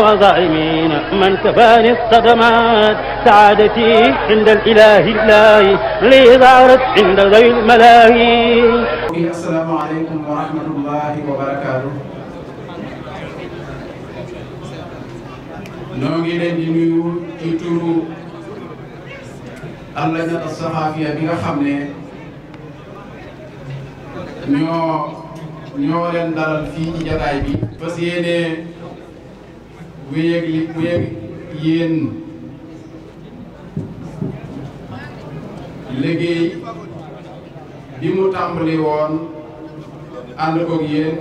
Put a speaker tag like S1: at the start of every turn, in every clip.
S1: وظالمين من كفاني الصدمات سعادتي عند الإله
S2: الله لي ظهرت عند ذوي الملاهي السلام عليكم ورحمة الله وبركاته noo ngi leen di nuyu ci turu Allajnat As-Saxaafiya bi nga xam ne ñoo ñoo leen dalal fii ci jataay bi fas yéene mu yéeg li mu bi mu tàmbali woon ànd koog yéen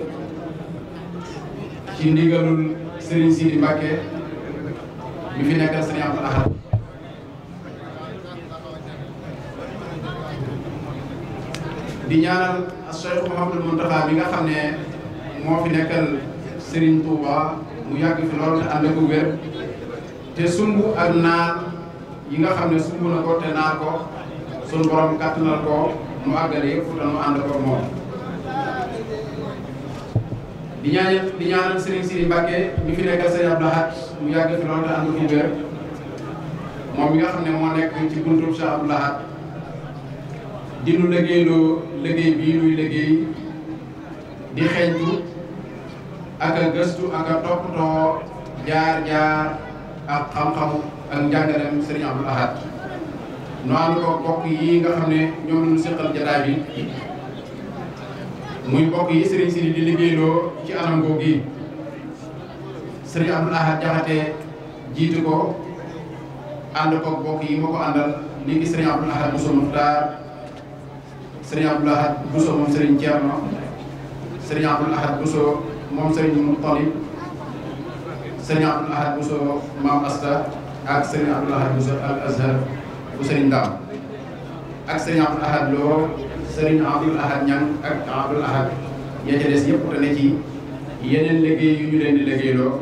S2: ci ndigalul Serigne Sidi Mbacke mi fi nekkal Serigne Abdou Ahad di ñaanal Cheikh Mouhamadou Mountakha bi nga xam ne moo fi nekkal Serigne Touba. mu yàgg fi loolu te ànd ak wér te sumb ak naan yi nga xam ne sumb na ko te naan ko sunu borom kàttanal ko mu àggale yëpp te mu ànd ko moom. di ñaan di ñaanal Serigne Sidi Mbacke ñu fi nekkal Serigne Abdou Lahad mu yàgg fi loolu te ànd ak wér moom mi nga xam ne moo nekk ci buntu Cheikh Abdou Lahad di nu liggéeyloo liggéey bii nuy liggéey di xeeñtu. ak gëstu ak a toppatoo jaar-jaar ak xam-xamu ak njàngaleem Serigne Abdoul Ahad nu ànd bokk yi nga xam ne ñoom la ñu seqal jataay muy bokk yi Serigne Sidi di liggéeyloo ci anam googu yi Serigne Abdoul Ahad Jaxate jiitu ko ànd ko bokk yi ma ko àndal ni ki Serigne Abdoul Ahad Bousso Muxtaar Serigne Abdoul Ahad Bousso moom Serigne Thierno Serigne Abdoul Ahad Bousso moom Serigne Moutalib Serigne Abdoul Ahad Bousso Maam Asta ak Serigne Abdoul Ahad Bousso Al Azhar bu Serigne Dame ak Serigne Abdoul Ahad Lo Serigne Abdoul Ahad Niang ak Abdoul Ahad ya ca des yëpp ci yeneen liggéey yu ñu leen di liggéeyloo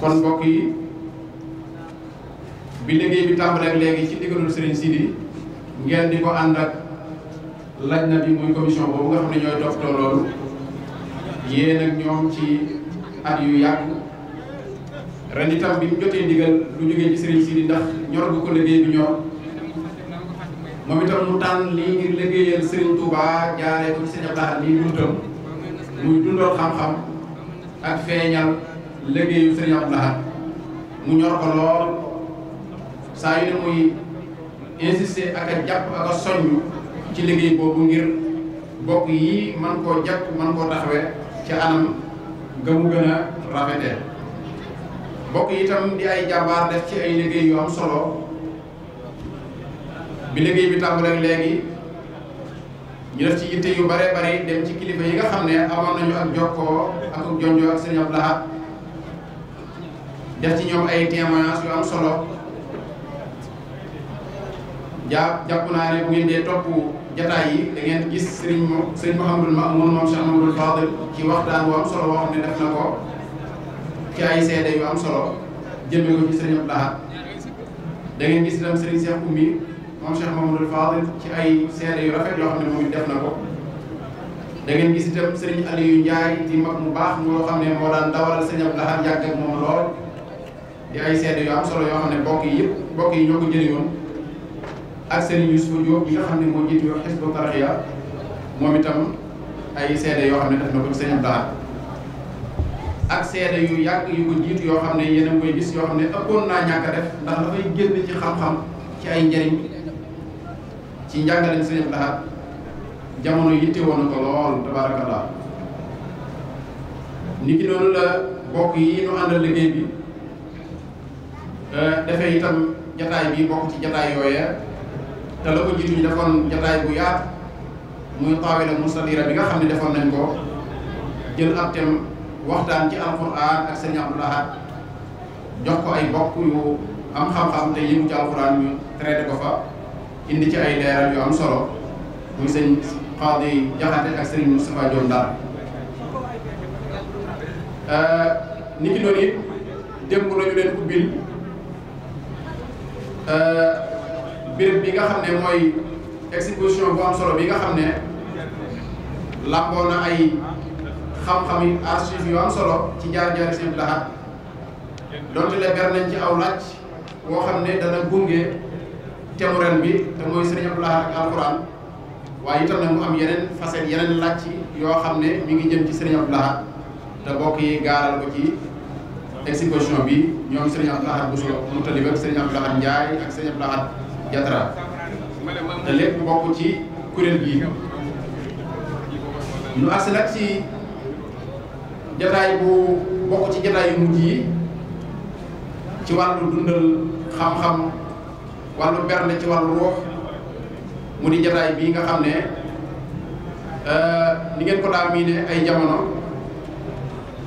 S2: kon mbokk bi liggéey bi tàmbalee ak léegi ci ndigalul Serigne Sidi ngeen di ko ànd ak laj na bi muy commission boobu nga xam ne ñooy toppatoo loolu yéen ak ñoom ci at yu yàgg ren bi mu jotee ndigal lu jógee ci sëriñ Sidi ndax ñor bu ko liggéey bi ñor moom itam mu tànn lii ngir liggéeyal sëriñ Touba jaaree ko ci sëñ Abdou lii buntam muy dundool xam-xam ak feeñal liggéeyu sëriñ Abdou mu ñor ko lool saa yu ne muy insister ak a jàpp ak a soññ ci liggéey boobu ngir bokk yi man koo jàpp man koo taxawee ci anam nga mu gën a rafetee yi itam di ay jàmbaar def ci ay liggéey yu am solo bi liggéey bi tàmbalee léegi ñu def ci yitte yu bare bare dem ci kilifa yi nga xam ne amoon nañu ak jokkoo ak ak jonjoo ak sëriñ Abdou Lahad def ci ñoom ay témoignage yu am solo jàpp jàpp naa ne bu ngeen dee topp jataay yi da ngeen gis sëriñ mo sëriñ Mouhamadul Mamoun moom Cheikh Mamadou Fadil ci waxtaan wu am solo woo xam ne def na ko ci ay seede yu am solo jëmee ko ci sëriñ Abdou Lahad da ngeen gis itam sëriñ Cheikh Oumy moom Cheikh Mamadou Fadil ci ay seede yu rafet yoo xam ne moom def na ko da ngeen gis itam sëriñ Aliou Ndiaye di mag mu baax moo xam ne moo daan dawal sëriñ Abdou Lahad yàgg ak moom lool di ay seede yu am solo yoo xam ne bokk yi yëpp bokk yi ñoo ko jëriñoon ak yu Youssou Diop bi nga xam ne moo jiitu yoo Hizbut Tarqiyyah moom itam ay seede yoo xam ne def na ko ci Serigne ak seede yu yàgg yu ko jiitu yoo xam ne yéen a ngi koy gis yoo xam ne ëppoon naa ñàkk a def ndax dafay génn ci xam-xam ci ay njëriñ ci njàngaleem Serigne Abdou Lahad jamono yitte woon na ko lool tabaarakallah nit ki la bokk yi ñu àndal liggéey bi eh, dafay itam jataay bi bokk ci jataay yooya te la ko jiitu defoon jataay bu yaatu muy taawila mustadira bi nga xam ne defoon nañ ko jël ab thème waxtaan ci alquran ak sëñ Abdou Lahad jox ko ay bokk yu am xam-xam te yëngu ci alquran ñu traité ko fa indi ci ay leeral yu am solo muy sëñ Xaadi Jaxate ak sëriñ Moustapha Diom Ndar ni ki doon it démb la ñu leen euh, béréb bi nga xam ne mooy exposition bu am solo bi nga xam ne làmboo na ay xam-xam yi archive yu am solo ci jaar-jaari seen laxaat donte le ber
S3: nañ ci aw laaj
S2: boo xam ne dana gunge temu bi te mooy Sëriñ Abdou Lahad ak alxuraan waaye itam nag mu am yeneen facette yeneen laaj yoo xam ne mi ngi jëm ci Sëriñ Abdou Lahad te bokk yi gaaral ko ci exposition bi ñoom Sëriñ Abdou Lahad Bousso Moutalib ak Sëriñ Abdou Lahad Ndiaye ak Sëriñ Abdou Lahad jatra te lépp bokk ci kuréel gi ñu agsi nag ci jataay bu bokk ci jataay yu mujj yi ci wàllu dundal xam-xam wàllu berne ci wàllu ruux mu di jataay bii nga xam ne euh, ni ngeen ko daa miine ay jamono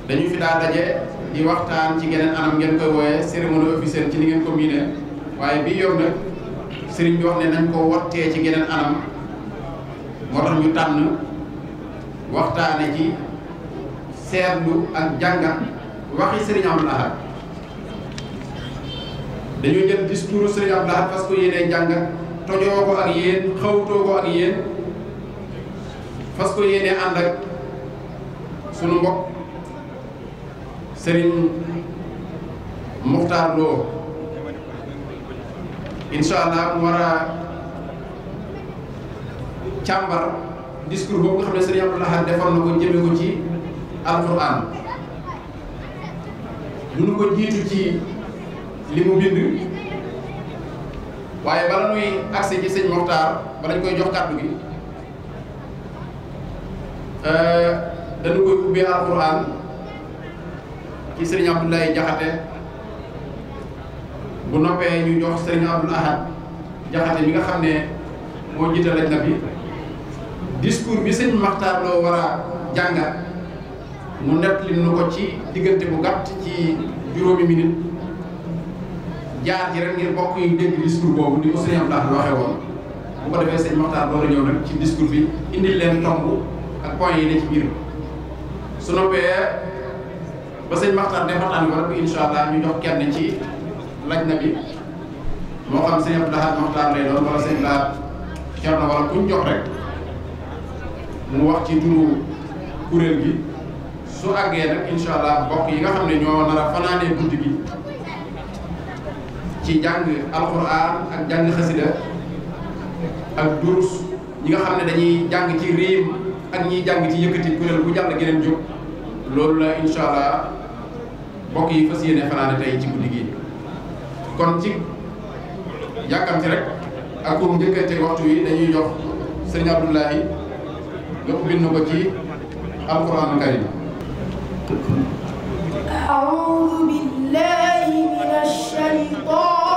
S2: dañuy fi daa daje di waxtaan ci geneen anam ngeen koy wooye cérémonie officielle ci ni ngeen ko miine waaye bii yow nag sëriñ bi wax ne nañ ko wottee ci geneen anam moo ñu tànn waxtaane ci seetlu ak jàngat waxi sëriñ Abdou Lahad dañu jël discours sëriñ Abdou Lahad parce que yéenee jàngat tojoo ko ak yéen xawtoo ko ak yéen parce que yéenee ànd ak sunu mbokk sëriñ Muxtaar Lo incha allah mu war a càmbar discours boobu nga xam ne sëriñ Abdou Lahad defoon na ko jëme ko ci alquran du nu ko jiitu ci li mu bind waaye bala nuy agsi ci sëñ Moxtaar bala ñu koy jox kàddu gi euh, dañu koy ubbee alquran ci sëriñ Abdoulaye Jaxate bu noppee ñu jox sëriñ Abdoul Ahad jaxate mi nga xam ne moo jiite laj na bi discours bi sëñ Maxtaar loo war a jàngat mu nettali nu ko ci diggante bu gàtt ci juróomi minute jaar ci rek ngir bokk yi dégg discours boobu ni ko sëñ Abdoul Ahad waxee woon bu ko defee sëñ Maxtaar loo la ñëw nag ci discours bi indil leen tomb ak point yi ne ci biir su noppee ba sëñ Maxtaar ne waxtaan bi war a ko allah ñu jox kenn ci laj na bi moo xam sëñ Abdou Lahad Moxtaar lay doon wala sëñ Lahad Cerno wala kuñ jox rek mu wax ci turu kuréel gi su àggee nag incha allah mbokk yi nga xam ne ñoo nar a fanaanee bunt ci jàng alquran ak jàng xasida ak durus ñi nga xam ne dañuy jàng ci riim ak ñiy jàng ci yëkkati kuréel bu jàll geneen jóg loolu la incha allah yi fas yéene fanaane tey ci guddi gi kon ci yàkkamti rek ak pour njëkkante waxtu wi dañuy jox sëriñ Abdoulahi nga ubbil na ko ci alquran karim
S4: أعوذ بالله من الشيطان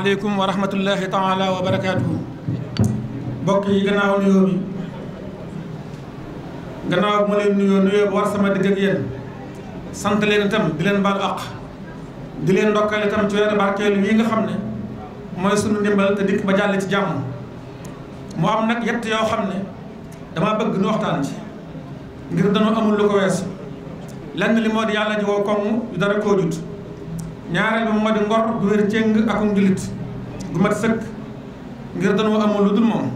S5: asalaamaaleykum wa rahmatullahi taala wa barakaatuhu mbokk yi gannaaw nuyoo bi gannaaw bu ma leen nuyoo nuyoo bu war sama digg ak yéen sant leen itam di leen baal àq di leen ndokkale itam ci weer barkeelu yi nga xam ne mooy sunu ndimbal te dikk ba jàll ci jàmm mu am nag yett yoo xam ne dama bëgg nu waxtaan ci ngir dañoo amul lu ko weesu lenn li moo di yàlla ji woo koŋ yu dara koo ñaareel ba moo di ngor gu wér cëng ak njulit gu mat sëkk ngir danoo amul lu dul moom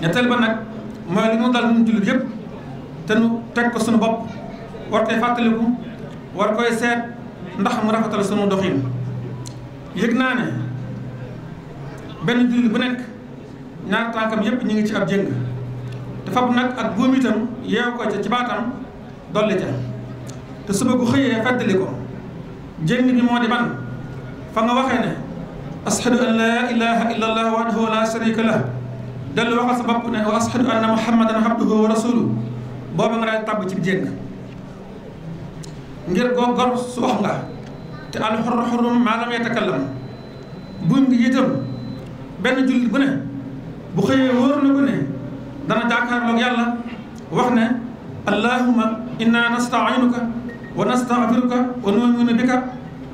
S5: ñetteel ba nag mooy li mu dal nun jullit yëpp te nu teg ko suñu bopp war koy fàttaliku war koy seet ndax mu rafetal sunu doxin yëg naa ne benn jullit bu nekk ñaar tànkam yëpp ñu ngi ci ab jëng te fab nag ak buum itam ko ca ci baatam dolli ca te suba gu xëyee fàttali ko jënd bi moo di ban fa nga waxee ne ashadu an laa ilaha illa allah wahdahu la sharika lah dellu waxal sa bopp ne wa ashadu anna muhammadan abduhu wa rasuluhu booba nga daal tàbb ci jënd ngir goo gor wax nga te al xurru xurrum maa lam yatakallam buñ ngi itam benn jullit bu ne bu xëyee wóor na ko ne dana jàkkaarloog yàlla wax ne allahuma inna nastainuka wa nastaghfiruka wa nu'minu bika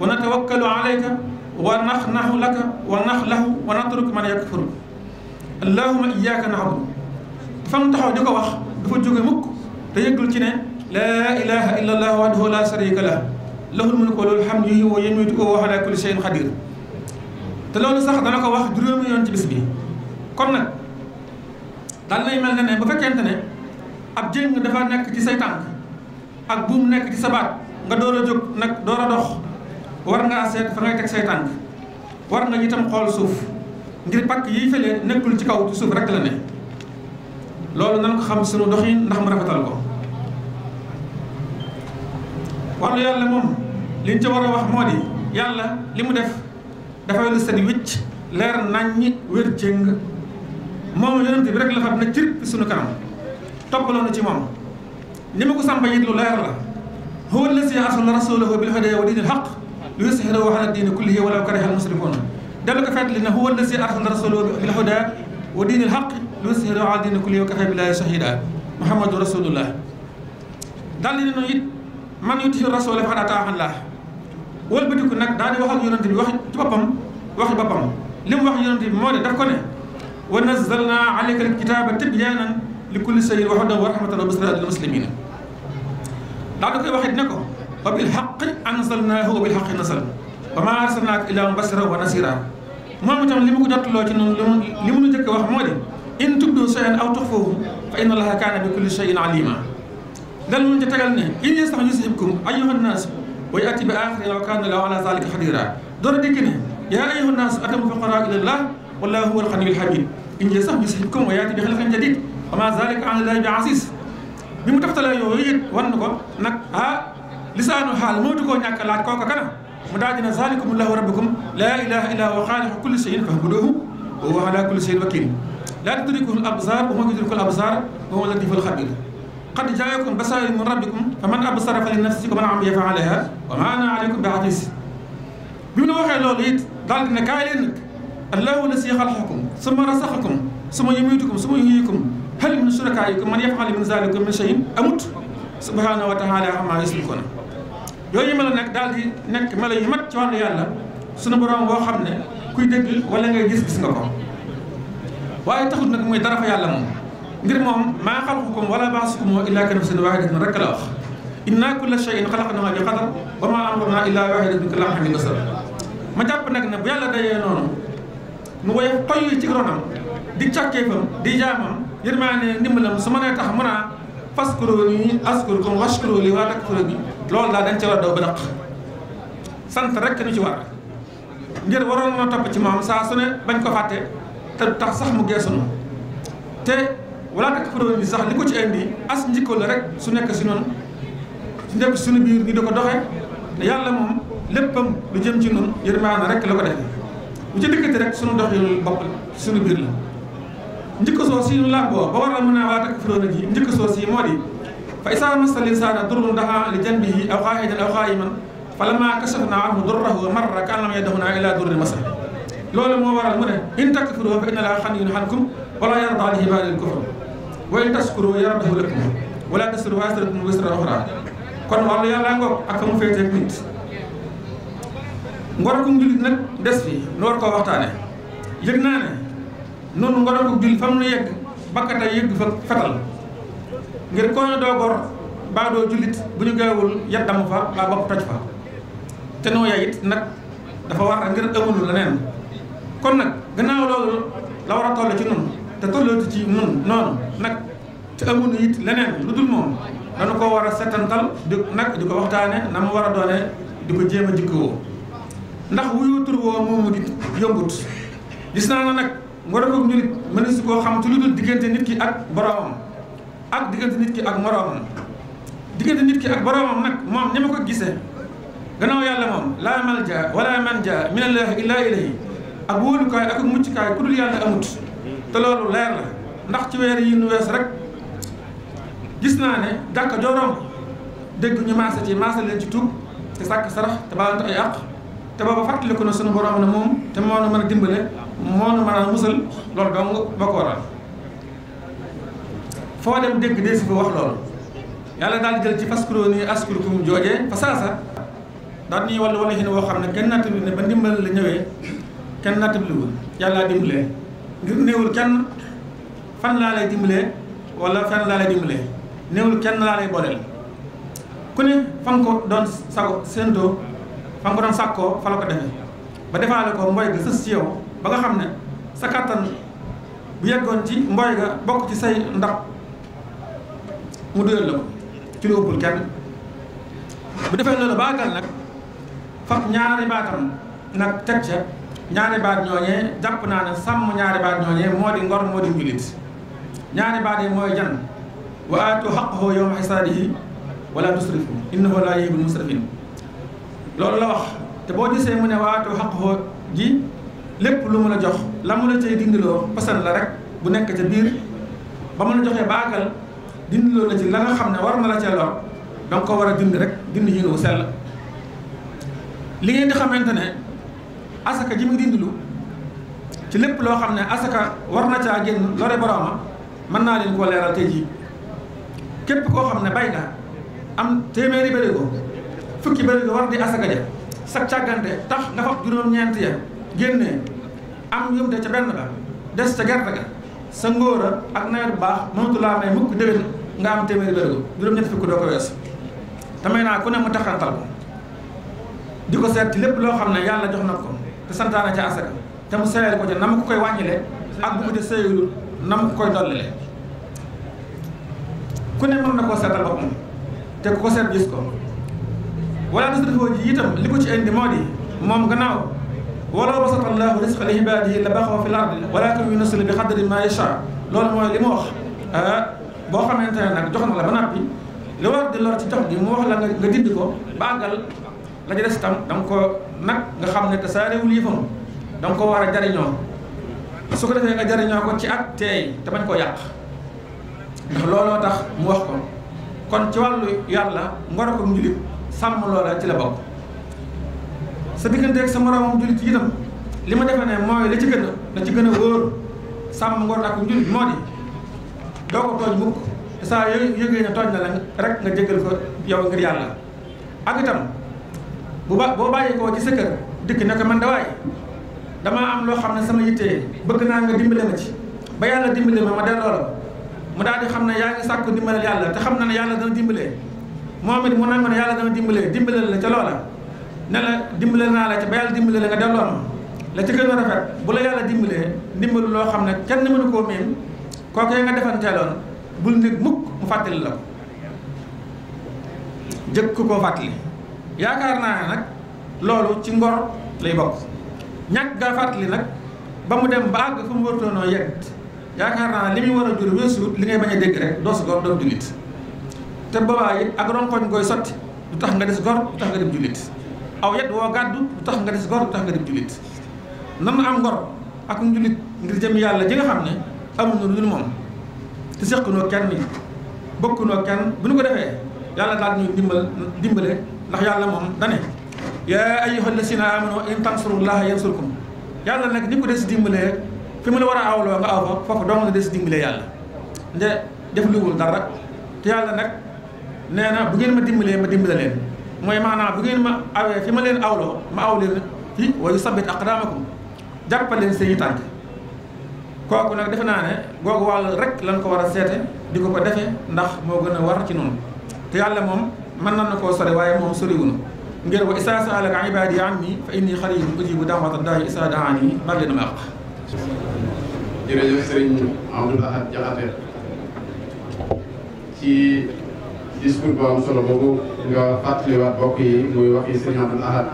S5: wa natawakkalu alayka wa naxnahu laka wa naxlahu wa natruk man yakfuruk allahumma iyyaka na'budu fa mu taxaw di ko wax du fa jóge mukk te yëggul ci ne laa ilaha illa allah wahdahu la sharika lah lahul mulku wa lahul hamdu yuhyi wa yumiitu wa huwa ala kulli shay'in qadir te loolu sax dana ko wax juróomi yoon ci bis bi kon nag dal nay mel ne ne bu fekkente ne ab jéng dafa nekk ci say tànk ak buum nekk ci sa nga door a jóg nag door a dox war ngaa seet fa ngay teg say tànk war nga itam xool suuf ngir pakk yi fële nekkul ci kaw ci suuf rek la ne loolu nan ko xam sunu doxin ndax mu rafetal ko wàllu yàlla moom liñ ci war a wax moo di yàlla li mu def dafa lu seen wicc leer naññi wér jéng moomu yonent bi rek la xam ne cir sunu kanam toppaloonu ci moom li ma ko sampa it lu leer la huwa allasi arsala rasulahu bil hudaa wa diinil haqq liyuzhirahu ala diini kullihi walaw kariha al mushrikuun dellu ko fàttali ne huwa allasi arsala rasulahu bil hudaa wa diinil haqq liyuzhirahu ala diini kullihi wa kafaa billaahi shahiidaa muhammadu rasulullah daal di ne it man yuti rasula faqad ataa Allah wëlbatiku nag daal di wax ak yonent bi wax ci boppam wax ci boppam li mu wax yonent bi moo de daf ko ne wa nazzalnaa alayka al kitaaba tibyaanan li kulli shay'in wa hudan wa rahmatan wa bushraa lil muslimiin daa da koy waxit ne ko wa bil xaqi anzalnaahu wa bil xaqi nasal wa maa arsalnaaka illaa mubashiran wa nasiran moom itam li mu ko jottuloo ci noonu li mu nu njëkk wax moo di in tubdu shay'an aw tuxfuuhu fa inna allaha kaana bi kulli shay'in alima dal mun ci tegal ne in yastax yusibkum ayyuha nnaas wa ya'ti bi aaxirina wa kaana allahu ala zalika qadiira doora dikk ne yaa ayyuha nnaas antumul fuqaraa ila llah wallahu huwa alganiyyu alhamiid in yastax yusibkum wa ya'ti bi xalqin jadiid wa maa zalika ala llahi bi aziiz bi mu taftalee yooyu it wan na ko nag ah lisaanu xaal mootu koo ñàkk laaj kooka kana mu daal dina zalikum lahu rabbukum laa ilaha illa huwa xaaliqu kulli shay'in fahbuduhu wa huwa ala kulli shay'in wakil laa tudrikuhu al absar wa ma yudriku al absar wa huwa latiful xabir qad jaayakum basaair min rabbikum fa man absara fa li nafsihi wa man amiya fa alayha wa ma ana alaykum bi aziz bi mu ne waxee loolu it daal dina kaay leen nag allahu lasi xalaqakum summa rasaqakum summa yumitukum summa yuhyikum hal min surakaaikum man yaf'alu min zaalika min shay'in amut subhaanahu wa taala ko yushrikuun yooyu melo nag daal di nekk melo yu mat ci wàllu yàlla sunu borom boo xam ne kuy dégg wala ngay gis gis nga ko waaye taxut nag muy dara fa yàlla moom ngir moom maa xalqukum wala baasukum illaa ka nafsin waahidatin rek la wax innaa kulla shay'in xalaqnaahu bi qadar wa maa amrunaa illaa waahidatun ka lamhin bil ma jàpp nag ne bu yàlla dayee noonu mu woyof toyy ci ronam di di jaamam yërmaande ndimbalam su ma nee tax mun a faskuruni askurukum washkuruli wa takfuruni loolu daal dañ ci war a daw ba sant rek ñu ci war ngir waroon na topp ci moom saa su ne bañ ko fàtte te du tax sax mu geesunu te wala takfuruni sax li ko ci indi as njikko la rek su nekk si noonu si nekk suñu biir ni da ko doxee ne yàlla moom léppam lu jëm ci noonu yërmaande rekk la ko def bu ci dikkati rek sunu dox yi bopp suñu biir la njëkk soos yi ñu làmboo ba war a mën a waa takk firoona ji njëkk soos yi moo di fa isaa masal insaana durrun daxaa li janbihi aw qaa'idan aw qaa'iman falammaa kashafnaa anhu durrahu marra ka'an lam yad'unaa ilaa durrin masal loolu moo waral mu ne in takfuruu fa inna laaha ganiyyun ankum wa laa yardaa li ibaadihi l-kufra wa in tashkuruu yardahu lakum wa laa taziru waaziratun wizra uxraa kon wàllu yàlla ngoog ak fa mu féeteeg nit ngor ku njulit nag des fi nu war noonu nga doon ko jul fam nu yegg bakkata yegg fa fetal ngir koo ñu doo gor baadoo jullit bu ñu gaawul yaddamu fa laa bopp toj fa te noo yaay nag dafa war ngir amul leneen kon nag gannaaw loolu la war a toll ci nun te tollootu ci nun noonu nag te amul it leneen lu dul moom dañu ko war a setantal di nag di ko waxtaane na mu war a doone di ko jéem a jikkoo ndax wuyu tur moomu di yombut gis naa na nag ngoro koog nit mëni si koo xam ci lu dul diggante nit ki ak boroomam ak diggante nit ki ak moroomam diggante nit ki ak boroomam nag moom ni ma ko gisee gannaaw yàlla moom laa malja wala manja minallaahi illaa ilayhi ak wóolukaay ak muccukaay ku dul yàlla amut te loolu leer la ndax ci weer yi nu wees rek gis naa ne jàkka jooroom dégg ñu maase ci maase leen ci tuub te sàkk sarax te baalante ay àq te booba fàttaliku na sunu borom na moom te moo mën a dimbale moo nu mën a musal loolu dong ba ko foo dem dégg dee si fa wax loolu yàlla daal jël ci faskuro ni askurukum joojee fa saasa daal ñuy wàllu wala xin woo xam ne kenn nattabli ne ba ndimbal la ñëwee kenn nattabliwul yàllaa dimbalee ngir néewul kenn fan laa lay dimbalee wala fenn laa lay dimbalee néewul kenn laa lay booleel ku ne fa nga ko doon sago séentoo fa ko doon sàkkoo fa la ko defee ba defaale ko mboy ga ci yow ba nga xam ne sa kàttan bu yeggoon ci mboy ga bokk ci say ndax mu doyal la ko ci lu ëppul kenn bu defee loolu baagal nag fab ñaari baatam nag teg ca ñaari baat ñooñee jàpp naa ne sàmm ñaari baat ñooñee moo di ngor moo di njulit ñaari baat yi mooy jan wa aatu xaqahu yowma xisaadihi wala tusrifu innahu laa yuhibbul musrifin loolu la wax te boo gisee mu ne wa aatu xaqahu ji lépp lu mu la jox la mu la cee dindiloo pasan la rek bu nekk ca biir ba mu la joxee baakal dindiloo la ci la nga xam ne war na la ca lor danga ko war a dind rek dind yi wu sell li ngeen di xamante ne asaka ji mu dindilu ci lépp loo xam ne asaka war na caa génn lore borooma mën naa leen koo leeral tey jii képp koo xam ne bay nga am téeméeri bërigo fukki bërigo war di asaka ja sag càggante tax nga fab juróom-ñeent ya génnee am yum de ca benn ba des ca gerte ga sa ngóora ak nawet bu baax mënatu laa may mukk déwén nga am téeméeri bérigo juróom-ñett fukk doo ko wees damay naa ku ne mu taxantal ko di ko seet ci lépp loo xam ne yàlla jox na ko te santaane ca asaka te mu ko ca ko koy wàññile ak bu mu de seyalul na mu ko koy dollile ku ne mën na koo seetal boppam te ku ko seet gis ko wala des defoo ji itam li ko ci indi moo di moom gannaaw walaw basata allahu risqa li ibaadihi la baxaw fi l ardi walakin yunazzilu bi qadri ma yasha loolu mooy li ma wax ah, boo xamante ne nag jox na la ba noppi li war di lor ci jox gi mu wax la nga dind ko bàggal la ca des itam da nga ko nag nga xam ne te saa réew lii fam ko war a jariñoo su ko defee nga jariñoo ko ci ak teey te bañ koo yàq ndax looloo tax mu wax ko kon ci wàllu yàlla ngoro ko mu sàmm loola ci la bokk sa diggante ak sa moroomam jullit ci itam li ma defe ne mooy la ci gën a la ci gën a wóor sàmm ngor ak njullit moo di doo ko tooñ mukk saa yooyu yëgee ne tooñ na la rek nga jégal ko yow ngir yàlla ak itam bu ba boo bàyyi koo ci sa kër dikk ne ko man da waay am loo xam ne sama yittee bëgg naa nga dimbale ma ci ba yàlla dimbale ma ma delloo la mu daal di xam ne yaa ngi sàkku dimbalal yàlla te xam na ne yàlla dana dimbalee moom it mu nangu ne yàlla dana dimbalee dimbalal la ca ne la dimbale naa la ci ba yàlla dimbale la nga delloo ma la ci gën a rafet bu la yàlla dimbalee ndimbalu loo xam ne kenn mënu koo miin kooku nga defanteeloon bul nit mukk mu fàttali la ko jëkk koo fàttali yaakaar naa ne nag loolu ci ngor lay bokk ñàkk gaa fàttali nag ba mu dem ba àgg fu mu wartoonoo yegg yaakaar naa li muy war a jur weesuut li ngay bañ a dégg rek doo si gor doon jullit te boobaa yi ak ronkoñ koy sotti lu tax nga des gor du tax nga dem aw yet woo gàddu du tax nga des gor du tax nga dem jullit nan na am ngor ak njullit ngir jëm yàlla ji nga xam ne amuñu lu ñu moom te sequnoo kenn ni kenn bu ñu ko defee yàlla daal ñuy dimbal dimbale ndax yàlla moom dane yaa ayyuha allasina amanu in tansurullaha yansurkum yàlla nag ni ko des dimbalee fi mu la war a awloo nga aw fa foofu doo nga des dimbalee yàlla nde def luwul dara te yàlla nag nee na bu ngeen ma dimbalee ma dimbale mooy maanaa bu ngeen ma awee fi ma leen awloo ma aw leen fi wa yusabbit aqdaamakum jàppal leen seeni tànk kooku nag defe naa ne googu wàll rek lañ ko war a seete di ko ko defee ndax moo gën a war ci noonu te yàlla moom mën nañ na koo sore waaye moom soriwunu ngir wa isaa saalaka ibaadi yi fa inni xariibun ujiibu da'wata daa'i isaa da'aani bal leen ma àq jërëjëf sëriñ Abdou Lahad Diakhaté
S2: ci discours bu am solo boobu nga fàttaliwaat bokk yi muy wax yi Serigne Abdoul Ahad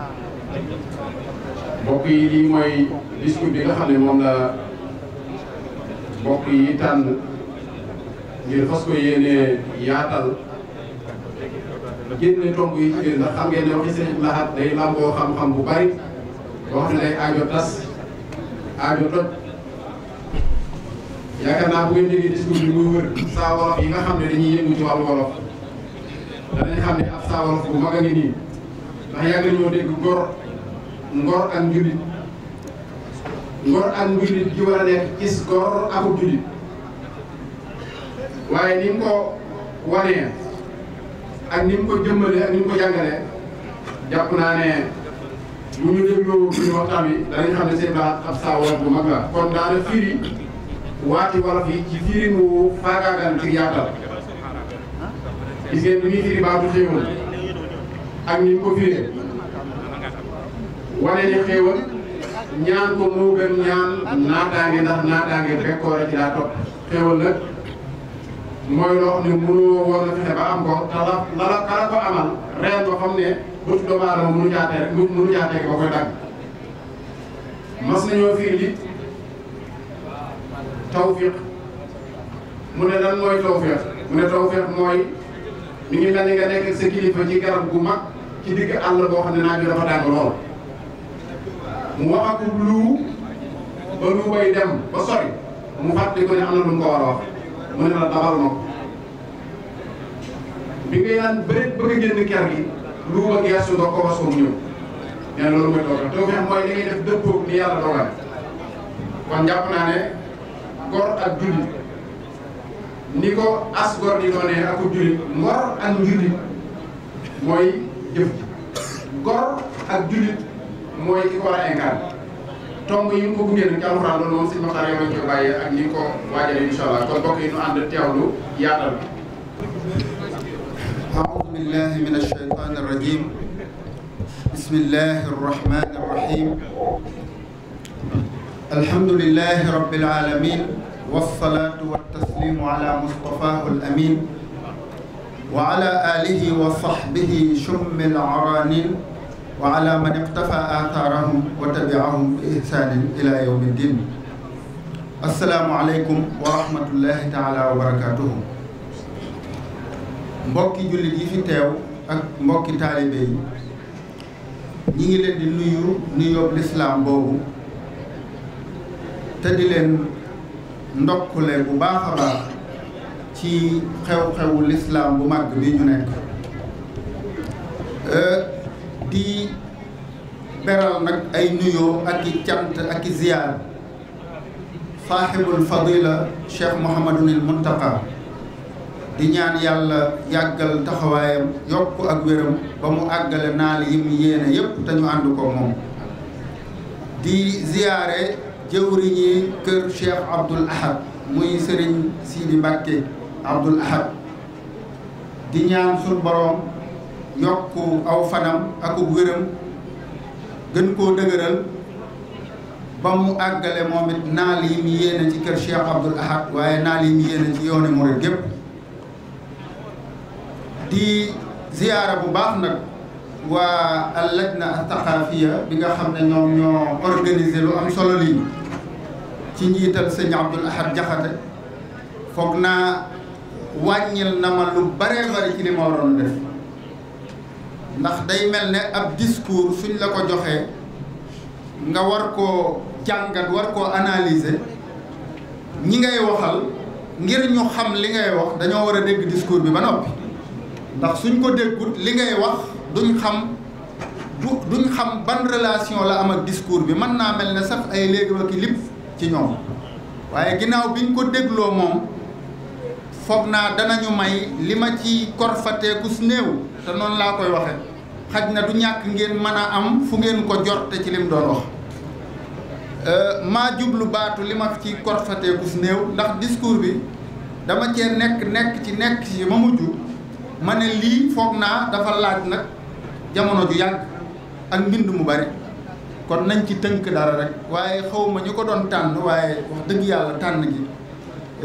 S2: bokk yi lii mooy discours bi nga xam ne moom la bokk yi tànn ngir fas ko yéene yaatal génne tomb yi ci biir ndax xam ngeen ne waxi Serigne Abdoul Ahad day làmboo xam-xam bu bari boo ne day aajo tas aajo toj yaakaar naa bu ngeen déggee discours yi nga xam ne dañuy yëngu danañ xam ne ab saawolof bu mag a ngi nii ndax yàgg nañoo dégg ngor ngor ak njulit ngor ak njulit ji war a nekk gis gor akub julit waaye ni ko wanee ak ni ko jëmmalee ak ni ko jàngalee jàpp naa ne bu ñu dégloo suñu waxtaan wi danañ xam ne seen baax ab saawolof bu mag la kon daana firi waati wolof yi ci firi mu faagaagal ci yaatal gis ngeen bi ñuy firi baatu ak ni ko firee wane ne xéewal ñaan ko moo gën ñaan naataange ndax naataange bekkoor a ci daa topp xéewal nag mooy loo xam ne mënoo woon a fexe ba am ko te kala ko amal reen ko xam ne bëtu doomu aadama mënu jaatee rek mënu jaatee ki ba koy mas nañoo firi li tawfiq mu ne mooy tawfiq mu ne mooy mi ngi mel ni nga nekk sa kilifa ci garab gu mag ci digg àll boo xam ne naaj bi dafa tàng lool mu wax ak ba lu bay dem ba sori mu fàtte ko ne am na lu mu ko war wax mu ne la dabal ko bi ngay naan bëri bëgg génn ker gi lu ba geesu nga ko was ko mu ñëw nee loolu mooy dogal tawfeex mooy li ngay def dëppoog ni yàlla dogal kon jàpp naa ne góor ak jullit ni ko as gor di doonee ak jullit ngor ak njullit mooy jëf gor ak jullit mooy ki ko war a incarné tomb yi mu ko buggee nag ci alxuraan loolu moom si Maxtaar yow lañ ko bàyyee ak ni ko waajalee incha allah kon mbokk yi ñu ànd teewlu
S3: yaatal bi. أعوذ بالله من الشيطان الرجيم بسم الله الرحمن الرحيم الحمد لله رب العالمين والصلاة والتسليم على مصطفاه الأمين وعلى آله وصحبه شم العرانين وعلى من اقتفى آثارهم وتبعهم بإحسان إلى يوم الدين asalaamualeykum wa rahmatullahi taala wa barakaatuhu mbokki jullit yi fi teew ak mbokki taalibe yi ñi ngi leen di nuyu nuyoob lislaam boobu te di leen ndokkule bu baax a baax ci xew-xewu lislaam bu mag bi ñu nekk euh, di beral nag ay nuyoo ak i cant ak i ziyaar saaxibul fadila cheikh mouhamadunil muntaqa di ñaan yàlla yàggal taxawaayam yokk ak wéram ba mu àggale naal yi mu yéene yépp te ànd ko moom di ziyaare jëwriñi kër Cheikh Abdoul Ahad muy Serigne Sidi Mbacke Abdoul Ahad di ñaan sunu boroom yokk aw fanam akub wéram gën koo dëgëral ba mu àggale moom it naal yi mu yéene ci kër Cheikh Abdoul Ahad waaye naal yi mu yéene ci yoonu murid gépp di ziyaara bu baax nag waa al lajna al thaqafiya bi nga xam ne ñoom ñoo organiser lu am solo lii ci njiital sëñ Abdul Ahad Jaxate foog naa wàññil na ma lu bare bari ci li ndax day mel ne ab discours suñ la ko joxee nga war koo jàngat war koo analyser ñi ngay waxal ngir ñu xam li ngay wax dañoo war a dégg discours bi ba noppi ndax suñ ko déggut li ngay wax duñ xam du duñ xam ban relation la am ak discours bi mën naa mel ne sax ay léegi wa ki lépp ci ñoom waaye ginnaaw biñ ko dégloo moom foog naa danañu may li ma ci korfateeku su néew te noonu laa koy waxe xaj na du ñàkk ngeen mën a am fu ngeen ko te ci lim doon wax euh, maa jublu baatu li ma ci korfateeku su néew ndax discours bi dama cee nekk nekk ci nekk ci ma mujj ma ne lii foog naa dafa laaj nag jamono ju yàgg ak mbind mu bari kon nañ ci tënk dara rek waaye xawma ñu ko doon tànn waaye wax dëgg yàlla tànn gi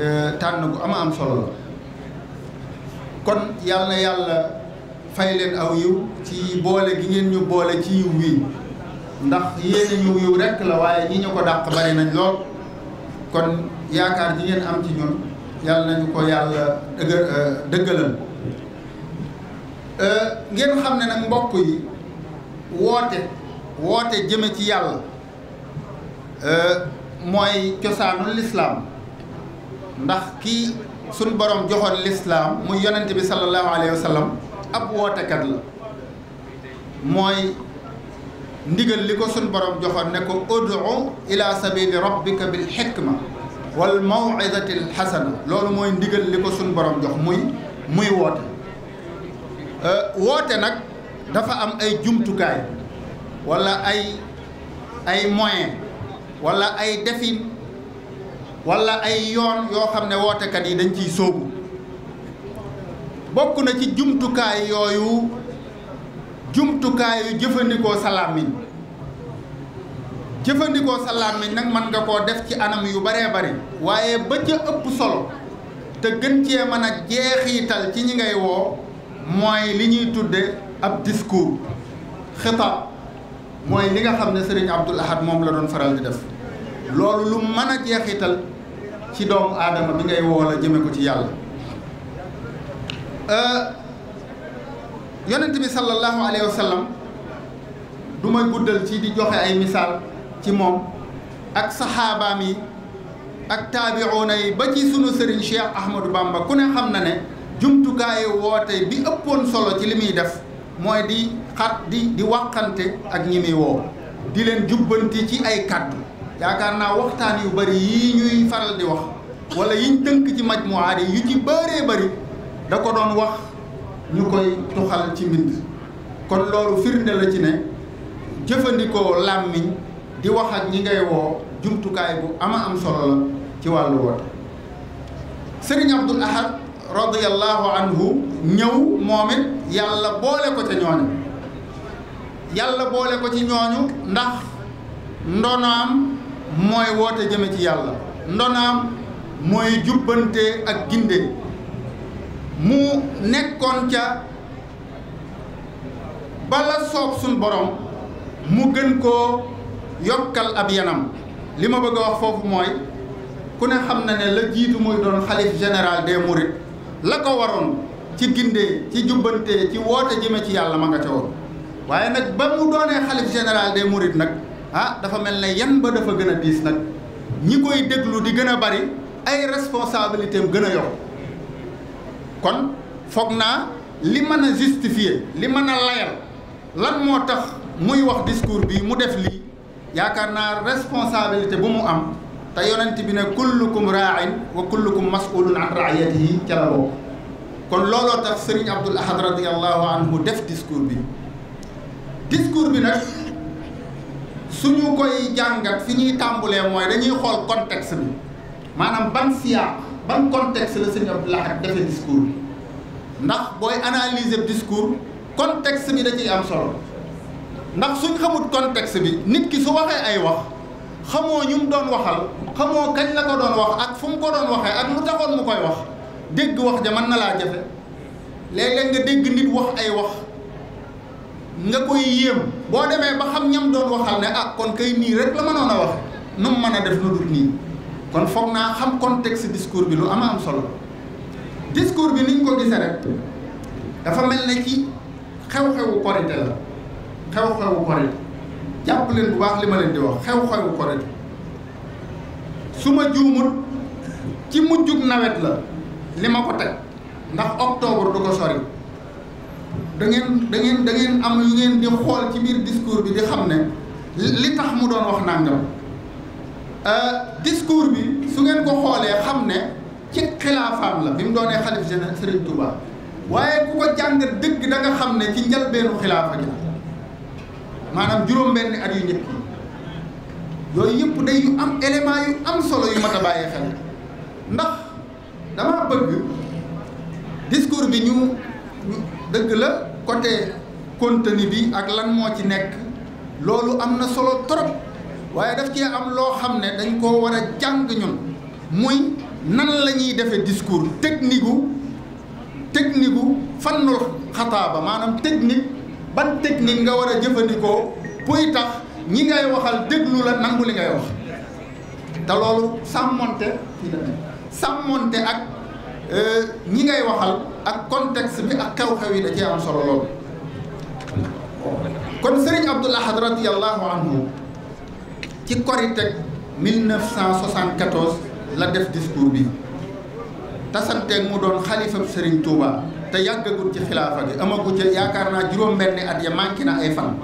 S3: euh, tànn gu ama am solo la kon yàlla yàlla fay leen aw yiw ci boole gi ngeen ñu boole ci yiw wii ndax yéene ñu yiw rek la waaye ñi ñu ko dàq bari nañ lool kon yaakaar ji ngeen am ci ñun yàlla nañu ko yàlla dëgg euh, dëggalal euh, ngeen xam ne nag mbokk yi woote woote jëme ci yàlla euh, mooy cosaanu lislaam ndax kii suñ borom joxoon lislaam muy yonent bi sallallahu alayhi wa ab wootekat la mooy ndigal li ko suñ borom joxoon ne ko ud'u ila sabili rabbika bil hikma wal maw'izati al hasana loolu mooy ndigal li ko suñ boroom jox muy muy woote euh, woote nag dafa am ay jumtukaay wala ay ay moyen wala ay defin wala ay yoon yoo xam ne wootekat yi dañ ciy sóobu bokk na ci jumtukaay yooyu jumtukaay jumtukaayu jëfandikoo sa làmmiñ jëfandikoo sa nag mën nga koo def ci anam yu baree bari waaye ba ëpp solo te gën cee mën a jeexiital ci ñi ngay woo mooy li ñuy tudde ab disku xitaab mooy li nga xam ne sëriñ Abdul Ahad moom la doon faral di def loolu lu mën a jeexital ci doomu aadama bi ngay woola jëme ko ci yàlla euh, yonent bi sallallahu alayhi wa sallam du may guddal ci di joxe ay misaal ci moom ak saxaabaam yi ak taabiroona yi ba ci sunu sëriñ Cheikh Ahmadou Bamba ku ne xam na ne jumtukaayu tey bi ëppoon solo ci li muy def mooy di xat di di wàqante ak ñi muy woo di leen jubbanti ci ay kàddu yaakaar naa waxtaan yu bari yi ñuy faral di wax wala yiñ tënk ci majmuwaa yi yu ci bëree bari da ko doon wax ñu koy tuxal ci mbind kon loolu firnde la ci ne jëfandikoo làmmiñ di wax ak ñi ngay woo jumtukaay bu ama am solo la ci wàllu woote sëriñ Abdul Ahad radiyallahu anhu ñëw moom yàlla boole ko ca ñooñu yàlla boole ko ci ñooñu ndax ndonaam mooy woote jëme ci yàlla ndonaam mooy jubbante ak ginde mu nekkoon ca bala soob suñ borom mu gën koo yokkal ab yanam li ma bëgg a wax foofu mooy ku ne xam na ne la jiitu muy doon xalif général des mourides la ko waroon ci ginde ci jubbante ci woote jëme ci yàlla ma nga ca waaye nag ba mu doonee xalif général des mourides nag ah dafa mel ne yan ba dafa gën a diis nag ñi koy déglu di gën a bari ay responsabilité am gën a yokk kon foog naa li mën a justifier li mën a layal lan moo tax muy wax discours bi mu def lii yaakaar naa responsabilité bu mu am te yonent bi ne kullukum raain wa kullukum masulun an raayatihi ca la bokk kon looloo tax Serigne Abdoul Ahad radiallahu anhu def discours bi discours bi nag suñu koy jàngat si ñuy tàmbulee mooy dañuy xool contexte bi maanaam ban siyaaq ban contexte la sëñ Abdou Lahad defee discours bi ndax booy analyser discours contexte bi da ciy am solo ndax suñ xamut contexte bi nit ki su waxee ay wax xamoo ñu mu doon waxal xamoo kañ la ko doon wax ak fu mu ko doon waxee ak mu taxoon mu koy wax dégg wax ja mën na laa jafe léeg-léeg nga dégg nit wax ay wax nga koy yéem boo demee ba xam ñam doon waxal ne ah kon kay nii rek la mënoon a wax nu mu mën a def lu dul nii kon foog naa xam contexte discours bi lu ama am solo discours bi niñ ko gisee rek dafa mel ne ci xew-xewu korite la xew-xewu korite jàpp leen bu baax li ma leen di wax xew-xewu korite su ma juumut ci mujjug nawet la li ma ko teg ndax octobre du ko sori da ngeen da ngeen da ngeen am yu ngeen di xool ci biir discours bi di xam ne li tax mu doon wax nangam euh, discours bi su ngeen ko xoolee xam ne ci xilaafaam la bi mu doonee xalif général Serigne Touba waaye ku ko jàng dëgg da nga xam ne ci njalbeenu xilaafa ji maanaam juróom-benni at yu njëkk yi yooyu yëpp day yu am élément yu am solo yu ma a bàyyi xel ndax damaa bëgg discours bi ñu. dëgg la côté contenu bi ak lan moo ci nekk loolu am na solo trop waaye daf cee am loo xam ne dañ koo war a jàng ñun muy nan la ñuy defee discours technique gu technique gu fannul ba maanaam technique ban technique nga war a jëfandikoo buy tax ñi ngay waxal déglu la nangu li ngay wax te loolu sàmmonte fii ak. Euh, ñi ngay waxal ak contexte bi ak xew-xew yi da cee am solo lool kon Serigne Abdoul Ahad radiyallahu ci Koriteg 1974 la def discours bi tasanteeg mu doon xalifam Serigne Touba te yàggagul ci xilaafa gi amagu ca yaakaar naa juróom-benni at ya manqué na ay fan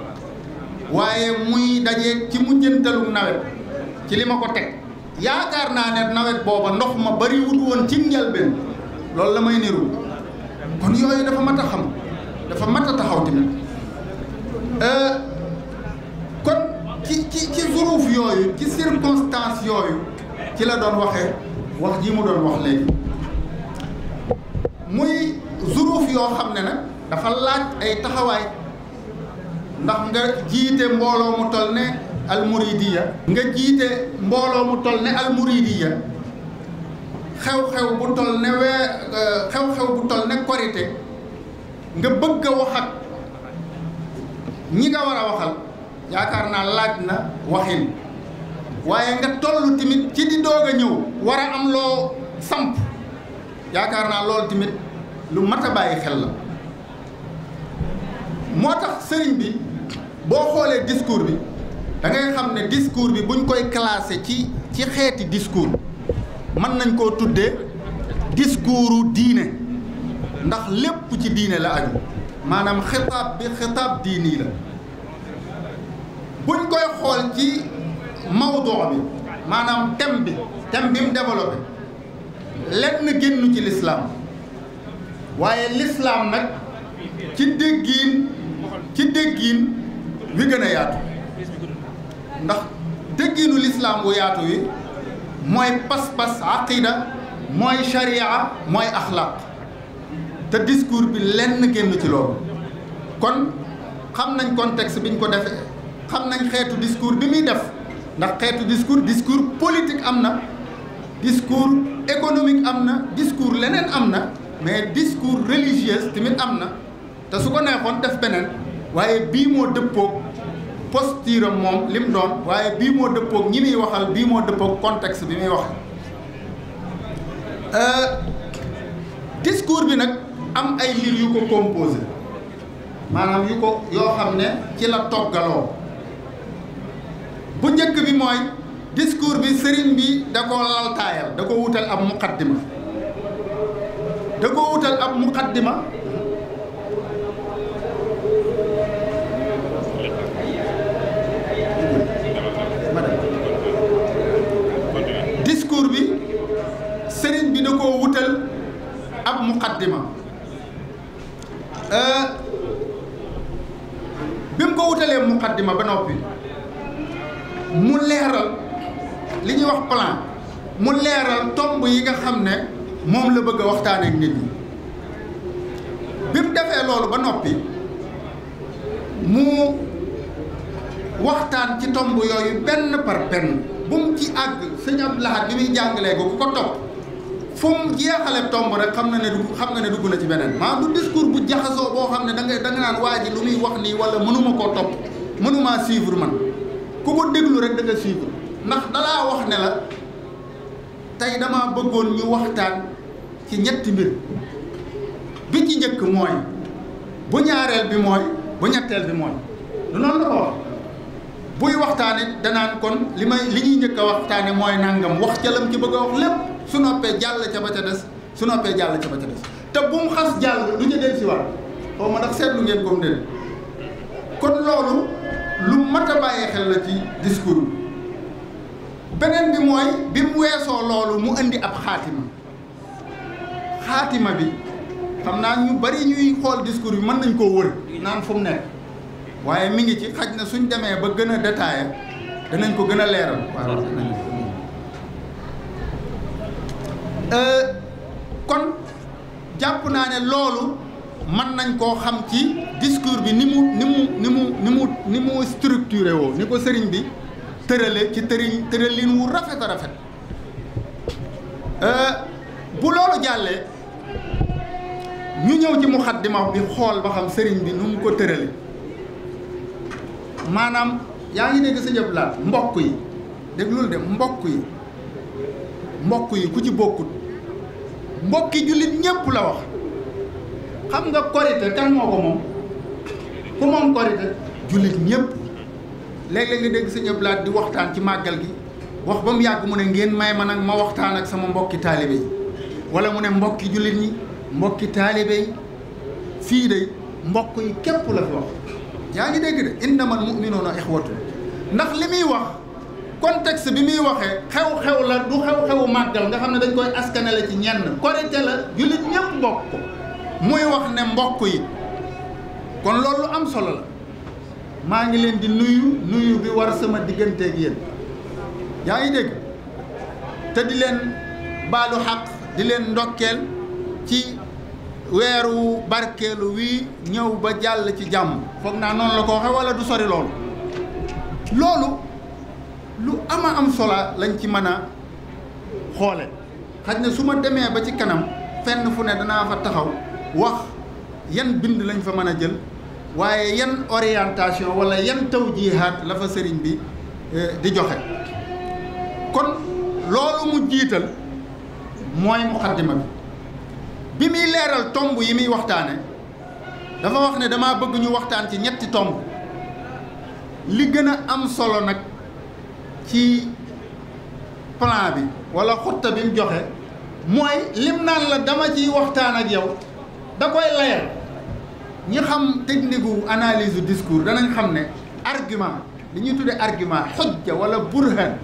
S3: waaye muy daje ci mujjantalu nawet ci li ma ko teg yaakaar naa ne nawet booba ndox ma bari woon ci njëlbeen loolu la may niru kon yooyu dafa mat a xam dafa mat a taxaw tamit euh, kon ci ci ci zuruuf yooyu ci circonstance yooyu ci la doon waxee wax ji mu doon wax léegi muy zuruuf yoo xam ne nag dafa laaj ay taxawaay ndax nga jiite mbooloo mu toll ne almuridiya nga jiite mbooloo mu toll ne almuridiya xew-xew bu toll ne wee euh, xew-xew bu toll ne korite nga bëgg a wax ak ñi nga war a waxal yaakaar naa laaj na waxin waaye nga toll tamit ci di doog a ñëw war a am loo samp yaakaar naa loolu tamit lu mat a bàyyi xel la moo tax sëriñ bi boo xoolee discours bi da ngay xam ne discours bi buñ koy classé ci ci xeeti discours mën nañ koo tuddee discours diine ndax lépp ci diine la aju maanaam xitaab bi xitaab diini la buñ koy xool ci mawdu bi maanaam thème bi thème bi mu développé lenn génnu ci lislaam waaye lislaam nag ci déggiin ci déggiin wi gën a yaatu ndax déggiinu lislaam bu yaatu wi mooy pas-pas aqida mooy sharia mooy axlaq te discours bi lenn génn ci loolu kon xam nañ contexte bi ñu ko defee xam nañ xeetu discours bi muy def ndax xeetu discours discours politique am na discours économique am na discours leneen am na mais discours religieux tamit am na te su ko neexoon def beneen waaye bii moo dëppoo posture moom li mu doon waaye bii moo dëppoog ñi muy waxal bii moo dëppoog contexte bi muy wax euh, discours bi nag am ay liir yu ko composé maanaam yu ko yoo xam ne ci la toggaloo bu njëkk bi mooy discours bi sëriñ bi da ko laltaayal da ko wutal ab muqaddima da ko wutal ab muqaddima koo wutal ab muqaddima euh, bi mu ko wutalee muqaddima ba noppi mu leeral li ñuy wax plan mu leeral tomb yi nga xam ne moom la bëgg a waxtaanee ak nit ñi bi mu defee loolu ba noppi mu waxtaan ci tomb yooyu benn par benn bu mu ci àgg sëñ Abdou Lahad bi muy jàngalee ko ku ko topp fu mu jeexale tomb rek xam na ne dugg xam nga ne dugg na ci beneen maa du discours bu jaxasoo boo xam ne da nga naan waa ji lu muy wax nii wala mënuma koo topp mënumaa suivre man ku ko déglu rek da nga suivre ndax dalaa wax ne la tey dama bëggoon ñu waxtaan ci ñetti mbir bi ci njëkk mooy bu ñaareel bi mooy bu ñetteel bi mooy du noonu la wax buy waxtaanee danaan kon li may li ñuy njëkk a waxtaane mooy nangam wax ca lam ci bëgg a wax lépp su noppee jàll ca ba ca des su noppee jàll ca ba ca des te bu mu xas jàll du ñu del si waat xaw ma ndax seetlu ngeen ko mu den kon loolu lu mat a bàyyi xel la ci discours beneen bi mooy bi mu weesoo loolu mu indi ab xaatima xaatima bi xam naa ñu bari ñuy xool discours bi mën nañ koo wër naan fu mu nekk waaye mi ngi ci xaj na suñ demee ba gën a détaillé danañ ko gën a leeral waaw euh, kon jàpp naa ne loolu mën nañ koo xam ci discours bi ni mu ni mu ni mu ni mu ni woo ni ko sëriñ bi tërale ci tëriñ tëralin wu rafet a rafet euh, bu loolu jàllee ñu ñëw ci muxaddima bi xool ba xam sëriñ bi nu mu ko tërale maanaam yaa ngi dégg sëñ Abdou Lahad mbokk yi déglul de mbokk yi mbokk yi ku ci bokkut mbokki jullit ñépp la wax xam nga korite kan moo ko moom ku moom korite jullit ñépp léeg la nga dégg sëñ Abdou di waxtaan ci màggal gi wax ba mu yàgg mu ne ngeen may ma nag ma waxtaan ak sama mbokki taalibe yi wala mu ne mbokki jullit ñi mbokki taalibe yi fii de mbokk yi képp la fi wax yaa ngi dégg de innamal mu'minuuna ixwatu ndax li muy wax contexte bi muy waxee xew-xew la du xew-xewu màggal nga xam ne dañ koy askanale ci ñenn korite la jullit ñëpp mbokk muy wax ne mbokk yi kon loolu am solo la maa ngi leen di nuyu nuyu bi war sama digganteeg yéen yaa ngi dégg te di leen baalu xaq di leen ndokkeel ci weer wu barkeelu wii ñëw ba jàll ci jàmm foog naa noonu la ko waxee wala du sori loolu loolu lu ama am sola lañ ci mën a xoole xaj ne su ma demee ba ci kanam fenn fu ne danaa fa taxaw wax yan bind lañ fa mën a jël waaye yan orientation wala yenn tawjihaat la fa sëriñ bi eh, di joxe kon loolu mu jiital mooy mu bi bi muy leeral tomb yi muy waxtaane dafa wax ne dama bëgg ñu waxtaan ci ñetti tomb li gën a am solo nag ci plan bi walla xutta bi mu joxe mooy lim naan la dama ciy waxtaan ak yow da koy layal ñi xam technique gu analyse discours danañ xam ne argument li ñuy tuddee argument xujja wala burhan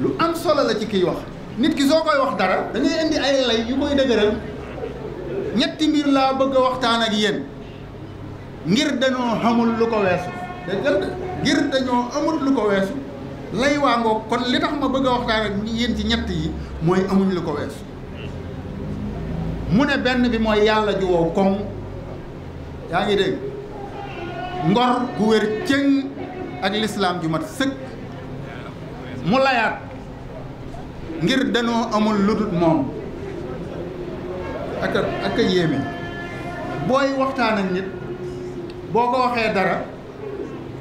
S3: lu am solo la ci kiy wax nit ki soo koy wax dara da ngay indi ay lay yu koy dëgëral ñetti mbir laa bëgg a waxtaan ak yéen ngir dañoo xamul lu ko weesu dégg ngir dañoo amul lu ko weesu lay waangoo kon li tax ma bëgg a waxtaan ak yéen ci ñett yi mooy amuñ lu ko weesu mu ne benn bi mooy yàlla ju wow koŋ yaa ngi dégg ngor gu wér cëng ak lislaam ju mat sëkk mu layaat ngir dañoo amul ludut moom ak a ak yéeme booy waxtaan ak nit boo ko waxee dara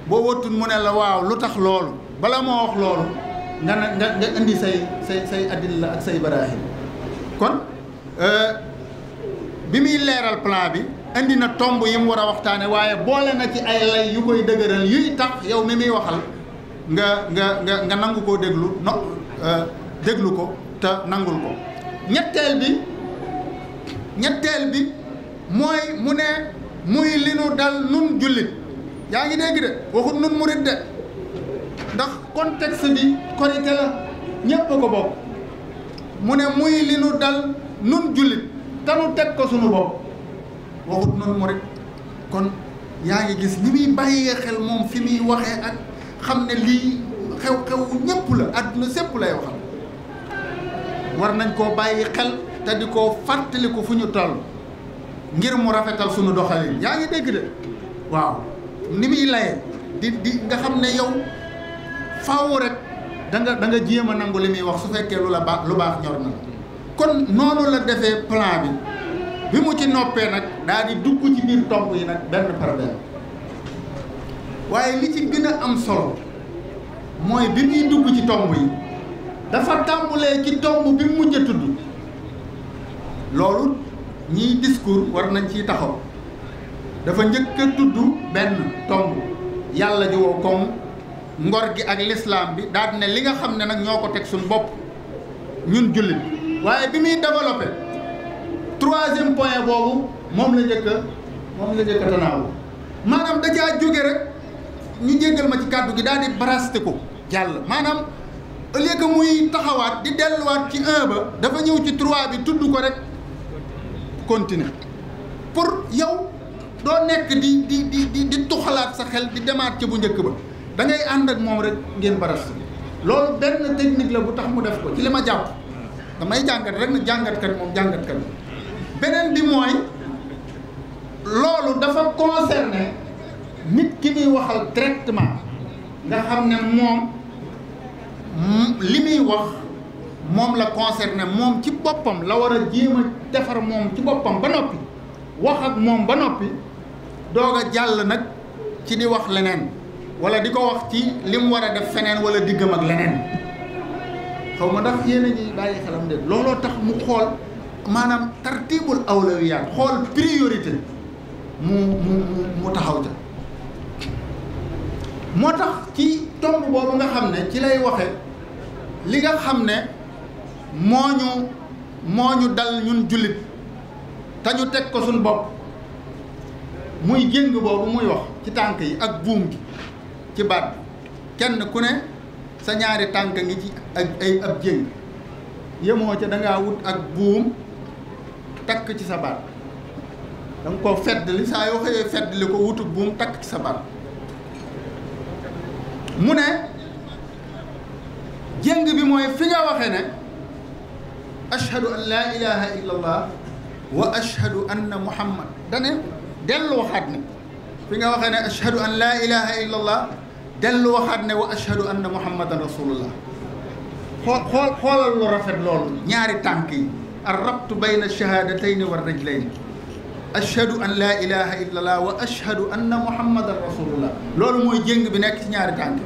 S3: boo wëttun mu ne la waaw lu tax loolu bala moo wax loolu nga ne nga indi say say say adilla ak say baraaxin kon euh, bi muy leeral plan bi indi na tomb yi mu war a waxtaane waaye boole na ci ay lay yu koy dëgëral yuy tax yow mi muy waxal nga nga nga nangu koo déglu no euh, déglu ko te nangul ko ñetteel bi ñetteel bi mooy mu ne muy li nu dal nun jullit yaa ngi dégg de waxut nun murit de ndax contexte bi korite la ñépp ko bokk mu ne muy li nu dal nun jullit te nu teg ko sunu bopp waxut nun murit kon yaa ngi gis ni muy bàyyee xel moom fi muy waxee ak xam ne lii xew-xew ñépp la àdduna sépp lay waxal war nañ koo bàyyi xel te di ko fàttaliku fu ñu toll ngir mu rafetal sunu doxalin yaa ngi dégg de waaw ni muy laye di di nga xam ne yow faaw rek da danga da nga a nangu li muy wax su fekkee lu la baax lu baax ñor na kon noonu la defee plan bi bi mu ci noppee nag daal di dugg ci biir tomb yi nag benn par waaye li ci gën a am solo mooy bi muy dugg ci tomb yi dafa tàmbulee ci tomb bi mu mujj tudd loolu ñiy discours war nañ ci taxaw dafa njëkk a tudd benn tomb yàlla ji woo koom ngor gi ak lislaam bi daal na li nga xam ne nag ñoo ko teg suñu bopp ñun jullit waaye bi muy développé troisième point boobu moom la njëkk moom la njëkk a tanaawu maanaam da caa jóge rek ñu jéggal ma ci kàddu gi daal di baraste ko jàll maanaam au lieu muy taxawaat di delluwaat ci un ba dafa ñëw ci trois bi tudd ko rek continuer pour yow doo nekk di di di di tuxalaat sa xel di demaat ci bu njëkk ba dangay ngay ànd ak moom rek ngeen baras loolu benn technique la bu tax mu def ko ci li ma jàpp damay jàngat rek na jàngatkat moom jàngatkat beneen bi mooy dafa concerné nit ki muy waxal directement nga xam moom li muy wax moom la concerné moom ci boppam la war a jéem defar moom ci boppam ba noppi wax ak moom ba noppi doog a jàll nag ci di wax leneen wala di ko wax ci li mu war a def feneen wala diggam ak leneen xaw ma ndax yéen a bàyyi xelam de looloo tax mu xool maanaam tartibul awlawiyaat xool priorité mu mu mu mu taxaw ja moo tax ci tomb boobu nga xam ne ci lay waxe li nga xam ne moo ñu moo ñu dal ñun jullit te ñu teg ko suñ bopp muy jéng boobu muy wax ci tànk yi ak buum gi ci baat bi kenn ku ne sa ñaari tànk a ngi ci ak ay ab jéng yemoo ca da wut ak buum takk ci sa baat da ko koo feddali saa yoo xëyee feddali ko wutu buum takk ci sa baat mu ne jéng bi mooy fi nga waxee ne ashhadu an laa ilaha illa allah wa ashhadu anna muhammad dane dellu waxaat ne fi nga waxee ne ashhadu an laa ilaha illa dellu waxaat ne wa ashhadu anna muhammadan rasulullah xool xool xoolal lu rafet loolu ñaari tànk yi ar rabtu bayna shahadatayni wa rajlayni ashhadu an laa ilaha illa allah wa ashhadu anna muhammadan rasulullah loolu mooy jëng bi nekk ci ñaari tànk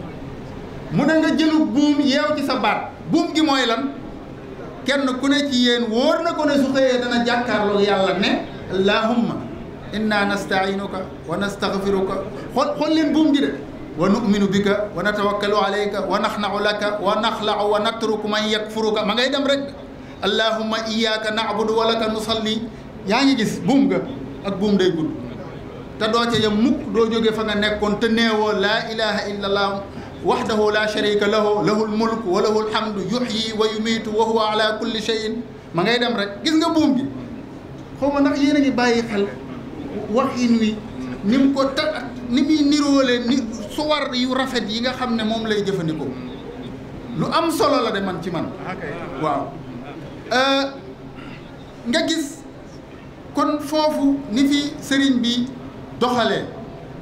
S3: mu ne nga jëlu buum yeew ci sa baat buum gi mooy kenn ku ne ci yéen wóor na ko ne su xëyee dana jàkkaarloo yàlla ne allahumma inna nastainuka wa nastaghfiruka xool xool leen buum gi de wa nu'minu bika wa natawakkalu alayka wa naxna'u laka wa naxla'u wa natruku man yakfuruka ma ngay dem rek allahumma iyyaka na'budu wa laka nusalli yaa ngi gis buum nga ak buum day gudd te doo yam mukk doo jóge fa nga nekkoon te neewoo laa ilaha illa allah wax wahdahu la sharika lahu lahu lmulk wa lahu lhamdu yuhyi wa yumiitu wa huwa ala kulli ma ngay dem rek gis nga buum gi ma ndax yéen ngi bàyyi xel waxin wi ni mu ko ta ni muy niroole ni suwar yu rafet yi nga xam ne moom lay jëfandikoo lu am solo la de man ci man waaw euh, nga gis kon foofu ni fi sëriñ bi doxalee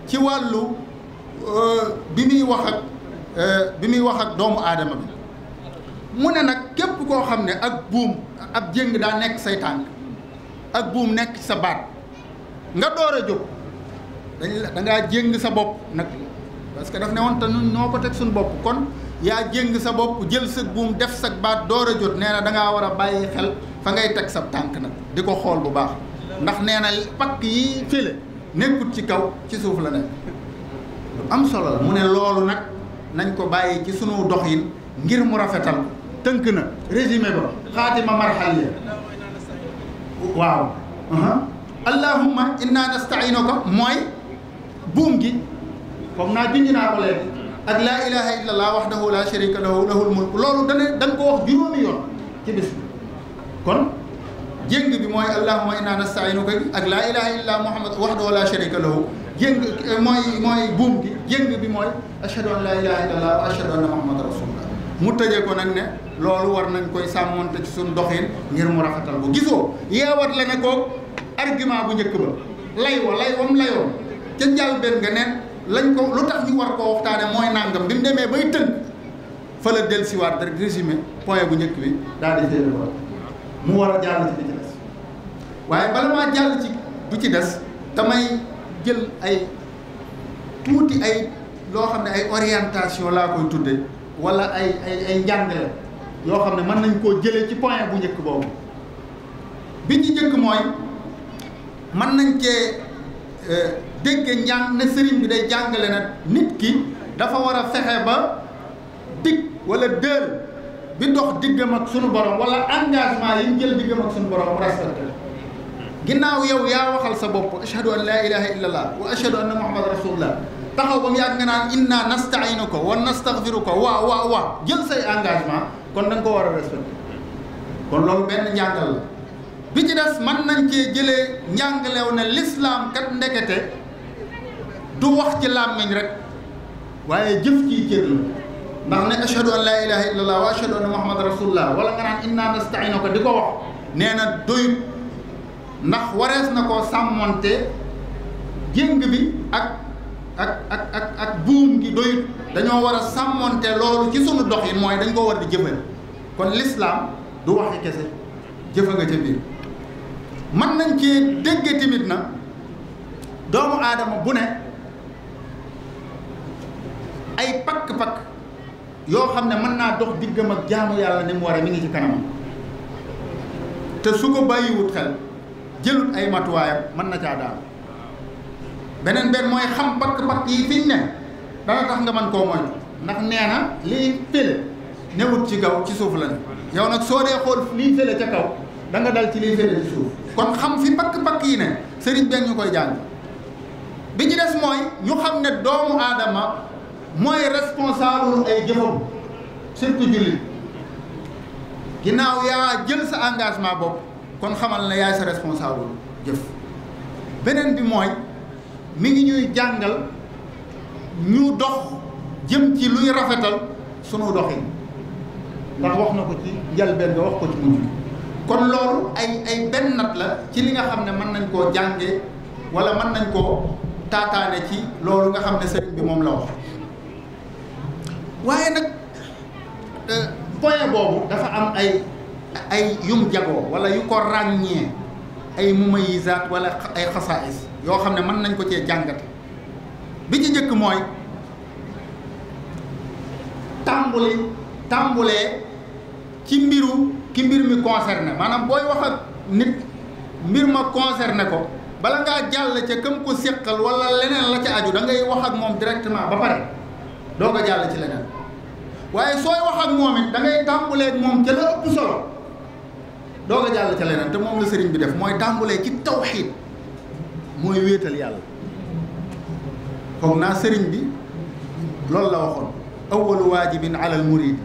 S3: ci wàllu euh, bi muy wax ak Euh, bi muy wax ak doomu aadama bi mu ne nag képp koo xam ne ak buum ab jéng daa nekk say tànk ak buum nekk sa baat nga door a jóg dañ la da ngaa sa bopp nag parce que daf ne woon te ñun ñoo ko teg suñu bopp kon yaa jéng sa bopp jël sa buum def sa baat door a jot nee na da ngaa war a bàyyi xel fa ngay teg sa tànk nag di ko xool bu baax ndax nee na pakk yi file nekkut ci kaw ci suuf la nekk am solo la mu ne loolu nag. nañ ko bàyyi ci sunu yi ngir mu rafetal tënk na résumé ba xaatima marxal ya waaw allahumma inna nastainuka mooy buum gi comme naa junj naa ko léegi ak laa ilaha illa allah wahdahu la sharika lahu lahul mulk loolu dana da nga ko wax juróomi yoon ci bis bi kon jéng bi mooy allahumma inna nastainuka ak laa ilaha illa allah muhammad wahdahu la sharika lahu yëng eh, mooy mooy buum gi yëng bi mooy ashhadu an laa ilaaha illallah wa ashhadu mu tëjee ko nag ne loolu war nañ koy te ci suñu doxin ngir mu rafetal ko gisoo yeewat la ne ko argument bu njëkk ba lay wa lay wam layoon ca njàll benn nga neen lañ ko lu tax ñu war koo waxtaane mooy nàngam bi mu demee bay tënk fa la del siwaat rek résumé point bu njëkk bi daal di mu war a jàll ci bi ci des waaye bala maa jàll ci bu ci des damay jël ay tuuti ay loo xam ne ay orientation laa koy tuddee wala ay ay ay la yoo xam ne mën nañ koo jëlee ci point bu njëkk boobu bi ñu njëkk mooy mën nañ cee euh, dégg njàng ne sëriñ bi day jàngale na nit ki dafa war a fexe ba dig wala dër bi dox diggam ak sunu borom wala engagement yi ñu jël diggam ak sunu borom mu respecté ginnaaw yow yaa waxal sa bopp ashhadu an laa ilaha illa allah wa ashhadu anna muhammad rasulullah taxaw ba mu yàgg nga naan inna nastainu ko wa nastaghfiru ko waaw waaw waaw jël say engagement kon da nga ko war a respecté kon loolu benn njàngal la bi ci des mën nañ cee jëlee njàngalew ne lislaam kat ndekete du wax ci làmmiñ rek waaye jëf ciy cër na ndax ne ashhadu an laa ilaha illa wa ashhadu anna muhammad rasulullah wala nga naan inna nastainu ko di ko wax ndax warees na ko sàmmonte jëng bi ak ak ak ak ak buum gi doyut dañoo war a sàmmoonte loolu ci sunu dox yi mooy dañ koo war di jëfal kon lislaam du waxi kese jëfa nga ca biir mën nañ ci dégg tamit na doomu aadama bu ne ay pakk-pakk yoo xam ne mën naa dox diggam ak jaamu yàlla ni mu a mi ngi ci kanamam te su ko bàyyiwut xel jëlut ay matuwaayam mën na caa daal beneen benn mooy xam bakk-bakk yi fiñ ne dana tax nga man koo moytu ndax nee na lii newut ci kaw ci suuf la yow nag soo dee xool lii fële ca kaw da nga dal ci lii fële ci suuf kon xam fi bakk-bakk yi ne sëriñ benn ñu koy jàng bi ñu des mooy ñu xam ne doomu aadama mooy responsable ay jëfam surtout jullit ginnaaw yaa jël sa engagement bopp kon xamal na yaay sa responsable jëf beneen bi mooy mi ngi ñuy jàngal ñu dox jëm ci luy rafetal sunu doxin ndax wax na ko ci njëlbeen nga wax ko ci mujj kon loolu ay ay benn nat la ci li nga xam ne mën nañ koo jànge wala mën nañ koo taataane ci loolu nga xam ne sëriñ bi moom la wax waaye nag euh, point boobu dafa am ay ay yum jagoo wala yu ko ràññee ay mumayisaat wala ay xasaais yoo xam ne mën nañ ko cee jàngate bi ci njëkk mooy tàmbuli tàmbulee ci mbiru ki mbir mi concerné maanaam booy wax ak nit mbir ma concerné ko bala ngaa jàll ca këm ko séqal wala leneen la ca aju da wax ak moom directement ba pare doo ko jàll ci leneen waaye sooy wax ak moom it da ngay moom ca la solo doog a jàll ca leneen te moom la sëriñ bi def mooy tàmbulee ci tawxiid mooy wéetal yàlla foog naa sëriñ bi loolu la waxoon awalu waajibin ala al murid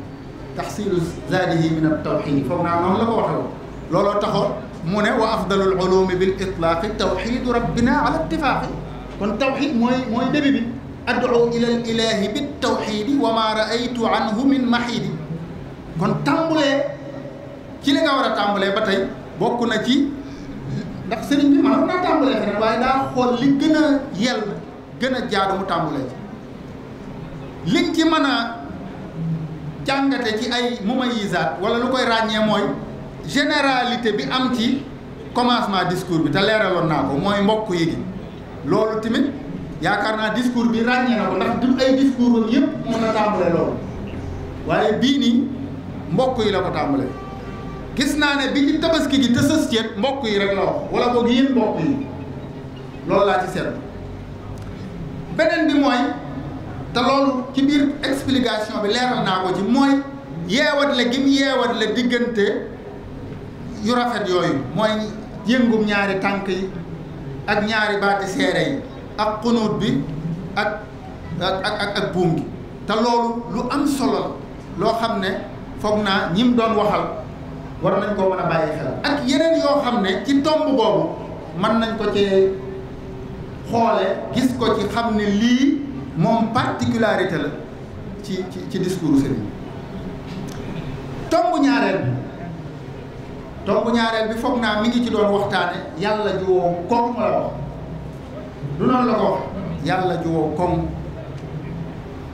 S3: taxsilu zaadihi min at tawxiid foog naa noonu la ko waxee woon looloo taxoon mu ne wa afdalul ulumi bil itlaaqi tawxiidu rabbina ala ittifaaqi kon tawxiid mooy mooy début bi ad'u ila al ilahi bit tawxiidi wa ma ra'aytu anhu min maxiidi kon tàmbulee ci li nga war a tàmbalee ba tey bokk na ci ndax sëriñ bi maanaam naa tàmbalee feneen waaye daa xool li gën a yell gën a jaadu mu tàmbalee ci liñ ci mën a jàngate ci ay mumayisaat wala lu koy ràññee mooy généralité bi am ci commencement discours bi te leeraloon naa ko mooy mbokk yi gi loolu tamit yaakaar naa discours bi ràññee na ko ndax du ay discours am yëpp mën a tàmbale loolu waaye bii nii mbokk yi la ko tàmbalee. gis naa ne bi ci tabaski gi te sës mbokk yi rek la wax wala boog yéen mbokk yi loolu laa ci seetlu beneen bi mooy te loolu ci biir explication bi leeral naa ko ci mooy yeewat la gim yeewat la diggante yu rafet yooyu mooy yëngum ñaari tànk yi ak ñaari baati seere yi ak xunuut bi ak ak ak buum gi te loolu lu am solo loo xam ne foog naa ñim doon waxal war nañ koo man a bàyyi xel ak yeneen yoo xam ne ci tomb boobu man nañ ko ci xoole gis ko ci xam ne lii moom particularité la ci ci ci discours sëriñ tomb ñaareel bi tomb ñaareel bi foog naa mi ngi ci doon waxtaane yàlla ju woo koŋ la wax du noonu la ko yàlla ju woo koŋ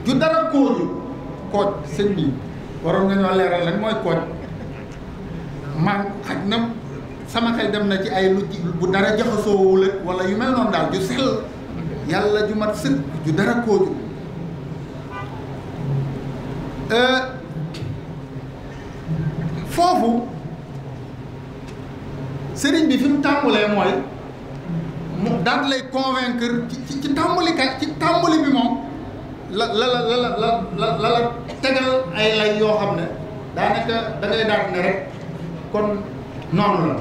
S3: ju dara kooju kooj sëñ bi waroon nañoo leeral lan mooy kooj man xaj na sama xel dem na ci ay lu bu dara jaxasoowul ak wala yu mel noonu daal ju sell yàlla ju mat sëkk ju dara kooju euh, foofu sëriñ bi fi mu tàmbalee mooy mu daan lay convaincre ci ci tàmbali kay ci tàmbali bi moom la la la la la la la tegal ay lay yoo xam ne daanaka da ngay daan ne rek kon noonu la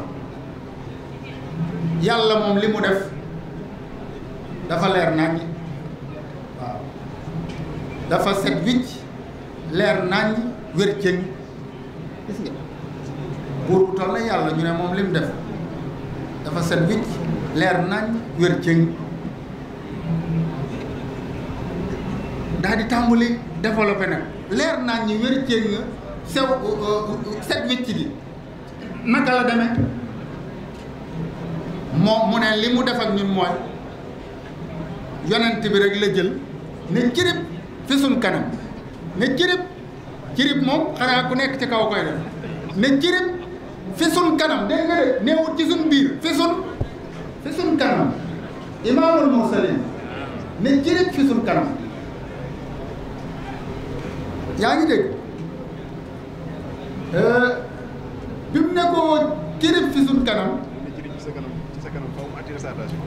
S3: yàlla moom li mu def dafa leer nañ waaw dafa set wicc leer nañ wér cëñ gis nga buur bu toll yàlla ñu ne moom li mu def dafa set wicc leer nañ wér cëñ daal di tàmbali développé nag leer nañ wér cëñ sew euh, euh, set wicc gi naka la demee moom mu ne li mu def ak ñun mooy yonent bi rek la jël ne cirib fi kanam ne cirib cirib moom xanaa ku nekk ci kaw koy def ne cirib fi suñ kanam dégg nga de neewut biir fi kanam imaamul mursalin ne cirib fi suñ kanam yaa ngi dégg euh, bi mu ne ko kirib fi suñ kanam.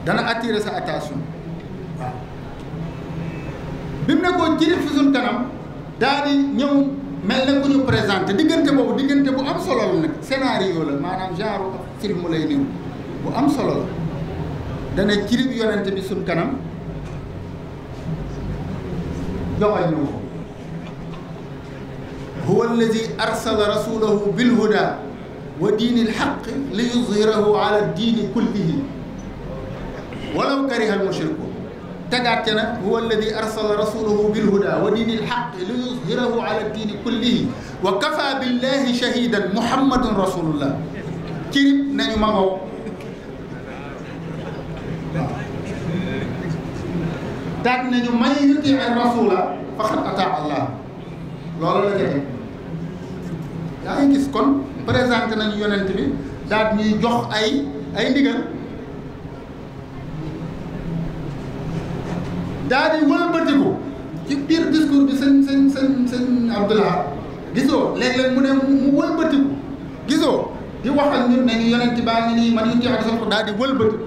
S3: dana attirer sa attention waaw. bi mu ne ko kirib fi suñ kanam daal di ñëw mel na ku ñu présenté diggante boobu diggante bu am solo la nag scénario la maanaam genre film mu lay néew bu am solo la dana kirib yonent bi suñ kanam joxal ñu ko. huwa alladi arsala rasulahu bil huda wa diinil xaq li yuzhirahu ala diini kullihi walaw kariha almushrikun tegaat ca nag huwa alladi arsala rasulahu bilhuda wa diinil xaq li yuzhirahu ala diini kullihi wa kafa billahi shahidan muhammadun rasulullah kirib nañu ma ngoo daat nañu man yuti al rasula faqad ataa allah loolu la ca teg yaa ngi gis kon présenté nañu yonent bi daal ñuy jox ay ay ndigal daal di wëlbatiku ci biir discours bi sëñ sëñ sëñ sëñ Abdoulaye gisoo léeg-léeg mu ne mu wëlbatiku gisoo di waxal ñun nañu yonent baa ngi nii man ñu joxe sa ko daal di wëlbatiku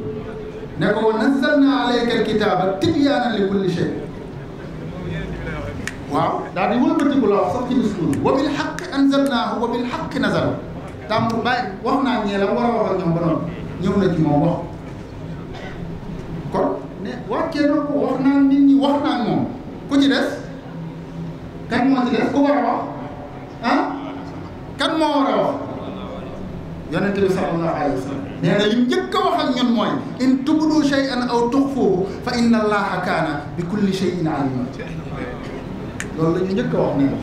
S3: ne ko wa nazzalnaa alayka al-kitaaba tibyaanan li kulli shay waaw daal di wëlbatiku la wax sax ci discours wa bil xaq anzalnaahu wa bil xaq nazal tam bàyyi wax naa ñee la war a wax ak ñoom ba noonu ñëw na ci moom wax kon ne wàccee na ko wax naa nit ñi wax naa moom ku ci des kan moo ci des ku war a wax ah kan moo war a wax yonente bi sallallahu alayhi wa sallam nee na lim njëkk a wax ak ñun mooy in tubdu shay'an aw tuxfuhu fa inna allaha kaana bi kulli shay'in alima loolu la ñu njëkk a wax moom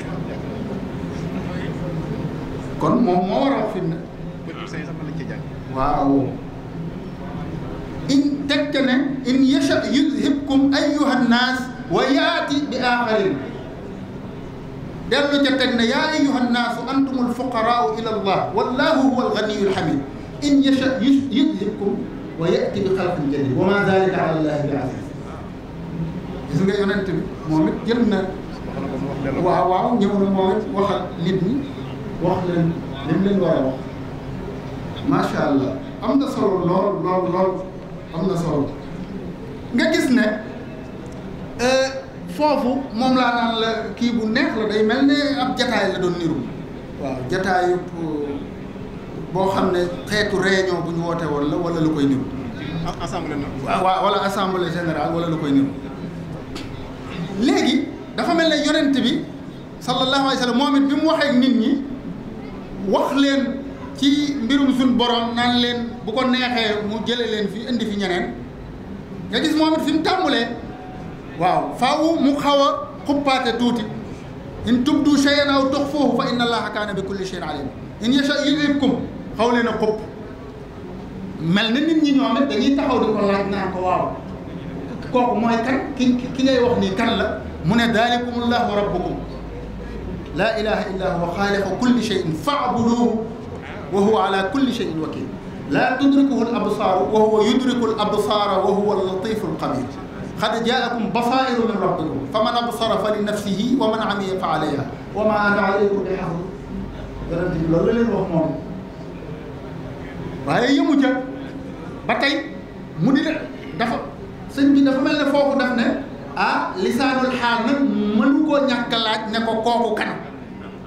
S3: kon moom moo war a wax fi mu ne waaw in teg ca ne in yasha yuzhibkum ayyuhan naas wa yaati bi aaxarin dellu ca teg ne yaa ayyuhan naasu antumul fuqaraau ila allah wallahu huwa alganiyyu alhamid in yasha yuzhibkum wa yaati bi xalqin jadid wa ma dalika ala allahi bi aziz gis nga yonent bi moom it jël na waaw waaw ñëw na moom it wax allah am na solo lool lool lool am na solo nga gis ne euh, foofu moom laa naan la kii bu neex la day mel ne ab jataay la doon niru waaw jataayu euh, boo xam ne xeetu réunion bu ñu woote woon la wala lu koy niru assemblée waaw wala assemblée générale wala lu koy niru léegi dafa mel ne yonent bi sallallahu alayhi wa moom bi mu waxee ak nit ñi wax leen ci mbirum suñ borom naan leen bu ko neexee jële leen fi indi fi ñeneen nga fi mu tàmbalee waaw faaw mu xaw a xuppaate tuuti in du shay'an aw tukhfuhu fa inna allaha kaana bi kulli shay'in alim in yasha yudhibkum xaw leen a xupp mel na nit ñi ñoom dañuy taxaw di ko laaj naan ko waaw kooku mooy kan ki ki ngay wax nii kan la mu ne daalikum llahu rabbukum laa ilaha illa huwa xaaliqu kulli cheyin faabuduhu wa huwa ala kulli cheyin wakil laa tudrikuhu l absaar wa huwa yudriku l absaar wa huwa latifu lxabir xad jaakum basairu min rabbikum fa man absara fa li nafsihi wa man amiya fa alayha wa ma ana alaykum bi xafid yonente bi loolu la leen wax moom waaye yëmu ca ba tey mu di dafa sëñ bi dafa mel ne foofu daf ne ah lisaanul xaal nag mënu koo ñàkk laaj ne ko kooku kan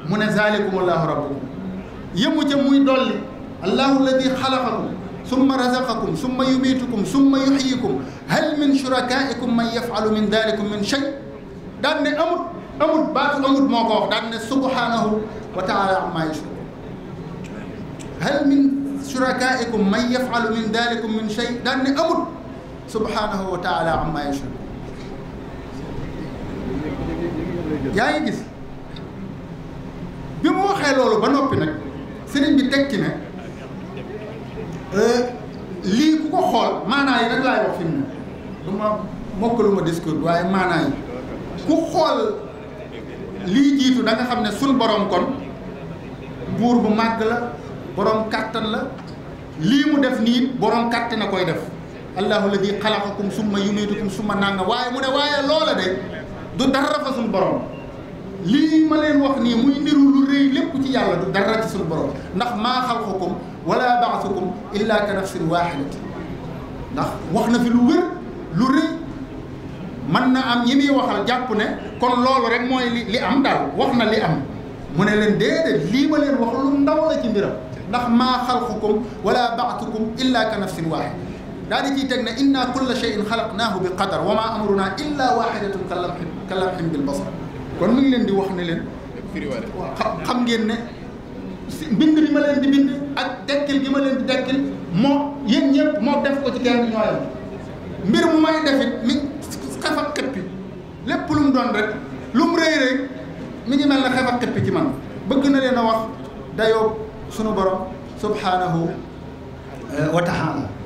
S3: mu ne zaalikumullahu rabbukum yëmu ca muy dolli allahu alladi xalaqakum summa razaqakum summa yumiitukum summa yuxyikum hal min shurakaikum man yafalu min dalikum min shay daan ne amut amut baatu amut moo ko wax daan ne subhanahu wa taala amma yushrikun hal min shurakaikum man yafalu min dalikum min shay daan ne amut subhanahu wa taala amma yushrikun yaa ngi gis bi mu waxee loolu ba noppi nag sëriñ bi teg ci ne euh, lii ku ko xool maanaa yi rek laay wax fi mu ne du ma mokkaluma discours waaye maanaa ku xool lii jiitu danga xam ne suñ borom kon buur bu màgg la borom kàttan la lii mu def nii borom kàttan na koy def allahu alladi xalaqakum summa yumitukum summa nanga waaye mu ne waaye loola de du dara fa suñu borom lii ma leen wax nii muy niru lu rëy lépp ci yàlla du dara ci suñu borom ndax maa xalqukum wala baasukum illa ka nafsin waaxidatin ndax wax na fi lu wér lu na am ñi muy waxal jàpp ne kon loolu rek mooy li li am daal wax na li am mu ne leen déedéet lii ma leen wax lu ndaw la ci mbiram ndax maa xalqukum wala baasukum illa ka nafsin waaxida daa di ciy teg ne inna kulla shay'in xalaqnaahu bi qadar wa maa amruna illa waxidatun kalamhin kalamhin bil basar kon mu ngi leen di wax ne leen xam ngeen ne mbind bi ma leen di bind ak dekkil ma di dekkil moo yéen moo def ko ci kenn ñooyam mbir mu may defit mi xef ak xëppi lépp lu mu rek lu mu rëy rek mi ngi mel ne xef ak xëppi man bëgg na leen a wax dayoo sunu borom subhanahu eh, wa taala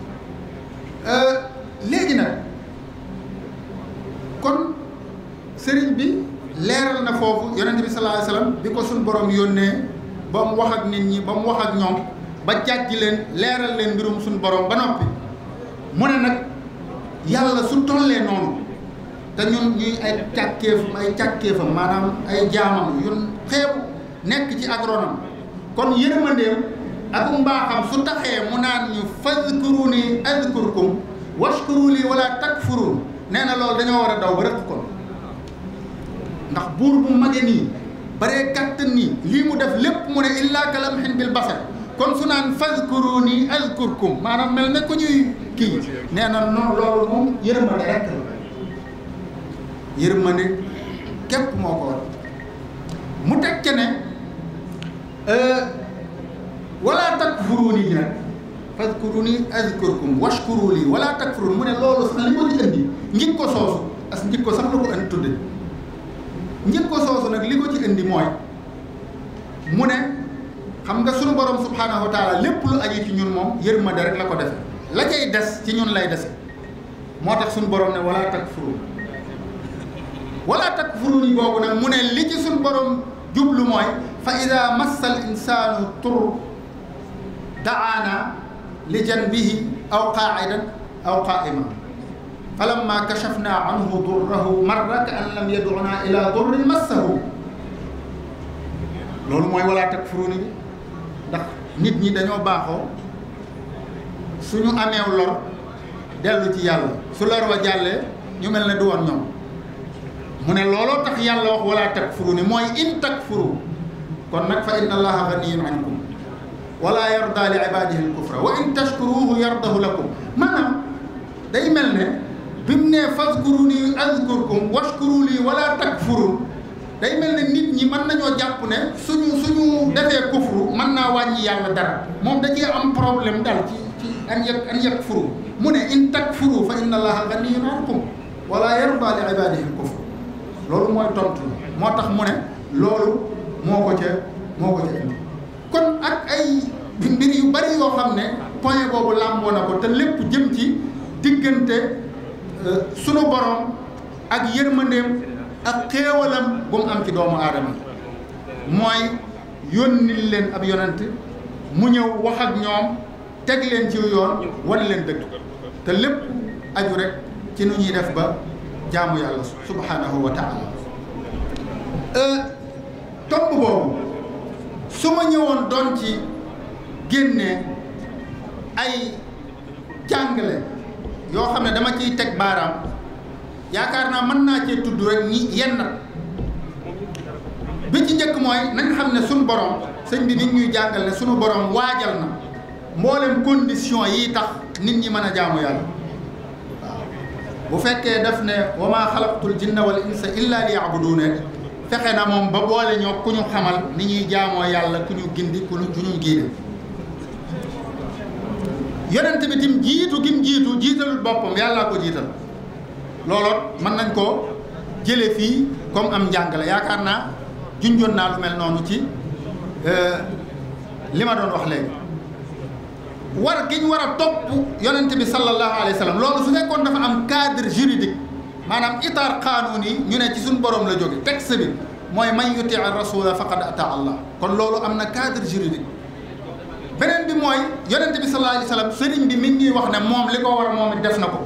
S3: foofu yonent bi sallallahu alayhi wasallam bi ko suñ borom yónnee ba mu wax ak nit ñi ba mu wax ak ñoom ba jàjji leen leeral leen mbirum suñ boroom ba noppi mu ne nag yàlla suñ tollee noonu te ñun ñuy ay càkkeefam ay càkkeefam maanaam ay jaamam yun xeebu nekk ci agronome kon yërmandeem ak mbaaxam su taxee mu naan ñu fazkuruni azkurkum washkuru li wala takfurun nee na loolu dañoo war a daw ba rëkk ko ndax buur bu mage nii baree kàttan nii lii mu def lépp mu ne illaa kalamhin bil basar kon su naan fazkuruni azkurkum maanaam mel ne ko ñuy kii nee na noonu loolu moom yërmande rek la yërmande képp moo ko war mu teg ca ne euh, wala takfuruni ji nag fazkuruni azkurkum washkuru lii wala takfuruni mu ne loolu sax li ma ko soosu as ngir ko sax la ko indi tudde njëkk ko soosu nag li ko ci indi mooy mu ne xam nga sunu borom subhaanahu wa taala lépp lu aji ci ñun moom yërmande rek la ko def la koy des ci ñun lay des moo tax suñu borom ne wala takfurun wala takfurun yi boobu nag mu ne li ci sunu borom jublu mooy fa ida massal insaanu tur daana li janbihi aw qaaidan aw qaaiman falamma kashafna anhu durrahu marra ka an loolu mooy walaa takfuruuna bi dañoo baaxoo suñu ameew lor dellu ci yàlla su lor wa jàllee du woon mu ne looloo tax yàlla wax walaa takfuruuna mooy in takfuru kon nag fa inna allaha ganiyun ankum wala yarda li ibadihi al wa in tashkuruhu yardahu lakum maanaam day mel ne bi mu nee fazkuru nii azkurkum washkuru lii wala takfurun day mel ne nit ñi mën nañoo jàpp ne suñu suñu defee kufru mën naa wàññi yàlla dara moom da cee am problème daal ci an yag an yag furu mu ne in takfuru fa inna allaha ganiyyun ankum wala yarda li ibadihi kufr loolu mooy tontu moo tax mu ne loolu moo ko ca moo ko ca indi kon ak ay mbir yu bari yoo xam ne point boobu làmboo na ko te lépp jëm ci diggante Euh, sunu borom ak yërmandeem ak xéewalam bu mu am ci doomu aadama mooy yónni leen ab yonent mu ñëw wax ak ñoom teg leen ci yoon wan leen dëgg te lépp aju rek ci nu ñuy def ba jaamu yàlla subhanahu wa euh, tomb boobu su ma ñëwoon doon ci génne ay jàngale yoo xam ne dama ciy teg baaraam yaakaar naa mën naa cee tudd rek ñi yenn bi ci njëkk mooy nañ xam ne suñu borom sëñ bi nit ñuy jàngal ne suñu borom waajal na mboolem condition yi tax nit ñi mën a jaamu yàlla waaw bu fekkee daf ne wa maa xalaqtul jinna wal insa illa li yaabuduune fexe na moom ba boole ñoo ku ñu xamal ni ñuy jaamoo yàlla ku ñu gindi ku ñu ku ñu giide yonent bi tim jiitu gim jiitu jiitalul boppam yàllaa ko jiital looloo mën nañ koo jële fii comme am njàngale yaakaar naa junjoon naa lu mel noonu ci euh, li ma doon wax léegi war gi ñu war a topp yonent bi sallallahu alayhi wa sallam loolu su nekkoon dafa am cadre juridique maanaam itaar qaanuuni ñu ne ci suñ borom la jóge texte bi mooy man yuti rasula faqad ata allah kon loolu am na cadre juridique beneen bi mooy yonent bi sallallahu alayhi wasallam sëriñ bi mi ngi wax ne moom li ko war a moom def na ko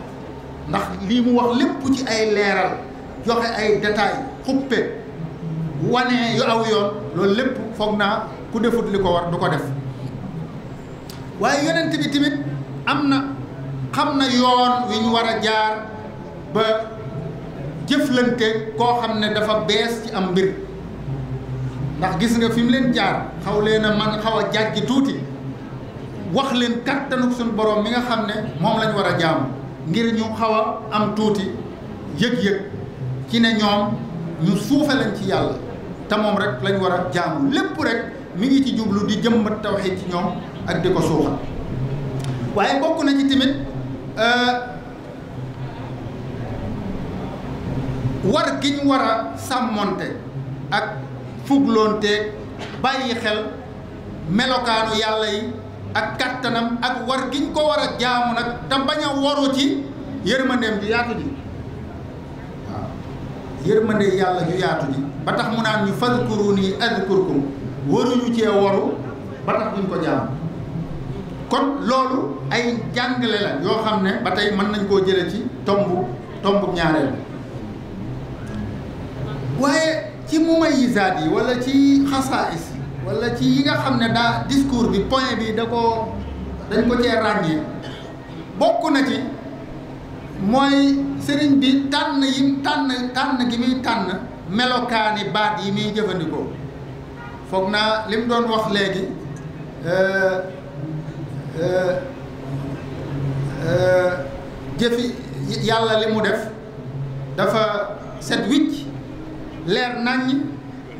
S3: ndax lii mu wax lépp ci ay leeral joxe ay détails xuppe wane yu aw yoon loolu lépp foog naa ku defut li ko war du ko def waaye yonent bi tamit am na xam na yoon wi ñu war a jaar ba jëflante koo xam ne dafa bees ci am mbir ndax gis nga fi mu leen jaar xaw leen a man xaw a jàjji tuuti wax leen kattanu suñu borom mi nga xam ne moom lañ war a jàmm ngir ñu xaw a am tuuti yëg-yëg ci ne ñoom ñu suufe lañ ci yàlla te moom rek lañ war a jaamu lépp rek mi ngi ci jublu di jëmbat tawxiid ci ñoom ak di ko suuxat waaye bokk na ci tamit euh, war gi ñu war a sàmmonte ak fugloonteeg bàyyi xel melokaanu yàlla yi ak kattanam ak war giñ ko war a jaamu nag te bañ a waru ci yërmandeem ju yaatu ji waaw yërmande yàlla ju yaatu ji ba tax mu naan ñu fadkuruni adkurkum waruñu cee waru ba tax duñ ko jaamu kon loolu ay jàngale la yoo xam ne ba tey mën nañ koo jële ci tomb tomb ñaareel waaye ci mumayisaat yi wala ci xasaais wala ci yi nga xam ne daa discours bi point bi da ko dañ ko cee ràññee bokk na ci mooy sëriñ bi tànn yim tànn tànn gi muy tànn melokaani baat yi muy jëfandikoo foog naa li mu doon wax léegi euh, euh, euh, jëfi yàlla li mu def dafa set wicc leer naññ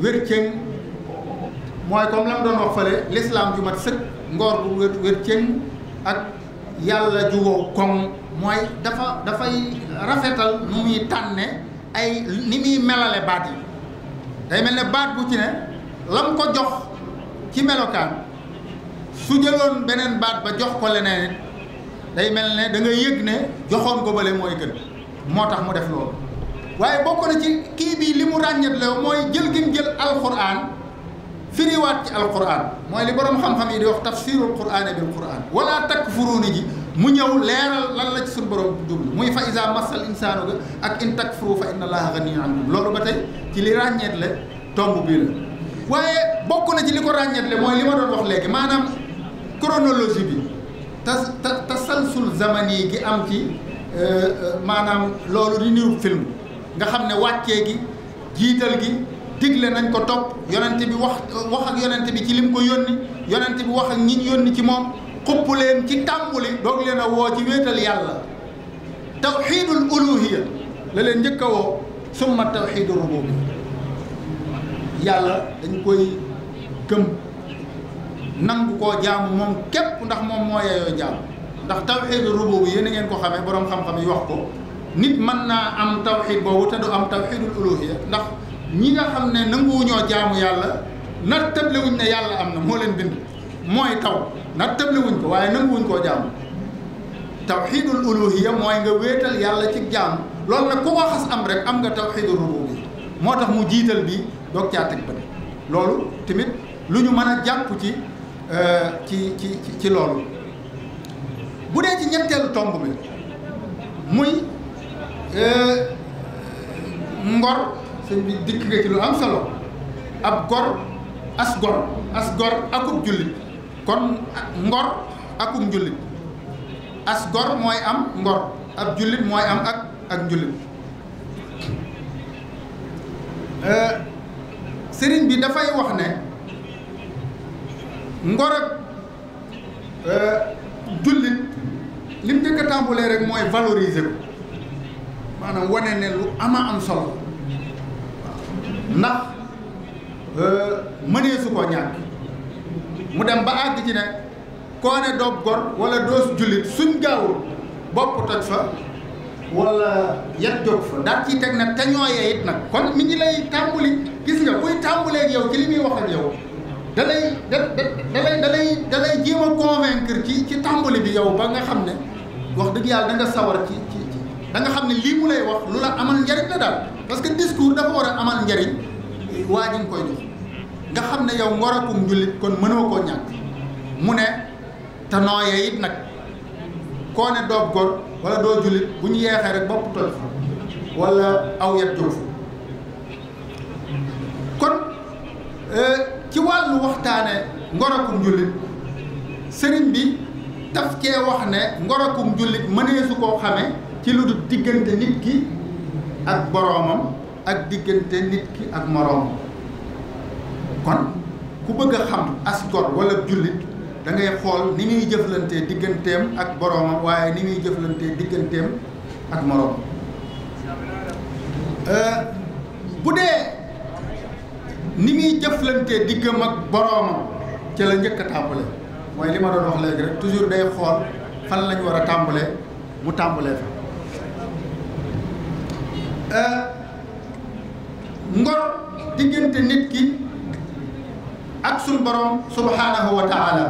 S3: wér cëng mooy comme la mu doon wax fële l'islam ju mat sëkk ngoor bu wér wér cëng ak yàlla ju wow koŋ mooy dafa dafay rafetal nu muy tànne ay ni muy melale baat yi day mel ne baat bu ci ne lam ko jox ci melokaan su jëloon beneen baat ba jox ko leneen day mel ne da nga yëg ne joxoon ko bële mooy gën moo tax mu def loolu waaye bokk na ci kii bii li mu ràññat la mooy jël gi mu jël alxuraan firiwaat ci alquran mooy li borom xam-xam yi di wax tafsirul qur'ani bil qur'an wala takfuruuna ji mu ñëw leeral lan la ci suñu borom jublu muy fa isa masal insaanu ga ak in takfuru fa inna allaha ganiyun ankum loolu ba tey ci li ràññeet le tomb bii la waaye bokk na ci li ko ràññeet le mooy li ma doon wax léegi maanaam chronologie bi tas tasalsul zamani gi am ci euh, euh, maanaam loolu di niru film nga xam ne wàccee gi jiital gi digle nañ ko topp yonent bi wax wax ak yonent bi ci lim ko yónni yonent bi wax ak ñi ñu yónni ci moom xupp leen ci tàmbuli doog leen a woo ci wéetal yàlla tawxiidul uluhiya la leen njëkk a woo summa tawxiidu rububiya yàlla dañ koy gëm nangu koo jaamu moom képp ndax moom moo yeyoo jaamu ndax tawxiidu rububiya yéen a ngeen ko xamee boroom xam-xam yi wax ko nit mën naa am tawxiid boobu te du am tawxiidul uluhiya ndax ñi nga xam ne nanguwuñoo jaamu yàlla nat tablewuñ ne yàlla am na moo leen bind mooy taw nat tablewuñ ko waaye nanguwuñ koo jaamu tawxiidul uluhiya mooy nga wéetal yàlla ci jaam loolu nag ku ko xas am rek am nga tawxiidul rububi moo tax mu jiital bi doog caa teg ba loolu tamit lu ñu mën a jàpp euh, ci ci ci ci loolu bu dee ci ñetteelu tomb bi muy euh, ngor sëñ bi dikk nga ci lu am solo ab gor as gor as gor akub jullit kon ngor akub njullit as gor mooy am ngor ab jullit mooy am ak ak njullit euh, sëriñ bi dafay wax ne ngor ak euh, jullit lim njëkk a rek mooy valoriser ko maanaam wane ne lu ama am solo ndax euh, mënee su koo mu dem ba àgg ci ne koo ne doob gor wala doos jullit suñ gaawul bopp toj fa wala yat jóg fa daal ciy teg nag te ñooyee nag kon mi ñu lay tàmbali gis nga buy tàmbuleeg yow ci li muy wax yow da lay da dalay dalay da lay jéem a convaincre ci ci tàmbali bi yow ba nga xam ne wax dëgg yàlla da sawar ci ci da nga xam ne lii mu lay wax lu la amal njariñ la daal parce que discours dafa war a amal njariñ waa ji nga koy jox nga xam ne yow ngorakum njulit kon mënoo koo ñàkk mu ne te nooyee nag koo ne doob gor wala doo jullit bu ñu yeexee rek bopp toj wala aw yat kon euh, ci wàllu waxtaane ngorakum jullit sëriñ bi daf cee wax ne ngorakum jullit mënee koo xame ci lu dul diggante nit ki ak boroomam ak diggante nit ki ak moroomam kon ku bëgg a xam as gor jullit da ngay xool ni muy jëflante digganteem ak boroomam waaye ni muy jëflante digganteem ak moroomam euh, bu dee ni muy jëflantee diggam ak boroomam ca la njëkk a waaye li ma doon wax léegi rek toujours day xool fan lañu war a tàmbalee mu tàmbalee fa Euh, ngor diggante nit ki ak suñ borom subhaanahu wa taala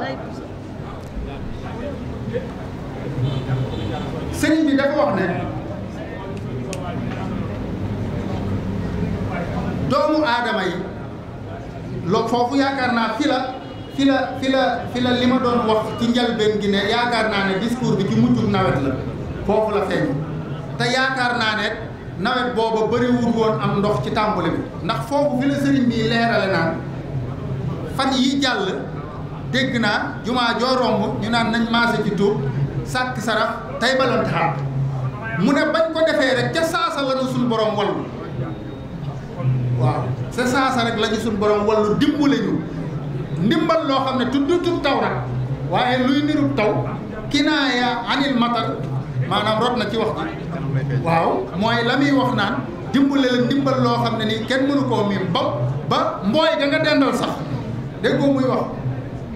S3: bi dafa wax ne doomu aadama yi loo foofu yaakaar naa fi la fi la fi la fi la li ma doon wax ci njalbeen gi ne yaakaar naa ne discours bi ci mujjug nawet la foofu la feeñ te yaakaar naa ne nawet booba bëriwul woon am ndox ci tàmbali bi ndax foofu fi la sëriñ bi leerale naan fan yi jàll dégg naa jumaa joo romb ñu naan nañ maase ci tuub sàkk sarax tey balante xaar mu ne bañ ko defee rek ca saasa la suñ borom wallu waaw ca saasa rek la ñu suñ borom wallu dimbale ñu ndimbal loo xam ne tudd tub taw nag waaye luy nirub taw kinaaya anil matar maanaam rot na ci wax ji waaw mooy la muy wax naan dimbale la loo xam ne ni kenn mënu koo miim ba ba mbooy ga nga dendal sax déggoo muy wax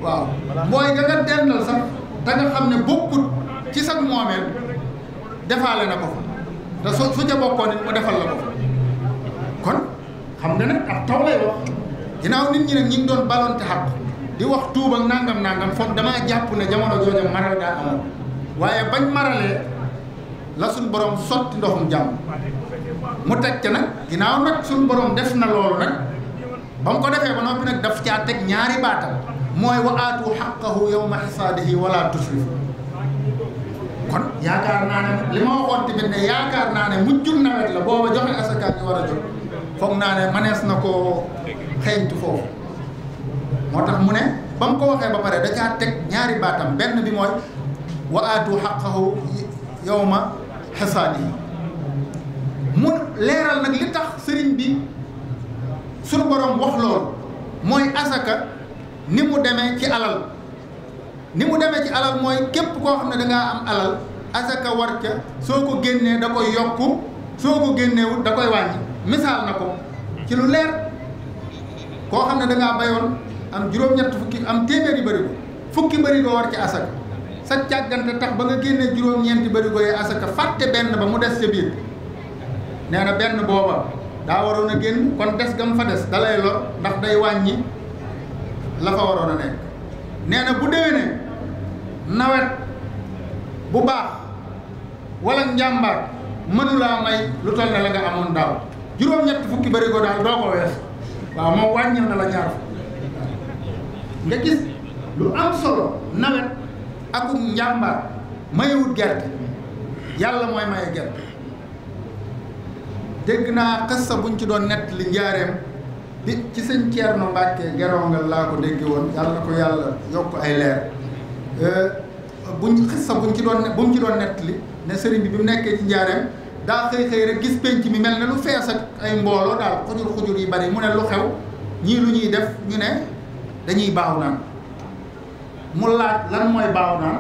S3: waaw mbooy ga nga dendal sax da nga xam ne bokkut ci sag moomeel defaale na ko fa te su su ca bokkoon nit mu defal la ko kon xam nga nag ak taw lay wax ginnaaw nit ñi nag ñi ngi doon balonte xaq di wax tuub ak nangam nangam foog damaa jàpp ne jamono jooju maral daa amoon waaye bañ maralee la suñu borom sotti ndoxum jàmm mu teg ca nag ginnaaw nag suñ borom def na loolu nag ba mu ko defee ba noppi nag daf caa teg ñaari baatam mooy wa aatu xaqahu yawma xasaadihi wala li ma waxoon tamit ne yaakaar naa ne mujjul nawet war a jot foog naa ne manees na koo xeeñtu foofu moo tax mu ne ba mu ko waxee ba pare da caa teg ñaari baatam benn bi mooy wa aatu xaqahu yawma xesaan yi mu leeral nag li tax sëriñ bi suñu borom wax lool mooy asaka ni mu demee ci alal ni mu demee ci alal mooy képp koo xam ne dangaa am alal asaka war ca soo ko génnee da koy yokk soo ko génneewut da koy wàññi misaal na ko ci lu leer koo xam ne dangaa bayoon am juróom-ñett fukki am téeméeri bërigo fukki bërigo war ci asaka sa càggante tax ba nga génnee juróom-ñeenti barigo yi asaka fàtte benn ba mu des ca biir nee na benn booba daa waroon a génn kon des gam fa des dalay lor ndax day wàññi la fa waroon a nekk nee na bu déwénee nawet bu baax wala njàmbaar mënulaa may lu toll ne la nga amoon daaw juróom-ñett fukki barigo daal doo ko wees waaw moom wàññil na la ñaar nga gis lu am solo nawet akum njàmbaar mayewut gerte yàlla mooy maye gerte dégg naa xissa buñ ci doon nett li njaareem bi ci sëñ Ceerno Mbàkke gerongal laa ko dégg woon yàlla ko yàlla yokk ay leer euh, buñ xissa buñ ci doon bu mu ci doon nett li ne sëriñ bi bi mu nekkee ci njaareem daa xëy xëy rek gis penc mi mel ne lu fees ak ay mbooloo daal xujur xujur yi bari mu ne lu xew ñii lu ñuy def ñu ne dañuy baaw naan mu laaj lan mooy baaw naan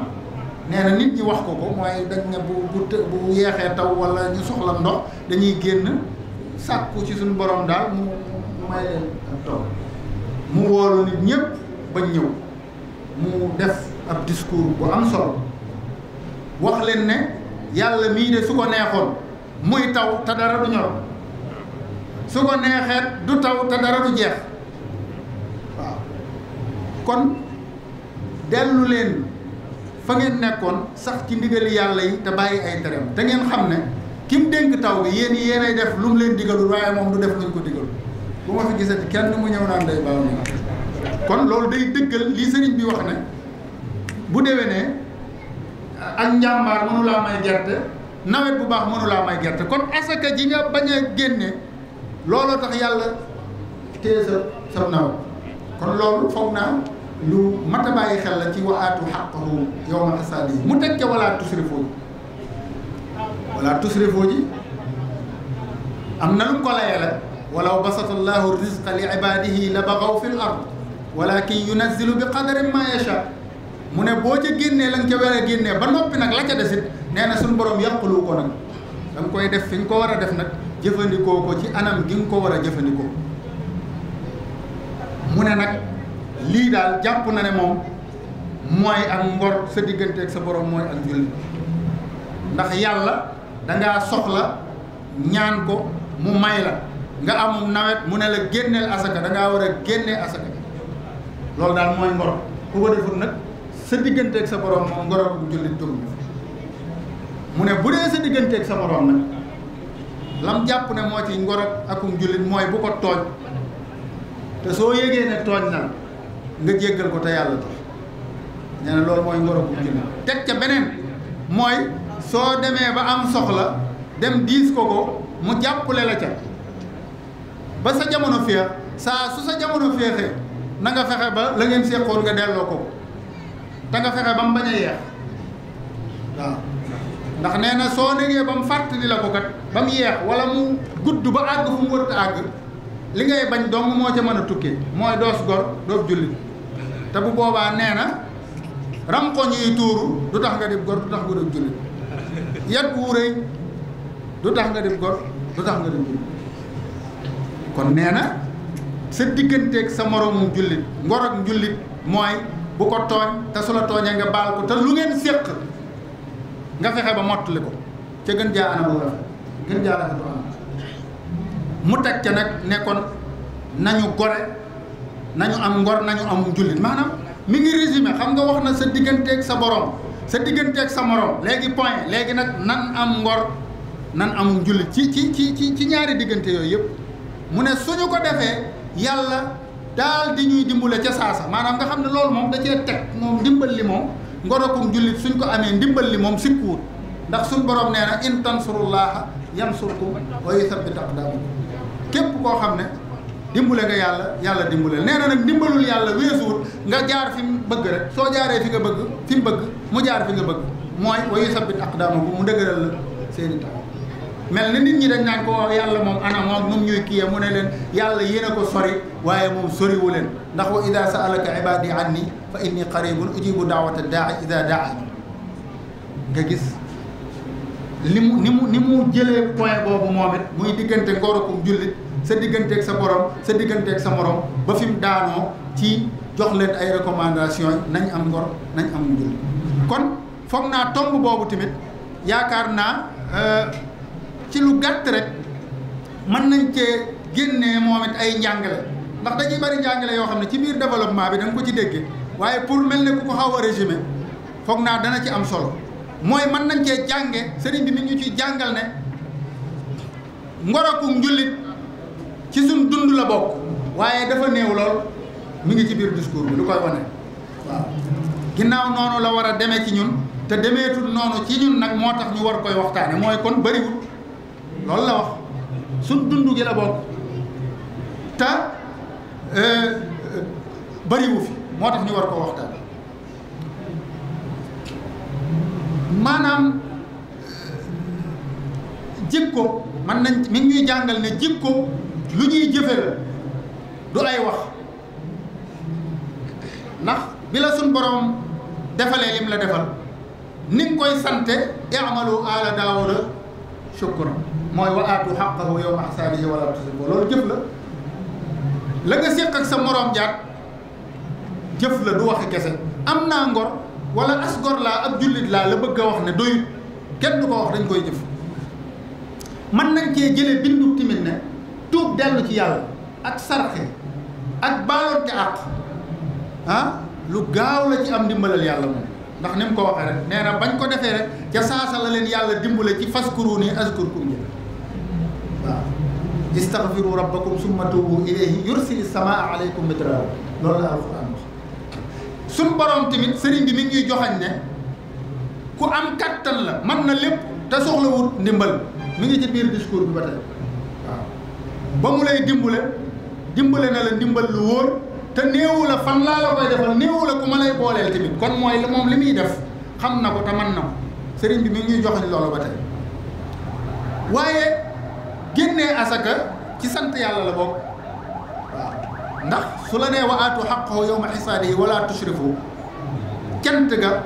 S3: nee na nit ñi wax ko ko mooy dañ ne bu bu bu yeexee taw wala ñu soxla ndox dañuy génn sàkku ci suñu borom daal mu may leen taw mu woolu nit ñëpp bañ ñëw mu def ab discours bu am solo wax leen ne yàlla mii de su ko neexoon muy taw te dara du ñor su ko neexee du taw te dara du jeex waaw kon dellu leen fa ngeen nekkoon sax ci ndigali yàlla yi te bàyyi ay tereem te ngeen xam ne ki mu dénk taw bi yéen yéenay def lu mu leen digalul waaye moom du def luñ ko digalul bu ma fi gisati kenn mu ñëw naan day baaw na kon loolu day dëggal lii sëriñ bi wax ne bu déwénee ak njàmbaar mënu laa nawet bu baax mënu laa may gerte kon asaka ji nga a génne looloo tax yàlla téye loolu foog naa lu mat a xel la ci waatu xaqahu yowma xasaadi yi mu teg ca wala tusrifoo ji wala tusrifoo ji am na lu mu ko layela walaw basata allahu risqa li ibadihi la baxaw fi l ard walakin yunazilu bi qadarin ma yacha mu ne boo ca génnee la nga ca weer a génnee ba noppi nag la ca desit nee na suñ borom yàqulu ko nag da nga koy def fi nga ko war a def nag jëfandikoo ko ci anam gi nga ko war a jëfandikoo mu ne nag lii daal jàpp na ne moom mooy ak ngor sa diggante ak sa borom mooy ak julli ndax yàlla dangaa soxla ñaan ko mu may la nga am nawet mu ne la génneel asaka dangaa war a génnee asaka loolu daal mooy ngor nag sa diggante ak sa borom moom ngoroom jullit turu mu ne bu dee sa diggante ak sa borom nag lam jàpp ne moo ci ngor akum jullit mooy bu ko tooñ te soo yégee ne tooñ na nga jéggal ko te yàlla tax nee na loolu mooy ngoro bu jënd teg ca beneen mooy soo demee ba am soxla dem diis ko ko mu jàppale la ca ba sa jamono féex saa su sa jamono féexee na nga fexe ba la ngeen séqoon nga delloo ko te nga fexe ba mu bañ a yeex ndax nee na soo négee ba mu fàttali la ko kat ba mu yeex wala mu gudd ba àgg fu mu wërta àgg li ngay bañ dong moo ca mën a tukkee mooy doos gor doof jullit te bu boobaa nee na ramkoñ yi tuuru du tax nga dib gor du tax nga dib jullit yat wu rëy du tax nga dib gor du tax nga dib jullit kon nee na sa digganteek sa moroomu jullit ngor ak njullit mooy bu ko tooñ te su la tooñee nga baal ko te lu ngeen séq nga fexe ba mottali ko ca gën jaa anam bu mu teg ca nag nekkoon nañu gore nañu am ngor nañu am jullit maanaam mi ngi résimé xam nga wax na sa digganteeg sa borom sa digganteeg sa moroom léegi point léegi nag nan am ngor nan am jullit ci ci ci ci ñaari diggante yooyu yëpp mu ne suñu ko defee yàlla daal di ñuy dimbale ca saasa maanaam nga xam ne loolu moom da cee teg moom ndimbal li moom ngorokum jullit suñ ko amee ndimbal li moom sikkuut ndax suñ borom nee na in tansurullaha yansurkum wa yuthabbit aqdamakum képp koo xam ne dimbale nga yàlla yàlla dimbale nee na nag dimbalul yàlla weesuwut nga jaar fi mu bëgg rek soo jaaree fi nga bëgg fi mu bëgg mu jaar fi nga bëgg mooy wa yusabbit aqdaamahum mu dëgëral la seeni tax mel ni nit ñi dañ naan ko yàlla moom anama moom num ñuy kiyee mu ne leen yàlla yéen a ko sori waaye moom soriwu leen ndax wa ida saalaka ibadi anni fa inni qaribun ujibu daawata daai ida daai nga gis li mu ni mu ni mu jëlee point boobu moom it muy diggante ngorokum jullit sa digganteeg sa borom sa digganteeg sa morom ba fi mu daanoo ci jox leen ay recommandations nañ am ngor nañ am njur kon foog naa tomb boobu tamit yaakaar naa euh, ci lu gàtt rek mën nañ cee génnee moom it ay njàngale ndax dañuy bari njàngale yoo xam ne ci biir développement bi da nga ko ci déggee waaye pour mel ne ku ko xaw a foog naa dana ci am solo mooy mën nañ cee jànge sëriñ bi mi ñu ciy jàngal ne ngorokum njullit ci suñ dund la bokk waaye dafa néew lool mu ngi ci biir discours bi lu koy wane waaw ginnaaw noonu la war a deme ci ñun te demeetul noonu ci ñun nag moo tax ñu war koy waxtaane mooy kon bëriwul loolu la wax suñ dund gi la bokk te euh, bariwu fi moo tax ñu war ko waxtaan maanaam euh, ko mën nañ mi ngi ñuy jàngal ne ko lu ñuy jëfe la du ay wax ndax bi la suñ borom defalee lim la defal ni koy sante i'malu ala daawuda shukran mooy wa aatu xaqahu yawma axsaanihi wala tusibu loolu jëf la la nga séq ak sa moroom jaar jëf la du waxi kese am naa ngor walla as laa ab jullit laa la bëgg a wax ne doyut kenn du ko wax dañ koy jëf mën nañ cee jële bindu timit ne tuub dellu ci yàlla ak sarxe ak baaloonte àq ah lu gaaw la ci am ndimbalal yàlla moom ndax ni mu ko waxee rek nee na bañ ko defee rek ca saasa la leen yàlla dimbale ci faskuru ni azkurkum waaw istaghfiru rabbakum summa tuubu ilayhi yursili samaa aleykum midrara loolu la alquran wax suñ borom tamit sëriñ bi mi ngi ñuy joxañ ne ku am kattan la mën na lépp te soxlawut ndimbal mi ngi ci biir discours bi ba tey ba mu lay dimbale dimbale na la ndimbal lu wóor te néewu la fan laa la koy defal néewu la ku ma lay booleel tamit kon mooy moom li muy def xam na ko te mën na ko sëriñ bi mi ñuy joxañ loolu ba tey waaye génnee asaka ci sant yàlla la bokk waaw ndax su la nee wa aatu xaqahu yawma xisaadihi wala tushrifu cant ga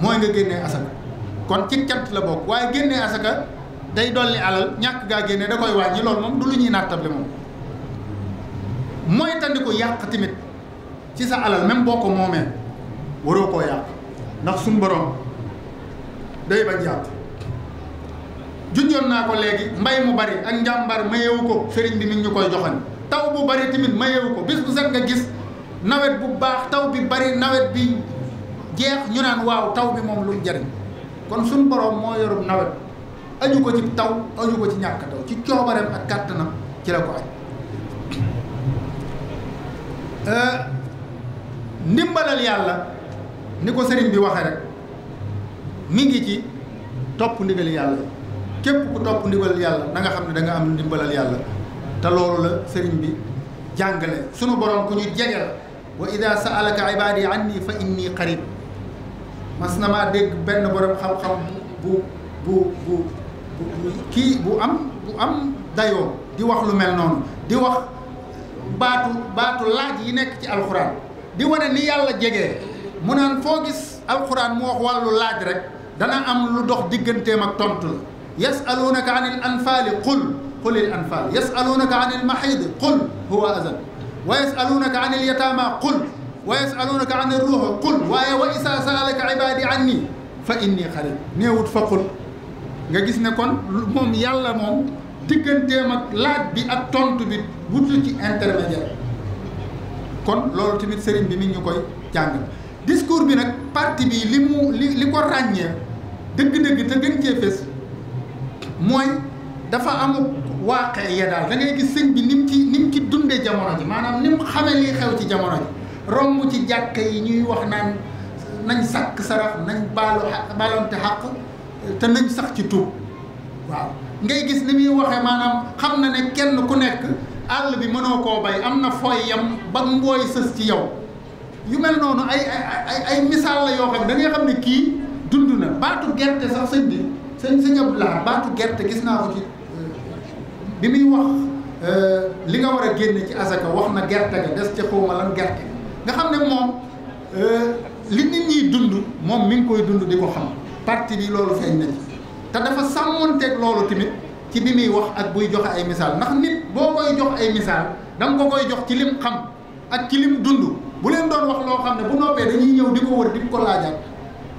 S3: mooy nga génnee asaka kon ci cant la bokk waaye génnee asaka day dolli alal ñàkk gaa génne da koy wàññi loolu moom du lu ñuy nattable moom mooy tandi ko yàq tamit ci sa alal même boo ko moomee waroo koo yàq ndax suñ boroom day bañ yàq junjoon naa ko léegi mbay mu bari ak njàmbar mayewu ko sëriñ bi mi ñu koy joxan taw bu bari tamit mayewu ko bis bu set nga gis nawet bu baax taw bi bari nawet bi jeex ñu naan waaw taw bi moom lu mu jariñ kon suñ borom moo yorum nawet aju ko ci taw aju ko ci ñàkk taw ci coobareem ak kàttanam ci la ko aj euh, ndimbalal yàlla ni ko sëriñ bi waxee rek mi ngi ci topp ndigal yàlla képp ku topp ndigal yàlla na nga xam ne danga nga am ndimbalal yàlla te loolu la sëriñ bi jàngale sunu borom ku ñu jege la wa ida saalaka ibadi anni fa inni qarib mas na maa dégg benn borom xam-xam bu bu bu kii bu am bu am dayoo di wax lu mel noonu di wax baatu baatu laaj yi nekk ci alxuraan di wane ni yàlla jege mu naan foo gis alxuraan mu wax wàllu laaj rek dana am lu dox diggante ak tontu la yasaluunaka an il anfaali qul qulil anfaal yasaluunaka an il maxiidi qul huwa azan wa yasaluunaka an il yataama qul waaye wa isaa saalaka ibaadi anni fa inni xarib néewut fa qul nga gis ne kon moom yàlla moom digganteem ak laaj bi ak tontu bi wutul ci intermédiaire kon loolu tamit sëriñ bi mi ñu koy jàngal discours bi nag parti bi li mu li li ko ràññee dëgg-dëgg te gën cee fës mooy dafa amuk waaqee ya daal da ngay gis sëñ bi ni mu ci ni mu ci dundee jamono ji maanaam ni mu xamee li xew ci jamono ji romb ci jàkka yi ñuy wax naan nañ sàkk sarax nañ baalu xa baalonte te nañ sax ci tuub waaw ngay gis ni muy waxee maanaam xam na ne kenn ku nekk àll bi mënoo koo bay am na fooy yam ba mbooy sës ci yow yu mel noonu ay ay ay misaal la yoo xam da xam ne kii dund na baatu gerte sax sëñ bi sëñ sëñ Abdoulaye baatu gerte gis naa ko ci euh, bi muy wax euh, li nga war a génne ci asaka wax na gerte ga des ca xawma lan gerte nga xam ne moom euh, li nit ñiy dund moom mi ngi koy dund di ko xam parti bi loolu feeñ na ci te dafa sàmmoonteeg loolu tamit ci bi muy wax ak buy joxe ay misaal ndax nit boo koy jox ay misaal danga ko koy jox ci lim xam ak ci lim dund bu leen doon wax loo xam ne bu noppee dañuy ñëw di ko wër di ko laajaat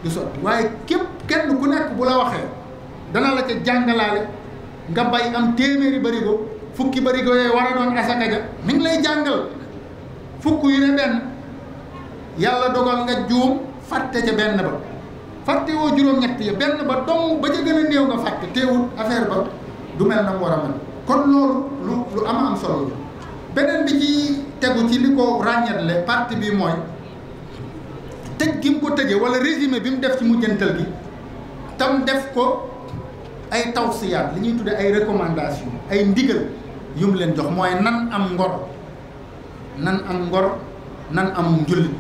S3: du sotti waaye képp kenn ku nekk bu la waxee dana la ca jàngalaale nga bay am téeméeri barigo fukki barigo yooyu war a doon asaka ja mi ngi lay jàngal fukk yu ne benn yàlla dogal nga juum fàtte ca benn ba fàtte woo juróom-ñett ya benn ba dong ba ca gën a néew nga fàtte teewul affaire ba du mel na mu war a man kon loolu lu lu am am solo la beneen bi ci tegu ci li ko ràññetle parti bi mooy tëj gi mu ko tëjee wala résumé bi mu def ci mujjantal gi tam def ko ay tawsiyaat li ñuy tuddee ay recommandation ay ndigal yu mu leen jox mooy nan am ngor nan am ngor nan am njullit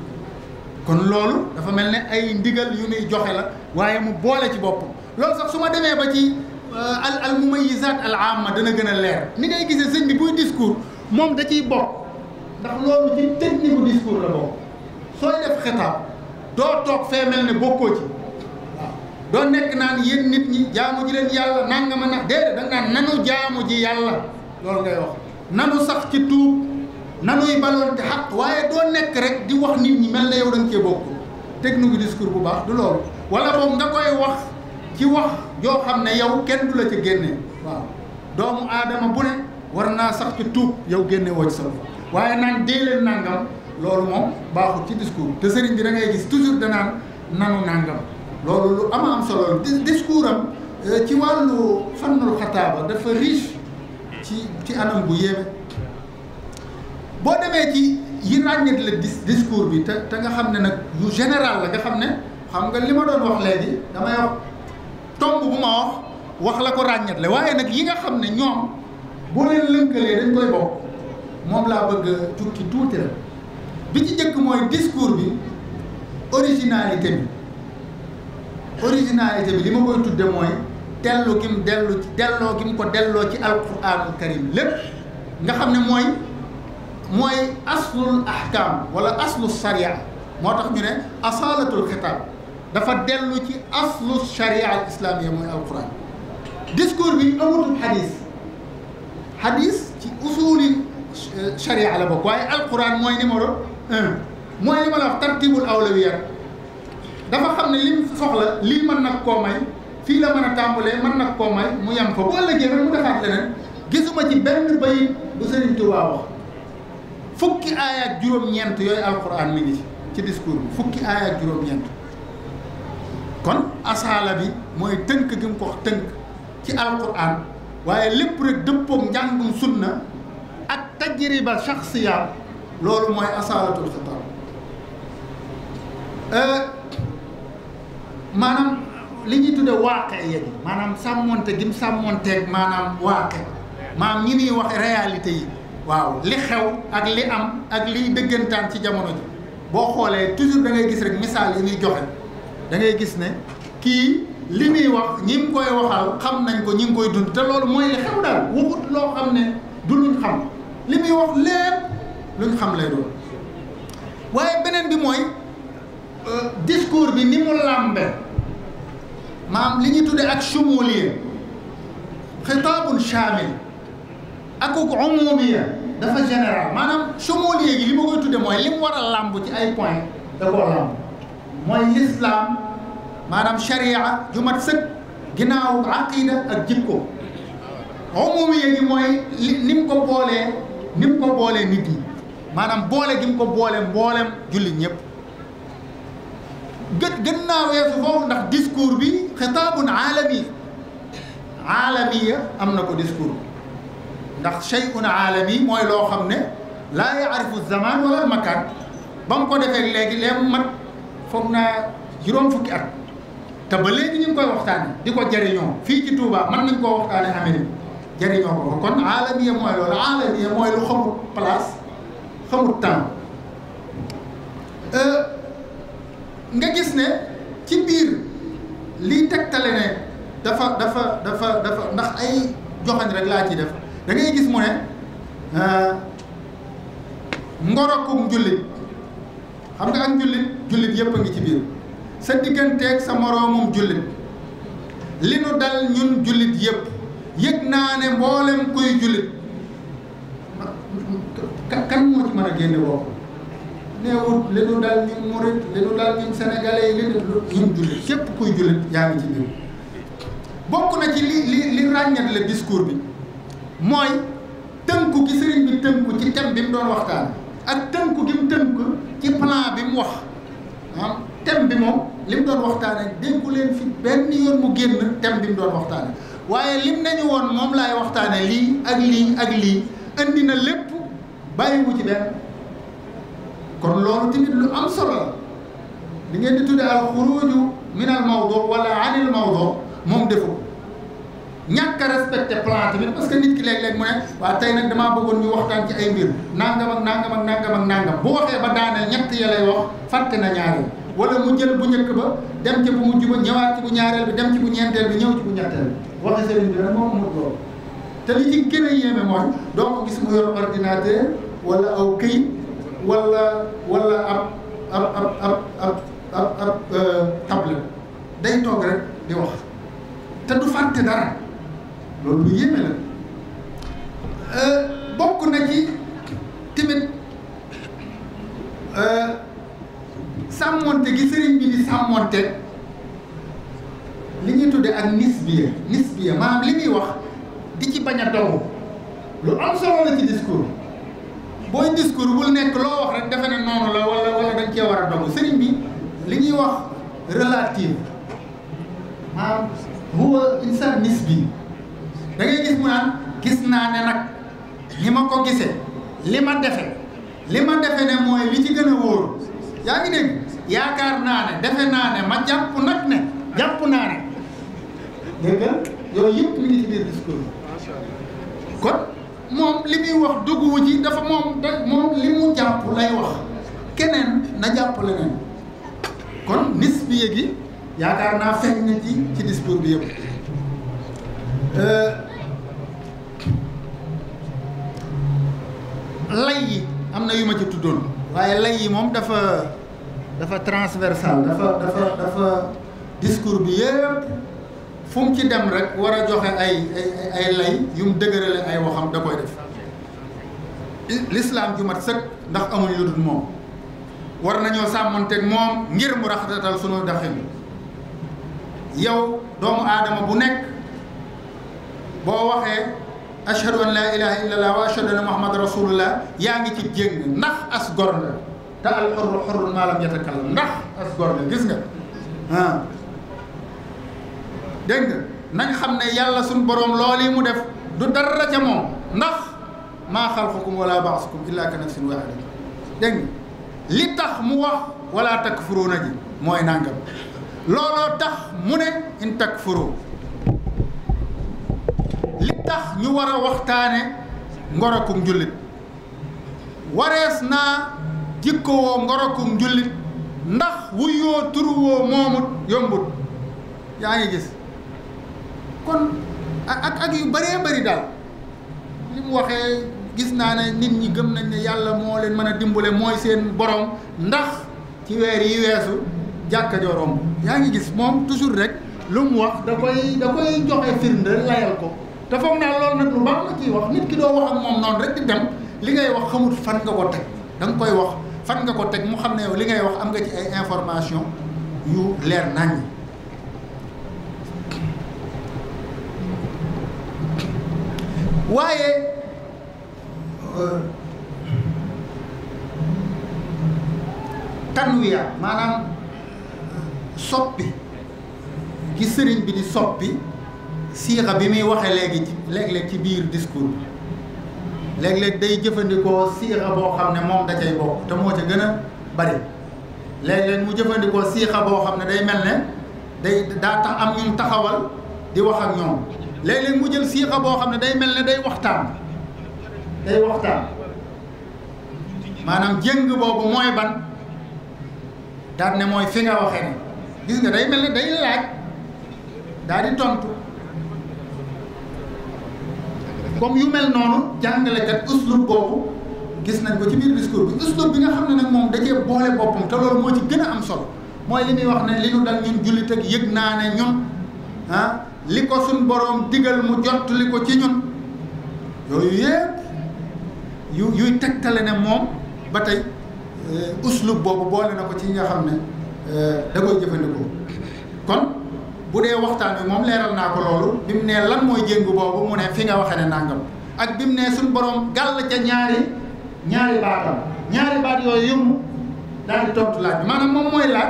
S3: kon loolu dafa mel ne ay ndigal yu muy joxe la waaye mu boole ci boppam loolu sax su ma demee ba ci euh, al al mumayizat al amma dana gën a leer ni ngay gisee sëñ bi buy discours moom da ciy bokk ndax loolu ci technique bu discours la bokk sooy def xitaab doo toog fee mel ne bokkoo ci waaw doo nekk naan yéen nit ñi jaamu ji leen yàlla nanga ma nax déedéet da nga naan nanu jaamu ji yàlla loolu ngay wax nanu sax ci tuub nanuy baloon te xaq waaye doo nekk rek di wax nit ñi mel na yow da nga cee bokk technique discours bu baax du loolu wala moom nga koy wax ci wax yoo xam ne yow kenn du la ci génne waaw doomu aadama bu ne war naa sax ci tuub yow génne woo ci sa waaye naan dee leen loolu moom baaxul ci discours te sëriñ bi da ngay gis toujours danaan nanu nangam loolu lu ama am solo discours am euh, ci wàllu fannul xataaba dafa riche ci ci anam bu yéeme. boo demee ci yi ràññit la dis discours bi te te nga xam ne nag yu général la nga xam ne xam nga li ma doon wax léegi damay wax tomb bu ma wax wax la ko ràññat la waaye nag yi nga xam ne ñoom boo leen lënkalee dañ koy bokk moom laa bëgg a tukki tuuti la bi ci njëkk mooy discours bi originalité bi originalité bi li ma koy tudde mooy dellu gi dellu ci delloo gi ko delloo ci alquranul karim lépp nga xam ne mooy mooy aslul ahkam wala aslu sharia moo tax ñu ne asalatul xitaab dafa dellu ci aslu sharia al islamia mooy alquran discours bi amatul xadis xadis ci usuli euh, sharia la bokk waaye alquran mooy numéro un mooy li ma la wax tartibul awlawiyat dafa xam ne lim soxla lii mën nag koo may fii la mën a tàmbalee mën nag koo may mu yem fa bu ëllëgee rek mu defaat leneen gisuma ci benn bayit bu Sëriñ Tuubaa wax fukki aaya ak juróom-ñeent yooyu alquran mi ngi ci ci discours bi fukki aaya juróom-ñeent kon asaala bi mooy tënk gi mu ko tënk ci alquran waaye lépp rek dëppoog njàngum na ak tajriba shaxsiya loolu mooy asaalatul xitaab euh, maanaam li ñuy tudde waaqe yegi maanaam sàmmonte gi mu sàmmonteeg maanaam waaqe maanaam ñi muy wax réalité yi waaw li xew ak li am ak liy dëggantaan ci jamono ji boo xoolee toujours da gis rek misaal yi ñuy joxe da ngay gis ne kii li muy wax ñi ngi koy waxal xam nañ ko ñi ngi koy dund te loolu mooy li xew daal waxut loo xam ne du luñ xam li muy wax lépp luñ xam lay doon waaye beneen bi mooy euh, discours bi ni mu làmbe maam li ñuy tuddee ak chumulier xitaabun chamil akuk umumiya dafa général maanaam sumuliya gi li ma koy tudde mooy li mu war a làmb ci ay point da koo làmb mooy lislaam maanaam sharia ju mat sëkk ginnaaw aqida ak jikko umumiya gi mooy li ni mu ko boolee ni ko boolee nit yi maanaam boole gi mu ko boole mboolem jullit ñëpp gë gën naa weesu foofu ndax discours bi xitaabun aalami aalamiya am na ko discours ndax shay'un aalami mooy loo xam ne laa yaarifu zaman wala makaan ba mu ko defee léegi lee mat foog naa juróom fukki at te ba léegi ñu ngi koy waxtaane di ko jëriñoo fii ci Touba mën nañ koo waxtaane Amérique jëriñoo ko kon aalamiya mooy loolu aalamiya mooy lu xamul place euh, nga gis ne ci biir liy tegtale ne dafa dafa dafa dafa ndax ay joxañ rek laa ci def dangay gis mu ne euh, ngorokum jullit xam nga ak jullit jullit yëpp a ngi ci biir sa digganteeg sa moroomum jullit li nu dal ñun jullit yëpp yëg naa ne mboolem kuy jullit kan moo ci mën a génne woo neewut li nu dal ñun murit li nu dal ñun sénégalais li nu ñun jullit képp kuy jullit yaa ngi ci biir bokk na ci li li li ràññat le bi mooy tënku gi sëriñ bi tënku ci thème bi mu doon waxtaan ak tënku gi mu tënku ci plan bi mu wax ah thème bi moom li mu doon waxtaane déggu leen fi benn yoon mu génn thème bi mu doon waxtaane waaye lim nañu woon moom laay waxtaane lii ak lii ak lii indi na lépp bàyyiwu ci benn kon loolu tamit lu am solo la li ngeen di tudde al xuruju min al mawdu anil mawdu moom defu ñàkk a respecté plan parce que nit ki léeg-léeg mu ne waaw tey nag damaa bëggoon ñu waxtaan ci ay mbir nangam ak nangam ak nangam ak nangam bu waxee ba daanee ñett ya lay wax fàtte na ñaareel wala mu jël bu njëkk ba dem ci bu mujj ba ñëwaat ci bu ñaareel bi dem ci bu ñeenteel bi ñëw ci bu ñetteel bi waxe sëriñ bi nag moo amul te li ci gën a yéeme mooy doo ko gis mu yor ordinateur wala aw këyit wala wala ab ab ab ab ab euh, day toog wax du fàtte dara loolu lu yéeme la euh, bokk na ci tamit euh, sàmmonte gi sëriñ bi di sàmmonte li ñuy tudde ak nisbiya nisbiya maanaam li muy wax di ci bañ a dogu lu am solo la ci discours booy discours bul nekk loo wax rek defe ne noonu la wala wala dañ cee war a dogu sëriñ bi li ñuy wax relative maanaam huwa insan nisbi da gis mu naan gis naa ne nag ni ma ko gisee li ma defe li ma defe ne mooy li ci gën a wóor yaa ngi dégg yaakaar naa ne defe naa ne ma jàpp nag ne jàpp naa ne dégg nga yooyu yëpp kon moom li muy wax dugg ci dafa moom da moom li mu jàpp lay wax keneen na jàpp leneen kon nis bi yéegi yaakaar naa feeñ ci ci discours bi yëpp Euh, lay yi am na yu ma ci tuddoon waaye lay yi moom dafa dafa transversal dafa dafa dafa discours bi yëpp fu mu ci dem rek war a joxe ay ay ay lay yu mu dëgërale ay waxam da koy def lislaam ju mat sëkk ndax amul yu dul moom war nañoo sàmmanteeg moom ngir mu raxatatal sunu doxin yow doomu aadama bu nekk boo waxee ashhadu an laa ilaha illa allah wa ashhadu anna muhammad rasulullah yaa ngi ci jéng ndax as gor la te al xorru xorru maalam yatakallam ndax as gor gis nga ah nañ xam ne yàlla suñ boroom loolu mu def du dara ca moom ndax maa xalqukum wala ba'sukum illa ka nafsin waahida dégg nga li tax mu wax wala takfuruuna ji mooy nangam looloo tax mu ne in takfuru tax ñu war a waxtaane ngorokum njullit warees naa jikkowoo ngorokum njulit ndax wuyoo turuwoo moomut yombut yaa ngi gis kon ak ak yu baree bari daal li mu waxee gis naa ne nit ñi gëm nañ ne yàlla moo leen mën a dimbale mooy seen borom ndax ci weer yi weesu jàkka joo romb yaa ngi gis moom toujours rek lu mu wax da koy da koy joxe firnde layal ko te foog naa loolu nag lu baax la ciy wax nit ki doo wax ak moom noonu rek di dem li ngay wax xamut fan nga ko teg da koy wax fan nga ko teg mu xam ne yow li ngay wax am nga ci ay information yu leer naññ. waaye euh, tanwiya maanaam euh, soppi gi sëriñ bi di soppi. siixa bi muy waxee léegi ci léeg ci biir discours bi léeg day jëfandikoo siixa boo xam ne moom da cay bokk te moo ca gën a bari léeg mu jëfandikoo siixa boo xam ne day mel ne day da tax am ñun taxawal di wax ak ñoom léeg mu jël siixa boo xam ne day mel ne day waxtaan day waxtaan maanaam jëng boobu mooy ban daal ne mooy fi nga waxee ne gis nga day mel ne day laaj daal di tontu. comme yu mel noonu jàngalekat uslub boobu gis nañ ko ci biir discours bi uslub bi nga xam ne nag moom da cee boole boppam te loolu moo ci gën a am solo mooy li muy wax ne li ñu dal ñun jullit ak yëg naa ne ñun ah li ko suñ boroom digal mu jot li ko ci ñun yooyu yëpp yu yuy tegtale ne moom ba tey eh, uslub boobu boole na ko ci nga xam ne eh, da koy jëfandikoo kon. bu dee waxtaan bi moom leeral naa ko loolu bi mu lan mooy jéngu boobu mu ne fi nga waxee ne nàngam ak bi mu nee suñu borom gàll ca ñaari ñaari baatam ñaari baat yooyu yëmm daal di tontu laaj maanaam moom mooy laaj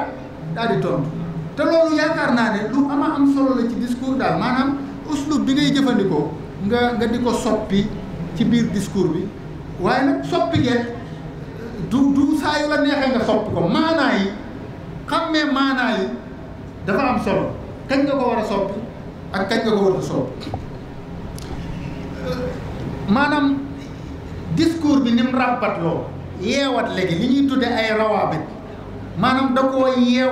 S3: daal di tontu te loolu yaakaar naa ne lu amaa am solo la ci discours daal maanaam uslub bi ngay jëfandikoo nga nga di ko soppi ci biir discours bi waaye nag soppi ngeen du du saa yu la neexee nga soppi ko maanaa yi xam ne maanaa yi dafa am solo. kañ nga ko war a soppi ak kañ nga ko war a soppi maanaam discours bi ni ràbbatloo yeewat léegi li ñuy tudde ay rawaabit maanaam da koo yeew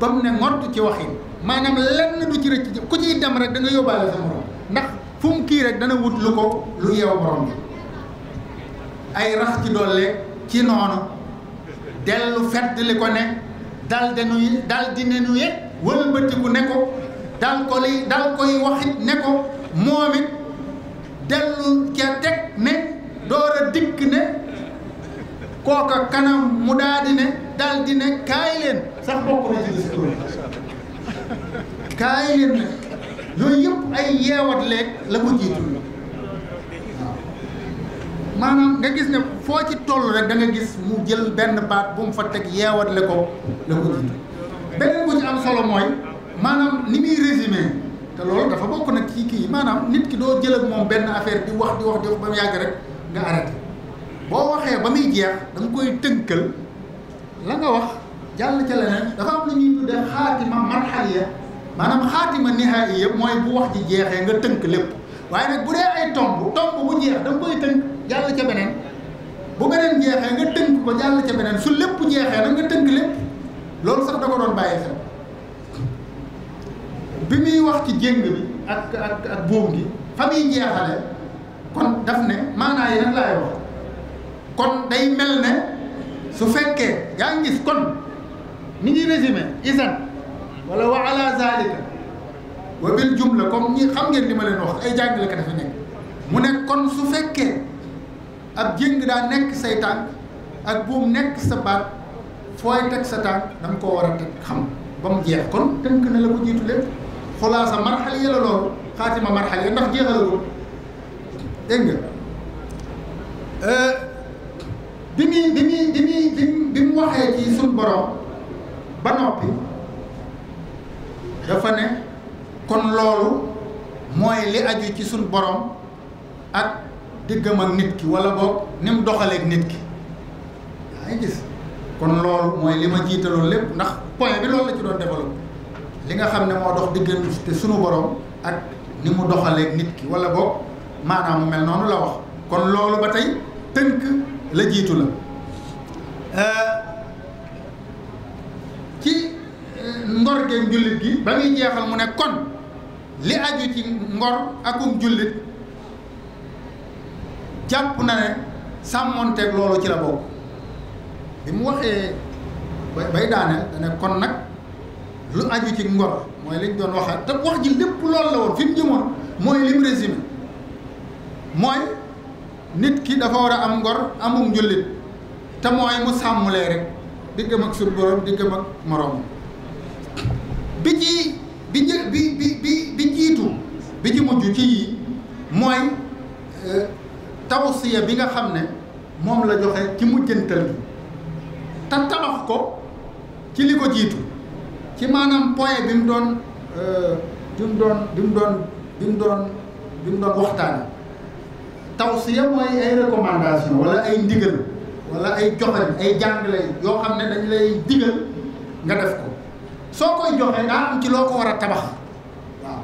S3: ba mu ne ngott ci waxin maanaam lenn du ci rëcc ku ciy dem rek da yóbbaale sa morom ndax fu mu kii rek dana wut lu ko lu yeew borom bi ay rax ci dolle ci noonu dellu fedd li ko ne dal de nuy dal ne nu yëg wëlbatiku ne ko dal ko li dal koy waxit ne ko moom it dellu ca teg ne door a dikk ne kooka kanam mu daa di ne dal di ne kaay leen sax bokk na ci discours kaay leen nag yooyu yëpp ay yeewat la ko jiitu waaw nga gis ne foo ci toll rek da gis mu jël benn baat bu mu fa teg yeewat ko la ko jiitu beneen bu ci am solo mooy maanaam ni muy résumé te loolu dafa bokk nag ci kii maanaam nit ki doo jël moom benn affaire di wax di wax di wax ba mu yàgg rek nga arrêté boo waxee ba muy jeex da koy tënkal la nga wax jàll ca leneen am lu ñuy tuddee xaatima marxaliya maanaam xaatima nihaay yëpp mooy bu wax ji jeexee nga tënk lépp waaye nag bu dee ay tomb tomb bu jeex da nga koy tënk jàll ca beneen bu beneen jeexee nga tënk ko jàll ca beneen su lépp jeexee nag nga tënk lépp. loolu sax da ko doon bàyyi xel bi muy wax ci jéng bi ak ak ak boobu gi fa yi njeexale kon daf ne maanaa yi nag laay wax kon day mel ne su fekkee yaa ngi gis kon mi ngi résumé isan wala wax ala zalika wa bil jumla comme ñi xam ngeen li ma leen wax ay jàngalekat mu ne kon su fekkee ab jéng daa nekk say tànk ak buum nekk sa baat fooy teg sa tànk da nga koo war a teg xam ba mu jeex kon tënk na la ko jiitu lépp xulaasa marxal ya la loolu xaatima marxal ya ndax jeexal ko dégg euh, bi muy bi muy mu waxee ci suñ borom ba noppi dafa ne kon loolu mooy li aju ci suñ boroom ak diggam ak nit ki wala boog ni mu doxaleeg nit ki yaa gis kon loolu mooy li ma jiitaloon lépp ndax point bi loolu la ci doon développé li nga xam ne moo dox diggante sunu borom ak ni mu doxalee nit ki wala boog maanaam mu mel noonu la wax kon loolu ba tey tënk la jiitu la euh, ci euh, ngorgeen jullit gi ba muy jeexal mu ne kon li aju ci ngor akum jullit jàpp na ne sàmmonteeg loolu ci la bokk bi mu waxee bay bay daaneel dana kon nag lu aju ci ngor mooy liñ doon waxaat te wax ji lépp loolu la woon fi mu jëmoon mooy lim résumé mooy nit ki dafa war a am ngor amum njullit te mooy mu sàmmulee rek diggam ak suñu borom diggam ak moroom bi ci bi një bi bi bi bi jiitu bi ci mujj ci yii mooy euh, tawsiya bi nga xam ne moom la joxe ci mujjantal bi te tabax ko ci li ko jiitu ci maanaam point bi mu doon euh, bi mu doon bi mu doon bi mu doon bi mu taw si tawsiya mooy ay recommandation wala ay ndigal wala ay joxañ ay jàngale yoo xam ne dañ lay digal nga def ko soo koy joxee daa am ci loo ko war a tabax waaw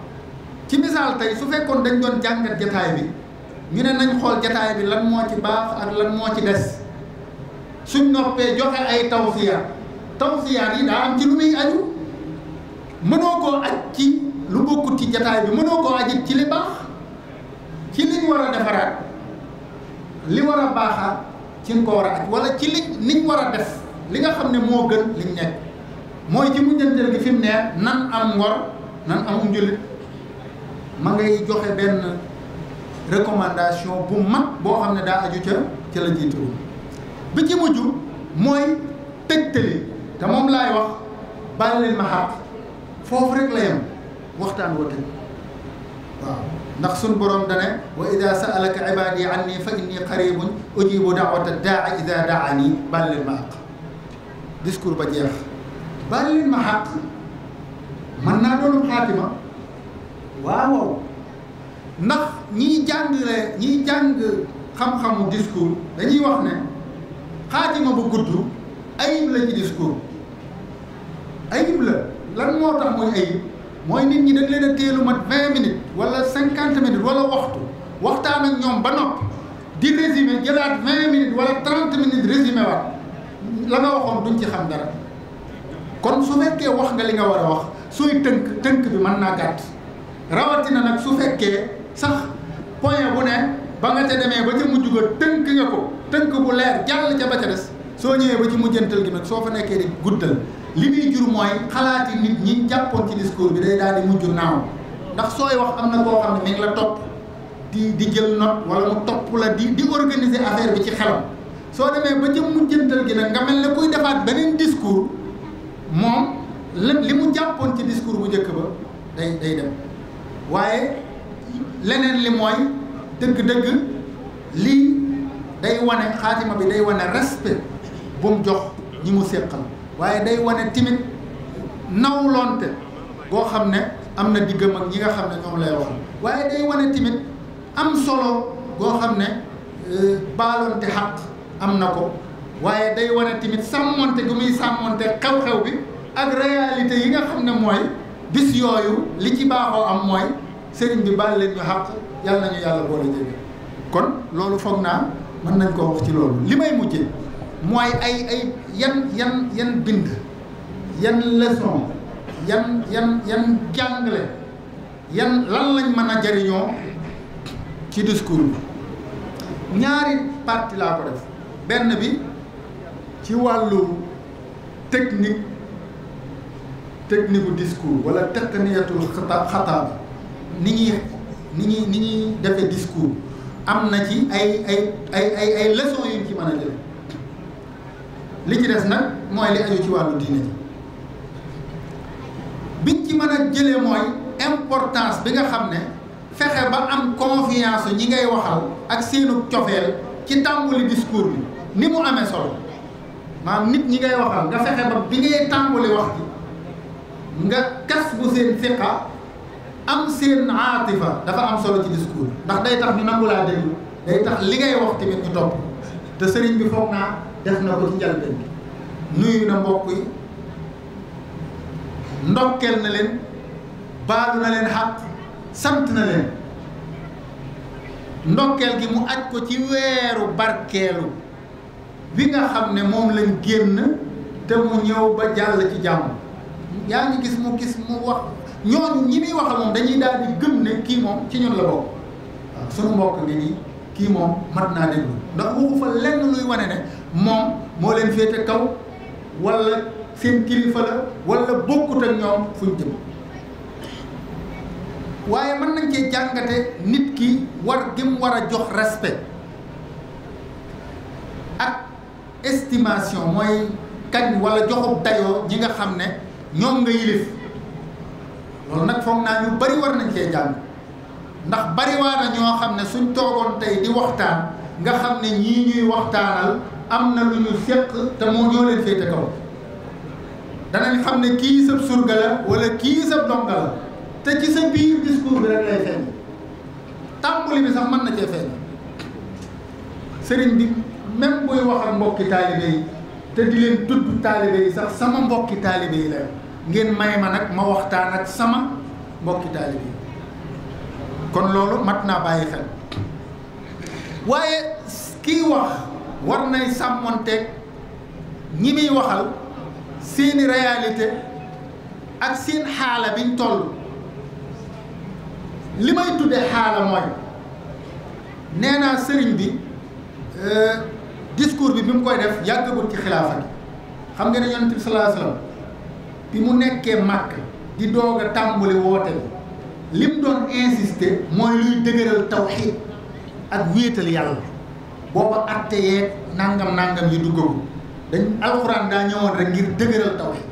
S3: ci misaal tey su fekkoon dañ doon jàngat jataay bi ñu ne nañ xool jataay bi lan moo ci baax ak lan moo ci des suñ noppee joxe ay tawsiyaat tawsiyaat yi daa am ci lu muy aju mënoo koo aj ci lu bokkut ci jataay bi mënoo koo ajit ci li baax ci liñ war a defaraat li war a baaxaat ci nga ko war a aj wala ci li niñ war a def li nga xam ne moo gën liñ nekk mooy ci mujjanteel gi fim mu nan am ngor nan am njullit ma ngay joxe benn recommandation bu mag boo xam ne daa aju ca ca la jiitu bi ci mujj mooy tëjtali te moom laay wax bàyyi ma xaat foofu rek la yem waxtaan wa tëj waaw ndax suñ borom dane wa ida saalaka ibadi anni fa inni qaribun ujibu daawata daa ida daani bàyyi leen ma xaq discours ba jeex bàyyi ma xaq mën naa doonum xaatima waaw ndax ñiy jàng xam-xamu discours dañuy wax ne xaatima bu gudd ayib la ci discours ayib la lan moo tax muy ayib mooy nit ñi ne leen a téye lu vingt minutes wala cinquante minutes wala waxtu waxtaan ak ñoom ba nopp di résumé jëlaat vingt minutes wala trente minutes résumé waat la nga waxoon duñ ci xam dara kon su fekkee wax nga li nga war a wax suy tënk tënk bi mën naa gàtt rawatina nag su fekkee sax point bu ne ba nga ca demee ba ca mujj ga tënk nga ko. tënk bu leer jàll ca ba ca des soo ñëwee ba ci mujjantal gi nag soo fa nekkee di guddal li muy jur mooy xalaati nit ñi jàppoon ci discours bi day daal di mujj naaw ndax sooy wax am na koo xam ne mi ngi la topp di di jël note wala mu topp la di di organiser affaire bi ci xelam soo demee ba ca mujjantal gi nag nga mel ne kuy defaat beneen discours moom la li mu jàppoon ci discours bu njëkk ba day day dem waaye leneen li mooy dëgg-dëgg lii day wane xaatima bi day wane respe bu mu jox ñi mu séqal waaye day wane timit nawlonte boo xam ne am na diggam ak ñi nga xam ne ñoom lay wax waaye day wane timit am solo boo xam ne euh, baalonte xaq am na ko waaye day wane timit sàmmonte gu muy sàmmonte xew-xew bi ak réalité yi nga xam ne mooy bis yooyu li ci baaxoo am mooy sëriñ bi baal leen ñu xaq yàlla nañu yàlla boole jëge kon loolu foog naa mën nañ koo wax ci loolu li may mujje mooy ay ay yan yan yan bind yan leçon yan yan yan jàngale yan lan lañ mën a jariñoo ci discours bi ñaari parti laa ko def benn bi ci wàllu technique technique u discours wala techniyatul xata xataa bi ni ñuy ni ñuy ni ñuy defee discours am na ci ay ay ay ay ay leçon yu ci mën a jël li ci des nag mooy li aju ci wàllu diine biñ ci mën a jëlee mooy importance bi nga xam ne fexe ba am confiance ñi ngay waxal ak seenu cofeel ci tàmbali discours bi ni mu amee solo maanaam nit ñi ngay waxal nga fexe ba bi ngay tàmbali wax bi nga kas bu seen fiqa am seen aatifa dafa am solo ci discours ndax day tax ñu nangu laa déglu day tax li ngay wax tamit ñu topp te sëriñ bi foog naa def na ko ci njëlbeen bi nuyu na mbokk yi ndokkeel na leen baalu na leen xaq sant na leen ndokkeel gi mu aj ko ci weeru barkeelu bi nga xam ne moom lañ génn te mu ñëw ba jàll ci jàmm yaa ngi gis mu gis mu wax ñooñu ñi muy waxal moom dañuy daal di gën ne kii moom ci ñun la bokk waaw ah. sunu mbokk ngi nii kii moom mat naa déglu ndax waxu fa lenn luy wone ne moom moo leen féete kaw wala seen kilifa la wala bokkut ak ñoom fuñ jëm waaye mën nañ cee jàngate nit ki war gi mu war a jox respect ak estimation mooy kañ walla joxub dayoo ñi nga xam ne ñoom nga yilif loolu nag foog naa ñu bari war nañ cee jàng ndax bariwaana ñoo xam ne suñ toogoon tey di waxtaan nga xam ne ñii ñuy waxtaanal am na lu ñu séq te moo ñoo leen féete kaw danañ xam ne kii sab surga la wala kii sab donga la te ci sa biir discours bi rek lay feeñ tàmbali bi sax mën na cee feeñ sëriñ bi même buy wax ak mbokki taalibe te di leen tudd taalibe yi sax sama mbokki taalibe yi ngeen may ma nag ma waxtaan ak sama mbokki taalibe yi kon loolu mat naa bàyyi xel waaye kiy wax war nay sàmmonteeg ñi muy waxal seeni réalité ak seen xaala biñ toll li may tuddee xaala mooy nee naa sëriñ bi euh, discours bi bi mu koy def yàggagul ci xilaafa gi xam nga ne yonent bi sallallahu bi mu nekkee màkk di doog a tàmbali woote li mu doon insister mooy luy dëgëral tawxiid ak wéetal yàlla booba atte yeeg nangam nangam yi duggagu dañ alxuraan daa ñëwoon rek ngir dëgëral tawxiid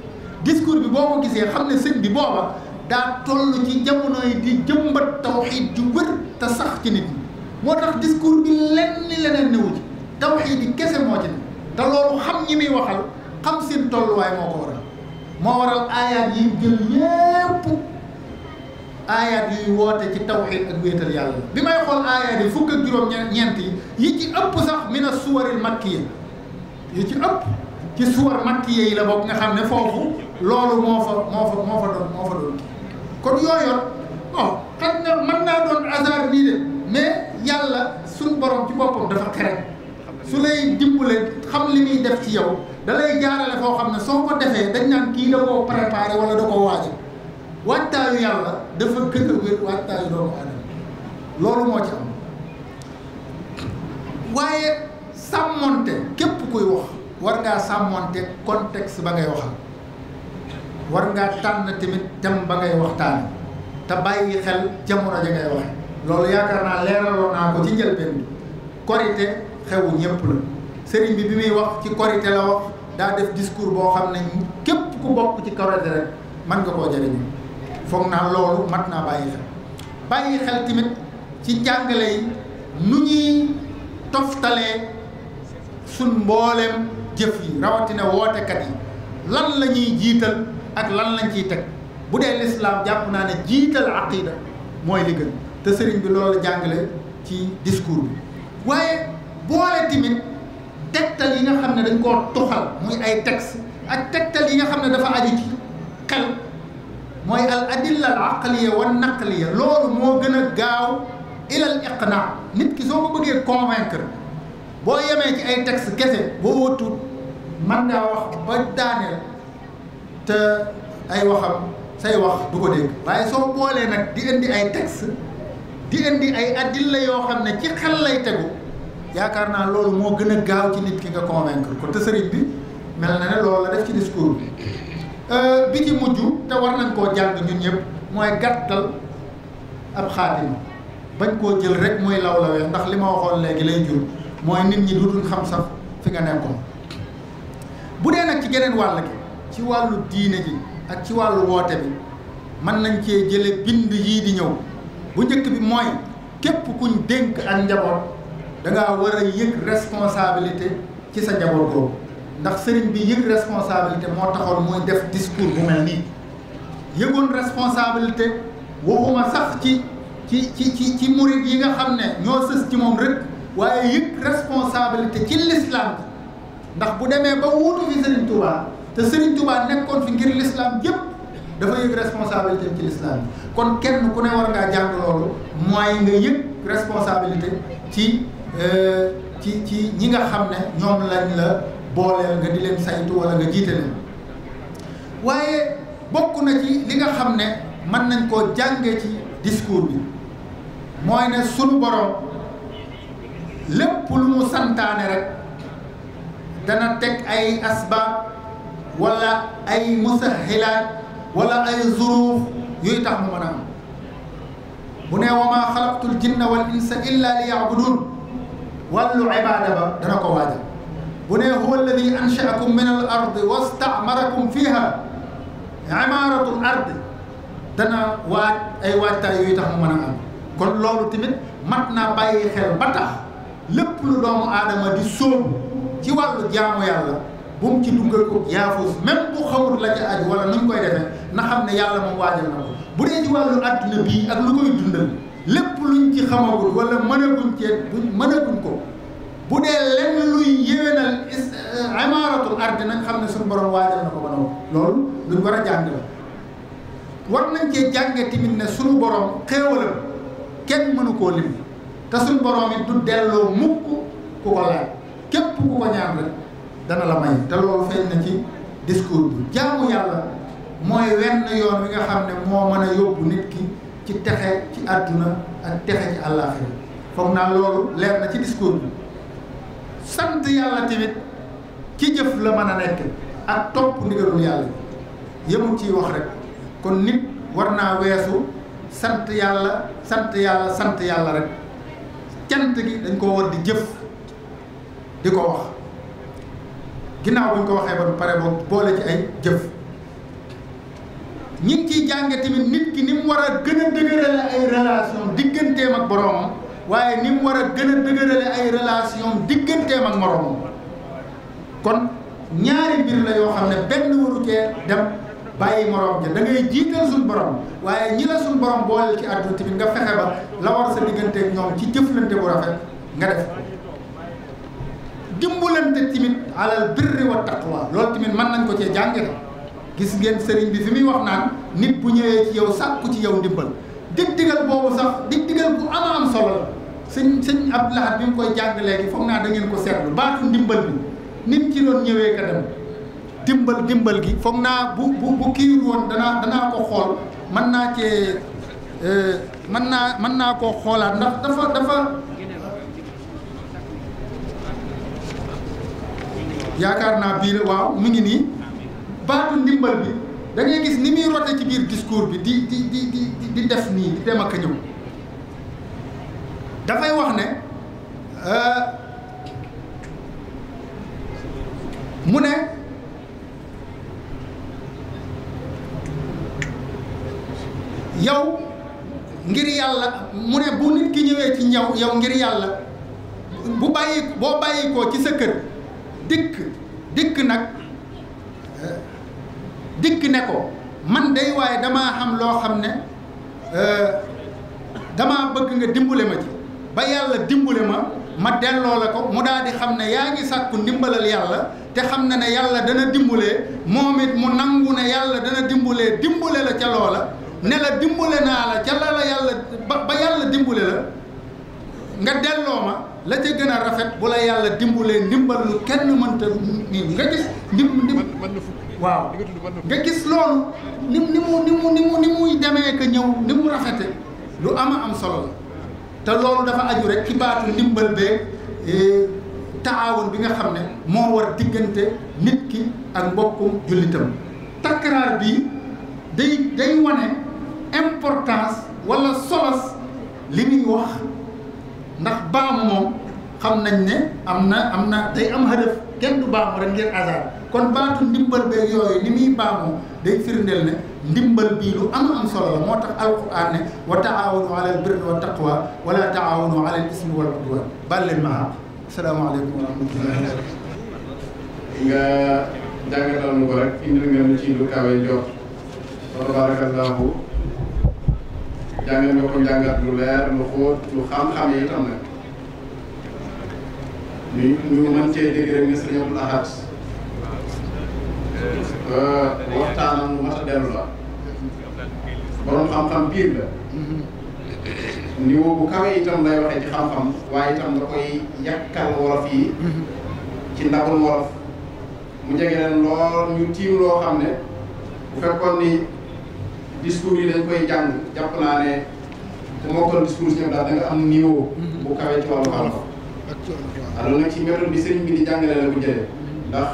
S3: discours bi boo ko gisee xam ne sëñ bi booba daa toll ci jamono yi di jëmbat tawxiid ju wër te sax ci nit ñi moo tax discours bi lenn leneen newu ci tawxiid yi kese moo ci ne te loolu xam ñi muy waxal xam seen tolluwaay moo ko waral moo waral aayaat yi jël yépp aayaat yuy woote ci tawxiid ak wéetal yàlla bi may xool aayaat yi fukk juróom-ñeent yi yi ci ëpp sax mina suwaril makkiya yi ci ëpp ci suwar makkiya yi la bokk nga xam ne foofu loolu moo fa moo fa moo fa doon moo fa doon kon yooyoon oh xam na mën naa doon hasard nii de mais yàlla suñ borom ci boppam dafa xere su lay dimbale xam li muy def ci yow da lay jaarale foo xam ne soo ko defee dañ naan kii da koo préparé wala da koo waajal waajtaayu yàlla dafa gën a wér waajtaayu doomu aadama loolu moo ci am waaye sàmmonte képp kuy wax war ngaa sàmmonte contexte ba ngay waxal war ngaa na tamit thème ba ngay waxtaan te bàyyi xel jamono ja ngay waxe loolu yaakaar naa leeraloo naa ko ci njëlbeen bi korite xewu ñépp la sëriñ bi bi muy wax ci korite la wax daa def discours boo xam ne képp ku bokk ci korite rek man nga koo jëriñu foog naa loolu mat naa bàyyi xel bàyyi xel tamit ci jàngale yi nu ñuy toftalee suñ mbooleem jëf yi rawatina wootekat yi lan la ñuy jiital ak lan lañ ciy teg bu dee lislaam jàpp naa ne jiital aqida mooy li te sëriñ bi loolu jàngale ci discours bi waaye boole tamit tegtal yi nga xam ne dañ koo tuxal muy ay texte ak tegtal yi nga xam ne dafa aju ci xel mooy adilla al wa naqliya loolu moo gën a gaaw ilal iqna nit ki soo ko bëggee convaincre boo yemee ci ay texte kese boo wëttuut man naa wax ba daaneel te ay waxam say wax du ko dégg waaye soo boolee nag di indi ay texte di indi ay adilla yoo xam ne ci xel tegu yaakaar naa loolu moo gën a gaaw ci nit ki nga convaincre ko te sëriñ bi mel na ne loolu la def ci discours bi euh, bi ci mujj te war nañ koo jàng ñun ñëpp mooy gàttal ab xaatima bañ koo jël rek muy law ndax li ma waxoon léegi lay jur mooy nit ñi duduñ xam sax fi nga nekkoon bu dee nag ci geneen wàll gi ci wàllu diine ji ak ci wàllu woote bi mën nañ cee jële bind yii di ñëw bu njëkk bi mooy képp kuñ dénk ak njaboot danga ngaa war a yëg responsabilité ci sa njaboot googu ndax sëriñ bi yëg responsabilité moo taxoon muy def discours bu mel nii yëgoon responsabilité waxuma sax ci ci ci ci ci murid yi nga xam ne ñoo sës ci moom rek waaye yëg responsabilité ci l'islam ndax bu demee ba wuutu fi sëriñ Touba te sëriñ Touba nekkoon fi ngir l'islam yëpp dafa yëg responsabilité ci l'islam kon kenn ku ne war ngaa jàng loolu mooy nga yëg responsabilité ci ci ci ñi nga xam ne ñoom lañ la booleel nga di leen saytu wala nga jiite waaye bokk na ci li nga xam ne mën nañ koo jànge ci discours bi mooy ne sunu borom lépp lu santaane rek dana teg ay asbaab wala ay musahilaat wala ay zuruuf yuy tax mu mën a am bu ne wa maa xalaqtul jinna wal insa illa li ya'budun wàllu ibaada ba dana ko waajal bu ne huwa alladi anshaakum min al ardi wastaamarakum fiha imaaratul ardi dana waaj ay waajtaay yuy tax mu mën a am kon loolu tamit mat naa bàyyi xel ba tax lépp lu doomu aadama di sóobu ci lu jaamu yàlla bu mu ci dungal ko yaafus même bu xamul la ca aju wala nu ñu koy defee na xam ne yàlla moom waajal na ko bu dee ci wàllu àdduna bii ak lu koy dundal lépp luñ ci xamagul wala mënaguñ cee mënaguñ ko bu dee lenn luy yéwénal is eh, imaaratul ardi nag xam ne suñu borom waajal na ko ba noonu loolu luñ war a jàng la war nañ cee jànge tamit ne suñu borom xéewalam kenn mënu koo lim te suñu borom it du delloo mukk ku ko laaj képp ku ko ñaan rek dana la may te loolu feeñ na ci discours bi jaamu yàlla mooy na yoon wi nga xam ne moo mën a yóbbu nit ki ci texe ci àdduna ak texe ci àllaaxira foog naa loolu leer na ci discours bi sant yàlla tamit ci jëf la mën a nekk ak topp ndigalul yàlla yëmul ciy wax rek kon nit war naa weesu sant yàlla sant yàlla sant yàlla rek cant gi dañ koo war di jëf di ko wax ginnaaw buñ ko waxee ba pare boog boole ci ay jëf ñi ngi ciy jànge tamit nit ki ni mu war a gën a dëgërale ay relation digganteem ak boroomam waaye ni mu war a gën a dëgërale ay relation digganteem ak moroomam kon ñaari mbir la yoo xam ne benn waru cee dem bàyyi morom ja dangay ngay jiital suñu borom waaye ñii la suñ borom boole ci àdduna tamit nga fexe ba la war sa digganteeg ñoom ci jëflante bu rafet nga def dimbalante tamit alal birri wa taqwa loolu tamit mën nañ ko cee jàngee gis ngeen sëriñ bi fi muy wax naan nit bu ñëwee ci yow sàkku ci yow ndimbal dig digal boobu sax dig digal bu ama am solo la sëñ sëñ ab Lahad bi mu koy jàng léegi foog naa da ngeen ko seetlu baatu ndimbal bi nit ci doon ñëwee ka dem dimbal dimbal gi foog naa bu bu bu kii woon danaa danaa ko xool mën naa cee euh, mën naa mën naa koo xoolaat ndax dafa dafa yaakaar naa biir waaw mu ngi nii baatu ndimbal bi da ngay gis ni muy rote ci biir discours bi di di di di nii di dem ak ñëw dafay wax ne euh, mu ne yow ngir yàlla mu ne bu nit ki ñëwee ci ñaw yow ngir yàlla bu bàyyi boo bàyyi ko ci sa kër dikk dikk nag dikk ne ko man day waaye damaa xam loo xam ne euh, damaa bëgg nga dimbale ma ci ba yàlla dimbale ma ma delloo la ko mu daal di xam ne yaa ngi sàkku ndimbalal yàlla te xam ne ne yàlla dana dimbale moom it mu nangu ne yàlla dana dimbalee dimbale la ca loola ne la dimbale naa la ca la la yàlla ba yàlla dimbale la nga delloo ma la ca gën a rafet bu la yàlla dimbalee ndimbal lu kenn mënta nii nga gis ndim ndim waaw nga gis loolu ni ni mu ni mu ni mu ni muy demee ka ñëw ni mu rafete lu ama am solo la te loolu dafa aju rek ci baatu ndimbal bee e, taawun bi nga xam ne moo war diggante nit ki ak mbokkum jullitam takraar bii day day wane importance wala solos li muy wax ndax baamu moom xam nañ ne am na am na day am xadëf kenn du baamu rek ngir hasard kon baatu ndimbal beeg yooyu ni muy baamoo day firndeel ne ndimbal bii lu am am solo la moo tax alquran ne wa taawanu ala albirri wa taqwa wala taawanu wal udwan baal leen ma àq asalaamaaleykum wa rahmatulah
S2: nga jàngatal nu ko rek indil nga nu ci lu kawe jox wa tabarakallahu jàngal nga ko jàngat lu leer lu xóot lu xam-xam yi itam nag ñu ñu mën cee dégg rek ne sëriñ Abdul Ahad Euh, waxtaanam lu mat a dellu la borom xam-xam biir la niveau bu kawe itam lay waxee ci xam-xam waaye itam da koy yàkkal wolof yi ci ndabul wolof mu jege leen lool ñu tiim loo xam ne bu fekkoon ni discours yi dañ koy jàng jàpp naa ne ku mokkal discours ñëpp daal da nga am niveau bu kawe ci wàllu xam-xam alors nag ci méthode bi sëriñ bi di jàngale la bu jëlee ndax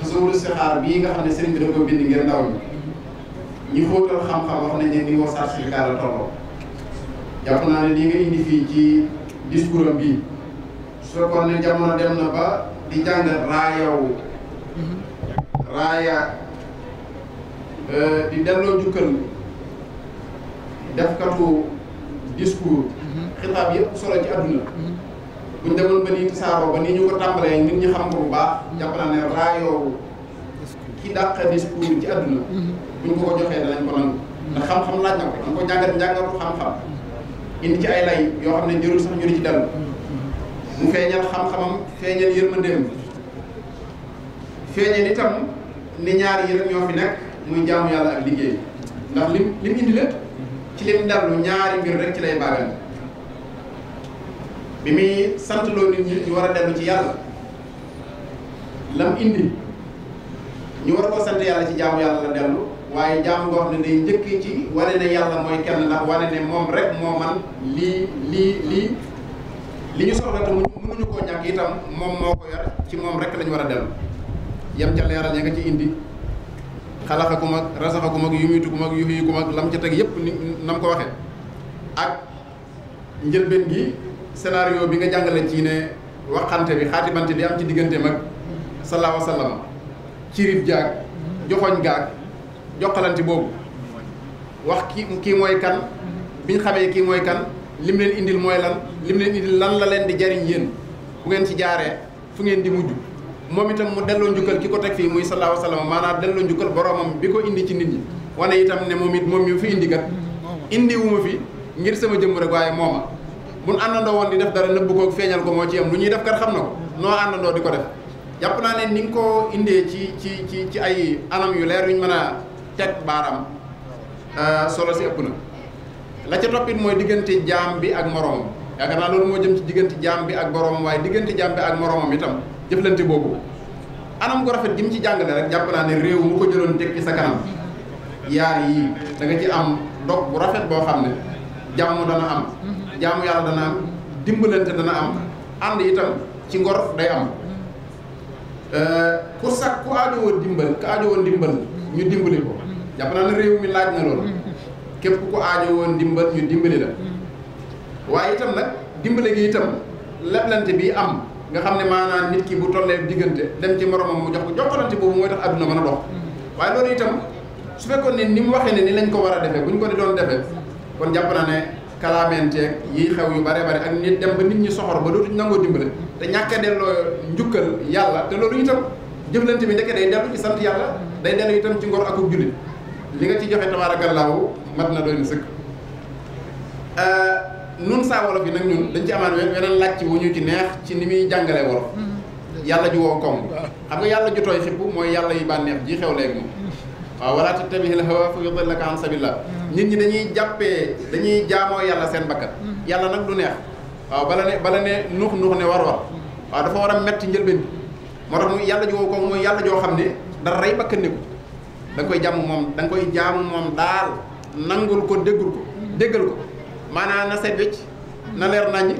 S2: tasawuru sixaar bii nga xam ne sëriñ ko bind ngir ndaw ñi ñu xóotal xam-xam wax nañ ne niveau certificat la tolloo jàpp naa ne li nga indi fii ci discours am bii su fekkoon ne jamono dem na ba di jàng raayaw raaya euh, di delloo jukkal defkatu discours mhm. xitaab yëpp solo ci adduna mhm. buñ demoon ba nii tasaaroo ba nii ñu ko tàmbalee nit ñi xam ko bu baax jàpp naa ne raayoowu ki dàq discours ci àdduna mm-hmm. buñ ko ko joxee danañ ko nangu ndax xam-xam laaj na ko dañ ko jàngat xam-xam indi ci ay lay yoo xam ne jërul sax ñu di ci dellu mu feeñal xam-xamam feeñal yërmandeem feeñal itam ni ñaar yi rek ñoo fi nekk muy jaamu yàlla ak liggéey ndax lim lim indi lépp ci lim dellu ñaari mbir rek ci lay baagal bi muy santloo nit ñi ñu war a dellu ci yàlla lam indi ñu war ko sant yàlla ci jaamu yàlla la dellu waaye jaamu goo xam ne day njëkk ci wane ne yàlla mooy kenn ndax wane ne moom rek moom man lii lii lii li ñu soxla te mënuñu koo ñàkk itam moom moo ko yor ci moom rek lañu war a dellu yem ca leeral ya nga ci indi xalaxakum ak rasaxakum ak yumitukum ak yuhyikum ak lam ca teg yépp ni nam ko waxee ak njëlbeen gi scénario bi nga jàngale ci ne waxante bi xaatimante bi am ci diggante mag sallallahu alayhi wa jaag joxoñ gaag joxalante boobu wax ki kii mooy kan bi ñu xamee kii mooy kan lim leen indil mooy lan lim leen indil lan la leen di jariñ yéen bu ngeen ci jaaree fu ngeen di mujj moom itam mu delloo njukkal ki ko teg fii muy sallallahu alayhi maanaa sallam maanaam delloo njukkal boromam bi ko indi ci nit ñi wane itam ne moom it moom ñu fi indi kat indi fi ngir sama jëmm rek buñ àndandoo woon di def dara nëbb ko feeñal ko moo ci am lu ñuy def kat xam na ko noo àndandoo di ko def jàpp naa ne ni nga ko indee ci ci ci ci ay anam yu leer yuñ mën a teg baaraam euh, solo si ëpp na la ca toppit mooy diggante jaam bi ak moroomam yaakaar naa loolu moo jëm ci diggante jaam bi ak boroomam waaye diggante jaam bi ak moroomam itam jëflante boobu anam gu rafet gi mu ci jàngale rek jàpp naa ne réew mu ko jëloon teg ci sa kanam yaar yii ci am dog bu rafet boo xam ne jàmm dana am jaamu yàlla dana am dimbalante dana am ànd itam ci ngor day am euh, ku sax ku aajo woon dimbal ku aajo woon dimbal ñu dimbali ko jàpp naa réew mi laaj na loolu képp ku ko aajo woon dimbal ñu dimbali la waaye itam nag dimbali gi itam leblante bi am nga xam ne naan nit kii bu tollee diggante dem ci moromam mu jox ko jokkalante boobu mooy tax adduna mën a dox waaye loolu itam su fekkoon ne ni mu waxee ne ni lañ ko war a defee bu ñu ko di doon defee kon jàpp naa kalaamenteeg yi xew yu bare bare ak nit dem ba nit ñi soxor ba dootuñ nangoo dimbale te ñàkk a delloo njukkal yàlla te loolu itam jëflante bi ndeke day dellu ci sant yàlla day dellu itam ci ngor akub jullit li nga ci joxe tabaarakallaahu mat na doy na sëkk euh, nun saa wolof yi nag ñu dañ ci amaan weneen laaj wu ñu ci neex ci ni muy jàngalee wolof
S1: mm-hmm.
S2: yàlla ju woo koŋ xam nga yàlla ju tooy xippu mooy yàlla yi bànneex ji xew léegi moom waaw ah, wala tattabi'il hawa fa yudillaka an sabilillah hmm. nit ñi dañuy jàppee dañuy jaamoo yàlla seen bakkat hmm. yàlla nag du neex waaw ah, bala ne bala ne nuux nuux ne war war waaw dafa war a metti njëlbeen moo tax mu yàlla joo ko mooy yàlla joo xam ne dara rey bakkan neku da koy jàmm moom da koy jaamu moom daal nangul ko déggul ko hmm. déggal ko maanaam na seet na leer naññ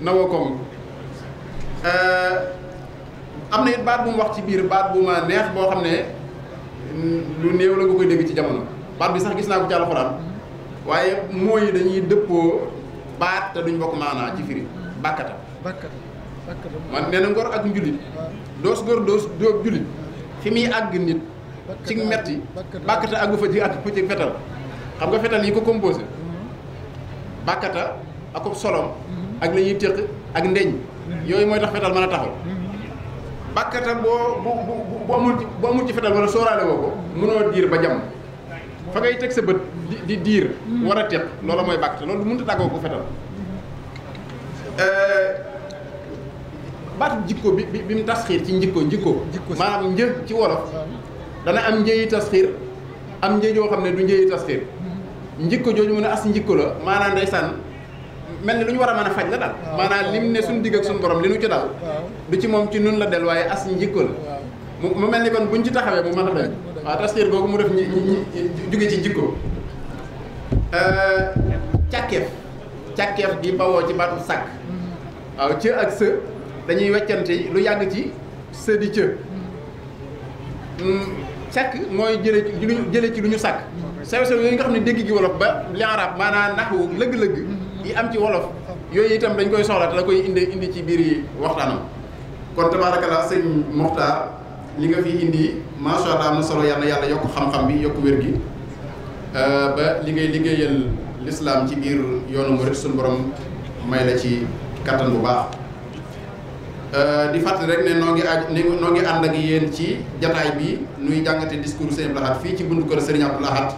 S2: na woo koom euh, am na it baat bu wax ci biir baat bu ma neex boo xam ne lu néew la nga koy dégg ci jamono baat bi sax gis naa ko ci alxuraan waaye mooy dañuy dëppoo baat te duñ bokk maanaa ci firi bàkkata man nee na ngor ak njulit doos góor doos dóob julit fi muy àgg nit ci metti bàkkata àggu fa ci àgg ci fetal xam nga fetal yi ko composé mm-hmm. bàkkata ak solom mm-hmm. ak la ñuy téq ak ndeñ mm-hmm. yooyu mooy tax fetal mën a taxaw bàkkatam boo bu bu bu amul ci bu amul ci fetal wala sóoraale woo ko mënoo diir ba jàmm fa ngay teg sa bët di diir hmm. war a teq loolu mooy bàkk loolu mënut a tàggoo ko fetal
S1: hmm.
S2: eh, baatu jikko bi bi mu tasxiir ci njikko njikko maanaam një ci wolof dana am njëyi tasxiir am njëy yoo xam ne du njëyi tasxiir hmm. njikko jooju mu ne as njikko la maanaam ndeysaan mel ni lu ñu war a mën a faj la daal maanaam lim ne suñ digg ak suñu borom li nu ci daal du ci moom ci nun la del waaye as njikko la mu mel ni kon buñ ci taxawee mu mën a doy waaw tastir googu mu def ñi ci jikko euh, càkkeef càkkeef di bawoo ci baatu sàkk mm-hmm. cë ak së dañuy weccante lu yàgg ci së di cë mm-hmm. mm, sàkk mooy jële ci lu ñu jële ci lu ñu sàkk mm-hmm. sew sew yooyu nga xam ne dégg gi wolof ba li arab maanaam naxwu lëgg-lëgg yi am ci wolof yooyu itam dañ koy soxla te da koy indi indi ci biir yi waxtaanam kon tabaarakallah sëñ Mokhtar li nga fi indi macha allah am na solo yàlla yàlla yokk xam-xam bi yokk wér gi euh, ba liggéey ngay liggéeyal lislaam ci biir yoonu murit suñu borom may la ci kattan bu baax euh, di fàttali rek ne noo ngi aj noo ngi yéen ci jataay bi nuy jàngate discours Sëriñ Abdou Lahad fii ci bundu ko Sëriñ Abdou Lahad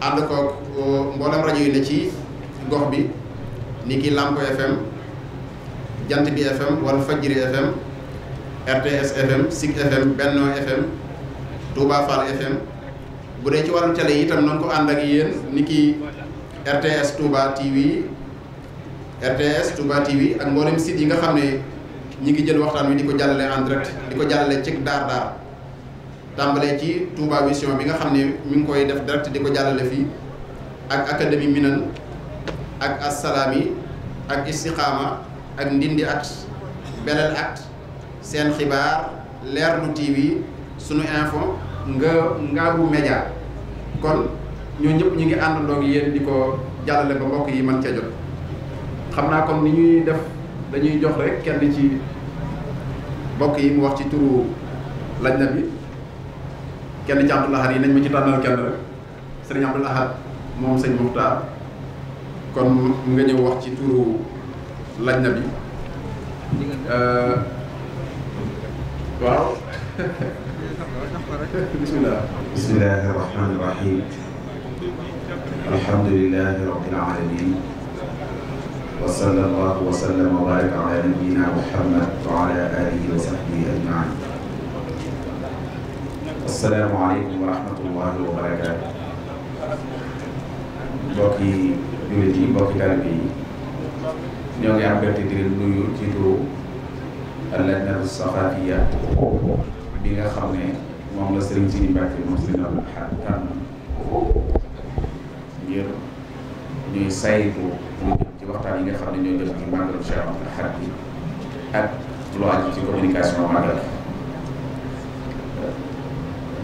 S2: ànd koog euh, mboolem rajo yi ne ci gox bi ni ki Lampo FM Jant bi FM Walf Fadjri FM RTS FM Zik FM Benno FM Touba Fall FM bu dee ci wàllu télé yi itam noonu ko ànd ak yéen ni ki RTS Touba TV RTS Touba TV ak mboolem site yi nga xam ne ñi ngi jël waxtaan wi di ko jàllale en di ko jàllale ci daar daar tàmbalee ci Touba Vision bi nga xam ne mi ngi koy def direct di ko jàllale fii ak académie Minane ak assalaami ak istiqaama ak ndindi at belal at seen xibaar leer leerlu TV sunu info nga ngaabu média kon ñoo ñëpp ñu ngi àndandoo ak yéen di ko jàllale ba mbokk yi man ca jot xam naa kon ni ñuy def dañuy jox rek kenn ci mbokk yi mu wax ci turu lañ na bi kenn ci Abdoul Ahad yi nañ ma ci tànnal kenn rek sëriñ Abdoul Ahad moom sëñ Muxtaar kon nga ñëw wax ci turu lajna bi euh, waaw
S6: bismillah bismillahi irrahmani irrahim alhamdulilahi rabbil alamin wa sallallahu wa sallam wa baraka ala nabiyina ala alihi wa sahbihi ajmain assalaamu aleykum wa rahmatullahi wa barakatuh mbokk jullit yi mbokki taalibe yi ñoo ngi am berte di leen nuyu ci turu al-lajnatu safafiya bi nga xam ne moom la sëriñ Sidi Mbacke moom sëriñ Abdou Khadre tànn ngir ñuy saytu lu ci waxtaan yi nga xam ne ñoo jëm ci màggalu Cheikh Abdou Khadre ak lu aju ci communication màggal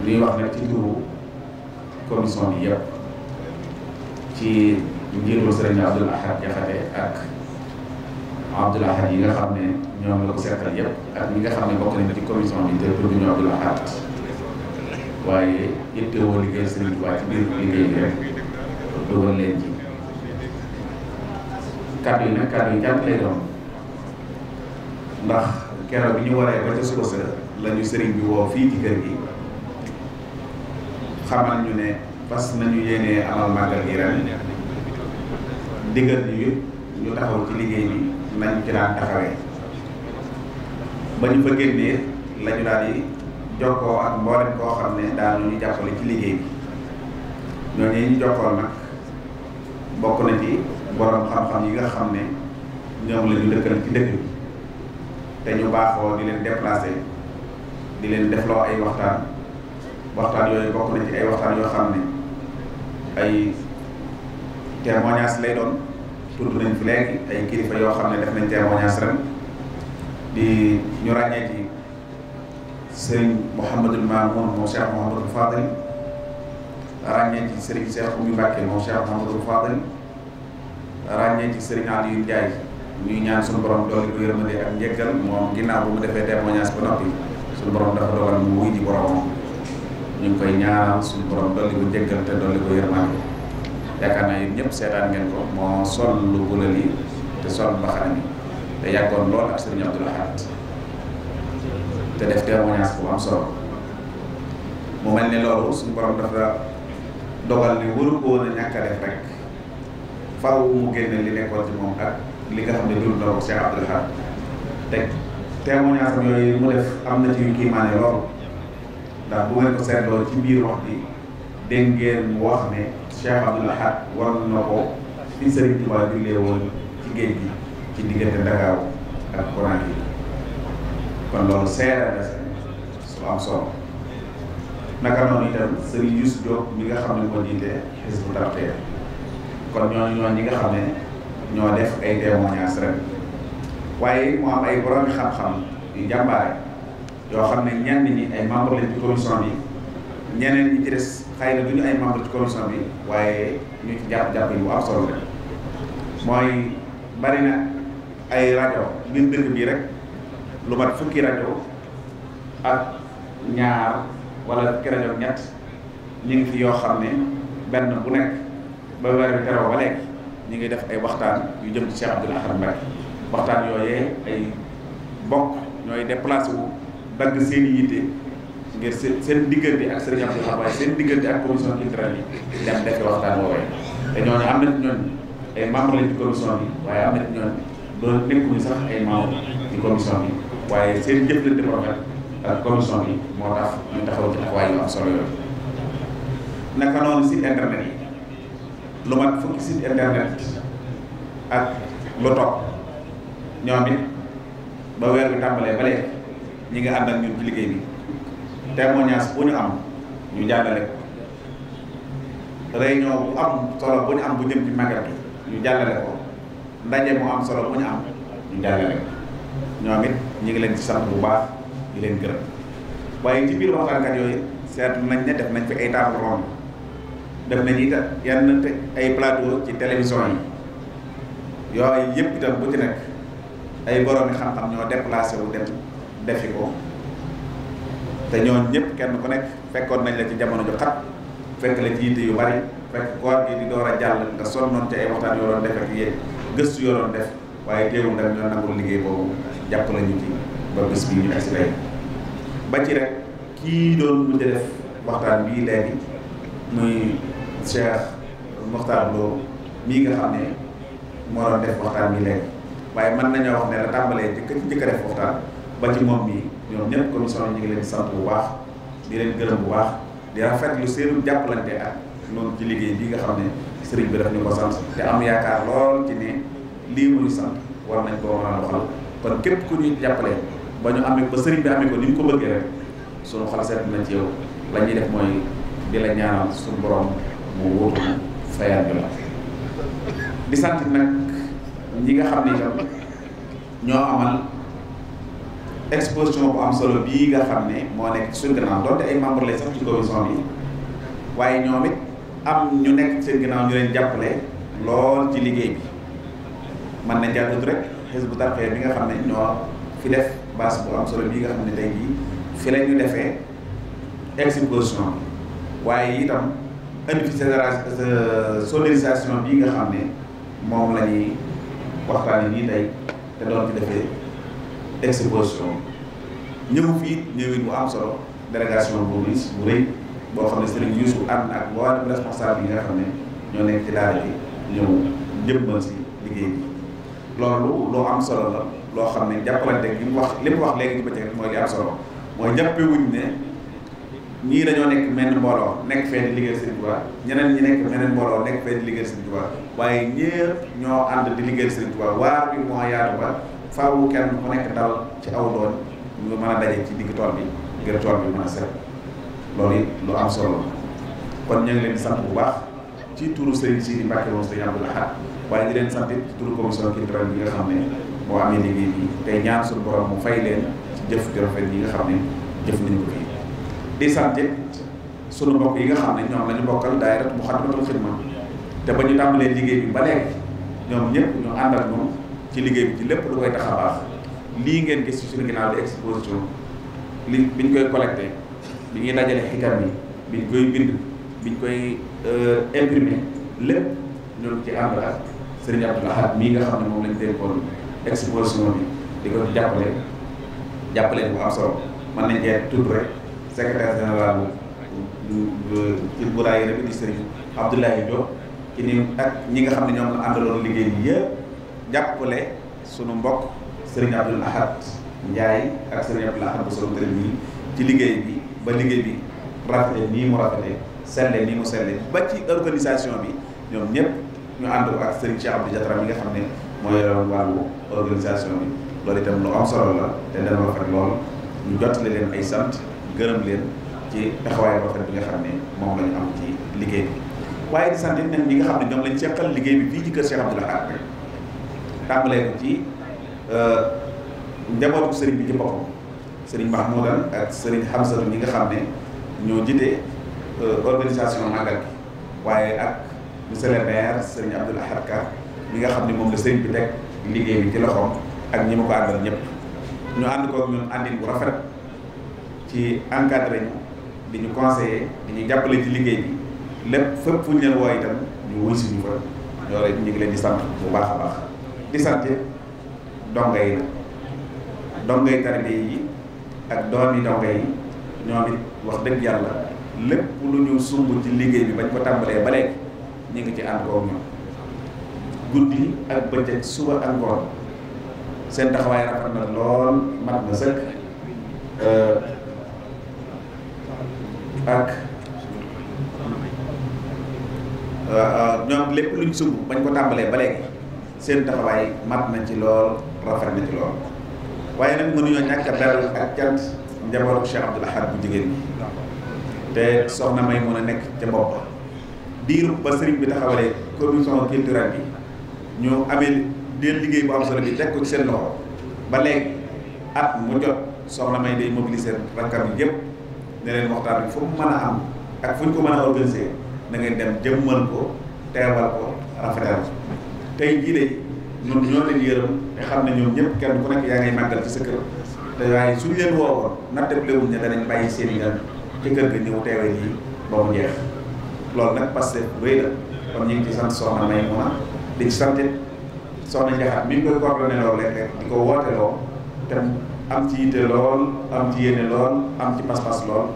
S6: ñuy wax nag ci turu commission bi yëpp ci ñu jéem a sëriñ Abdoul Ahad Jaxate ak Abdoul Ahad yi nga xam ne ñoom la ko seqal yëpp ak ñi nga xam ne bokk nañ ci commission bi te pour ñu Abdoul Ahad waaye itte woo liggéey sëriñ ci biir liggéey bi rek dugal leen ci kàddu yi nag kàddu yi jàpp lay ndax keroog bi ñu waree ba ca suba sa la ñu bi woo fii ci kër gi xamal ñu ne fas nañu yéenee amal màggal gi ren digal yu ñu taxaw ci liggéey bi nañ ci daan taxawee ba ñu fa génnee la ñu daal di jokkoo ak mboolem koo xam ne daal ñu jàppale ci liggéey bi ñooñu ñu jokkoon nag bokk na ci borom xam-xam yi nga xam ne ñoom la ñu dëkkal ci dëkk bi te ñu baaxoo di leen déplacé di leen defloo ay waxtaan waxtaan yooyu bokk na ci ay waxtaan yoo xam ne ay témoignages lay doon. tudd nañ fi léegi ay kilifa yoo xam ne def nañ témoignage ren di ñu ràññee ci sëriñ Mouhamadul Mamoun moom Cheikh Mouhamadul Fadil ràññee ci sëriñ Cheikh Oumy Mbacke ñuy ñaan suñu borom doole bu yërmande ak njëggal moom ginnaaw bu mu defee témoignage ba noppi suñu borom dafa dogal mu wuy ji boromam ñu koy ñaanal suñu borom doole bu njëggal te doole bu yërmande yaakaar naa yéen ñëpp seetaan ngeen ko moo sol lu bula lii te sol mbaxana mi te yàggoon lool ak sëriñ Abdou Lahad te def témoignage bu am solo mu mel ni loolu suñu borom dafa dogal ni waru ko woon a ñàkk a def rek faaw mu génne li nekkoon ci moom ak li nga xam ne dund na ko Cheikh Abdou Lahad te témoignage am yooyu mu def am na ci kiimaane loolu ndax bu ngeen ko seetloo ci biir wax bi dégg mu wax ne Cheikh Abdoul Ahad waral na ko fi Serigne Touba diglee woon ci géej gi ci diggante Dakar ak Conakry kon loolu seera na su am solo naka noonu itam Serigne Youssou Diop mi nga xam ne moo jiite Hizbut Tarqiyyah kon ñooñu ñooñu ñi nga xam ne ñoo def ay témoignages ren waaye mu am ay borom xam-xam yu jàmbaare yoo xam ne ñenn ñi ay membre lañ ci commission ñeneen ñi ci xay na du ñu ay membre commission bi waaye ñu ci jàpp jàpp yi bu am solo rek mooy bari ay rajo biir dëkk bii rek lu mat fukki rajo ak ñaar wala fukki rajo ñett ñu ngi fi yoo xam ne benn bu nekk ba teroo ba léegi ñu ngi def ay waxtaan yu jëm ci Cheikh Abdoul Ahad Mbacké waxtaan yooyee ay bokk ñooy déplacé wu dagg seen yitte ngir seen seen diggante ak sëriñ Abdou Lahad waaye seen diggante ak commission culturelle yi dem defi waxtaan woowee te ñooñu am na ci ñooñu ay membre lañ ci commission bi waaye am na ci ñooñu doon nekkuñu sax ay membre ci commission bi waaye seen jëflante bu rafet ak commission bi moo tax ñu taxaw ci taxawaay yu am solo yooyu naka noonu site internet yi lu mat fukki site internet ak lu topp ñoom it ba weer bi tàmbalee ba léegi ñi nga ànd ak ñun ci liggéey bi témoignage bu ñu am ñu jàllale ko réunion bu am solo bu ñu am bu jëm ci magal bi ñu jàllale ko ndaje mu am solo bu ñu am ñu jàllale ko ñoom it ñu ngi leen ci sant bu baax di leen gërëm waaye ci biir waxtaankat yooyu seetlu nañ ne def nañ fi ay table ronde def nañ itam yenn ay plateau ci télévision yi yooyu yëpp itam bu ci nekk ay boroomi xam-xam ñoo déplacé wu dem defi ko. te ñooñu ñëpp kenn ku nekk fekkoon nañ la ci jamono ju xat fekk la ci yitte yu bari fekk koor gi di door a jàll nga sonnoon ci ay waxtaan yoo doon def ak yéen doon def waaye teewul nag ñoo liggéey boobu jàpp lañu ci ba ba ci rek kii doon mujj def waxtaan bii léegi muy Cheikh Mokhtar Lo mii nga xam ne moo doon def waxtaan bii léegi waaye mën nañoo wax ne la tàmbalee ci ka ci njëkk a def waxtaan ba ci moom mii ñoom ñëpp commission ñu ngi leen sant bu baax di leen gërëm bu baax di lu seenu jàppalante ak noonu ci liggéey bi nga xam ne sëriñ bi daf ñu ko sant te am yaakaar lool ci ne lii muy sant war nañ koo mën a doxal kon képp ku ñuy jàppale ba ñu amee ba sëriñ bi amee ko ni mu ko bëggee rek sunu xol seet na ci yow la ñuy def mooy di la ñaanal suñu borom mu wóotu fayal bi la di sant nag ñi nga xam ne itam ñoo amal. exposition bu am solo bii nga xam ne moo nekk suñu gannaaw doonte ay membre lay sax ci commission waaye ñoom it am ñu nekk seen gannaaw ñu leen jàppale lool ci liggéey bi man nañ caa tudd rek Hizbut Tarqiyyah bi nga xam ne ñoo fi def base bu am solo bii nga xam ne tey jii fi la defee exposition bi waaye itam indi fi euh, sonorisation bii nga xam ne moom la ñuy waxtaanee nii tey te doon fi defee. exposition ñëw fii ñëwin mu am solo délégation bu riis bu rëy boo xam ne Serigne Youssou ànd ak mboolem responsable bi nga xam ne ñoo nekk ci daara bi ñëw jëmmal si liggéey bi loolu loo am solo la loo xam ne jàppalante li mu wax li wax léegi ci bëccëg mooy li am solo mooy jàppewuñ ne ñii dañoo nekk menn mbooloo nekk fee di liggéeyal Serigne ñeneen ñi nekk meneen mbooloo nekk fee di liggéeyal Serigne waaye ñëpp ñoo ànd di liggéeyal Serigne Touba waar ba faawu kenn ku nekk dal ci aw doon nga mën a daje ci digg tool bi ngir tool bi mën a set loolu it lu am solo kon ñu ngi leen di sant bu baax ci turu Serigne Sidi Mbacke moom Serigne Abdou Lahad waaye di leen sant it ci turu commission culturelle bi nga xam ne moo amee liggéey bi tey ñaan suñu borom mu fay leen ci jëf ju rafet yi nga xam ne jëf nañu ko fii di sant sunu mbokk yi nga xam ne ñoom la ñu bokkal daayira Moukhaddamatoul Khidma te ba ñu tàmbalee liggéey bi ba léegi ñoom ñëpp ñu ànd ak moom ci liggéey bi ci lépp lu koy tax lii ngeen gis ci suñu ginnaaw di exposition li biñ koy collecté bi ñuy dajale xikam yi biñ koy bind biñ koy euh, imprimer lépp ñun ci ànd ak sëriñ Abdou Lahad mii nga xam ne moom lañ dénkoon exposition bi di ko jàppale mën nañ cee tudd rek ak ñi nga xam ne ñoom la àndaloon liggéey bi jàppale sunu mbokk sëriñ Abdoul Ahad Ndiaye ak sëriñ Abdoul Ahad bu sunu tëri bi ci liggéey bi ba liggéey bi rafete nii mu rafete selle nii mu selle ba ci organisation bi ñoom ñëpp ñu ànd ko ak sëriñ Cheikh Abdou Diatara mi nga xam ne organisation bi loolu itam lu am solo la te dana rafet lool ñu jottale leen ay sant gërëm leen ci taxawaay rafet bi nga xam ne moom la am ci liggéey bi waaye di sant nag ñi nga xam ne ñoom lañ seqal liggéey bi fii ci kër Cheikh Abdoul Ahad tàmbalee ko ci euh, njabootu sëriñ bi ci boppam sëriñ Mahmoudan ak sëriñ Hamza ñi nga xam ne ñoo jiite euh, organisation màggal bi waaye ak monsieur le maire sëriñ Abdoul Ahad Ka mi nga xam ne moom la sëriñ bi teg liggéey bi ci loxoom ak ñi ma ko àndal ñëpp ñu ànd koog ñun àndin bu rafet ci encadré ñu di ñu conseillé di ñu jàppale ci liggéey bi lépp fépp fu ñu leen woo itam ñu wuy suñu fa ñoo rek ñu ngi leen di sant bu baax a baax di sant donga yi nag dongay tarbiya yi ak doomi donga yi ñoom it wax dëgg yàlla lépp lu ñu sumb ci liggéey bi bañ koo tàmbalee ba léegi ñu ngi ci ànd koog ñoom guddi ak suba ak seen taxawaay rafet na lool mat na sëkk euh, ak euh, euh, ñoom lépp lu ñu sumb bañ ko tàmbalee ba léegi seen taxawaay mat na ci lool rafet na ci lool waaye nag mënuñoo ñàkk a ak cant njabootu Cheikh Abdoul Ahad bu jigéen bi te soxna may mën a nekk ca bopp diiru ba sëriñ bi taxawalee commission culturelle bi ñu amee deel liggéey bu am solo bi teg ko ci seen loxo ba léegi at mu jot soxna may day mobiliser rakkam yi yëpp ne leen waxtaan bi fu mu mën a am ak fu ñu ko mën a organiser na ngeen dem jëmmal ko teewal ko rafetal tey jii de ñun ñoo leen yërëm te xam ne ñoom ñëpp kenn ku nekk yaa ngay màggal ci sa kër te waaye suñ leen woowoon nattablewuñ ne danañ bàyyi seen i gan ci kër ga ñëw teewee nii ba mu jeex loolu nag parce que wéy la kon ñu ngi ci sant soxna May Muna di ci sant soxna Njaxat mi ngi koy coordonné loolu rek di ko woote loo te am ci yitte lool am ci yéene lool am ci pas-pas lool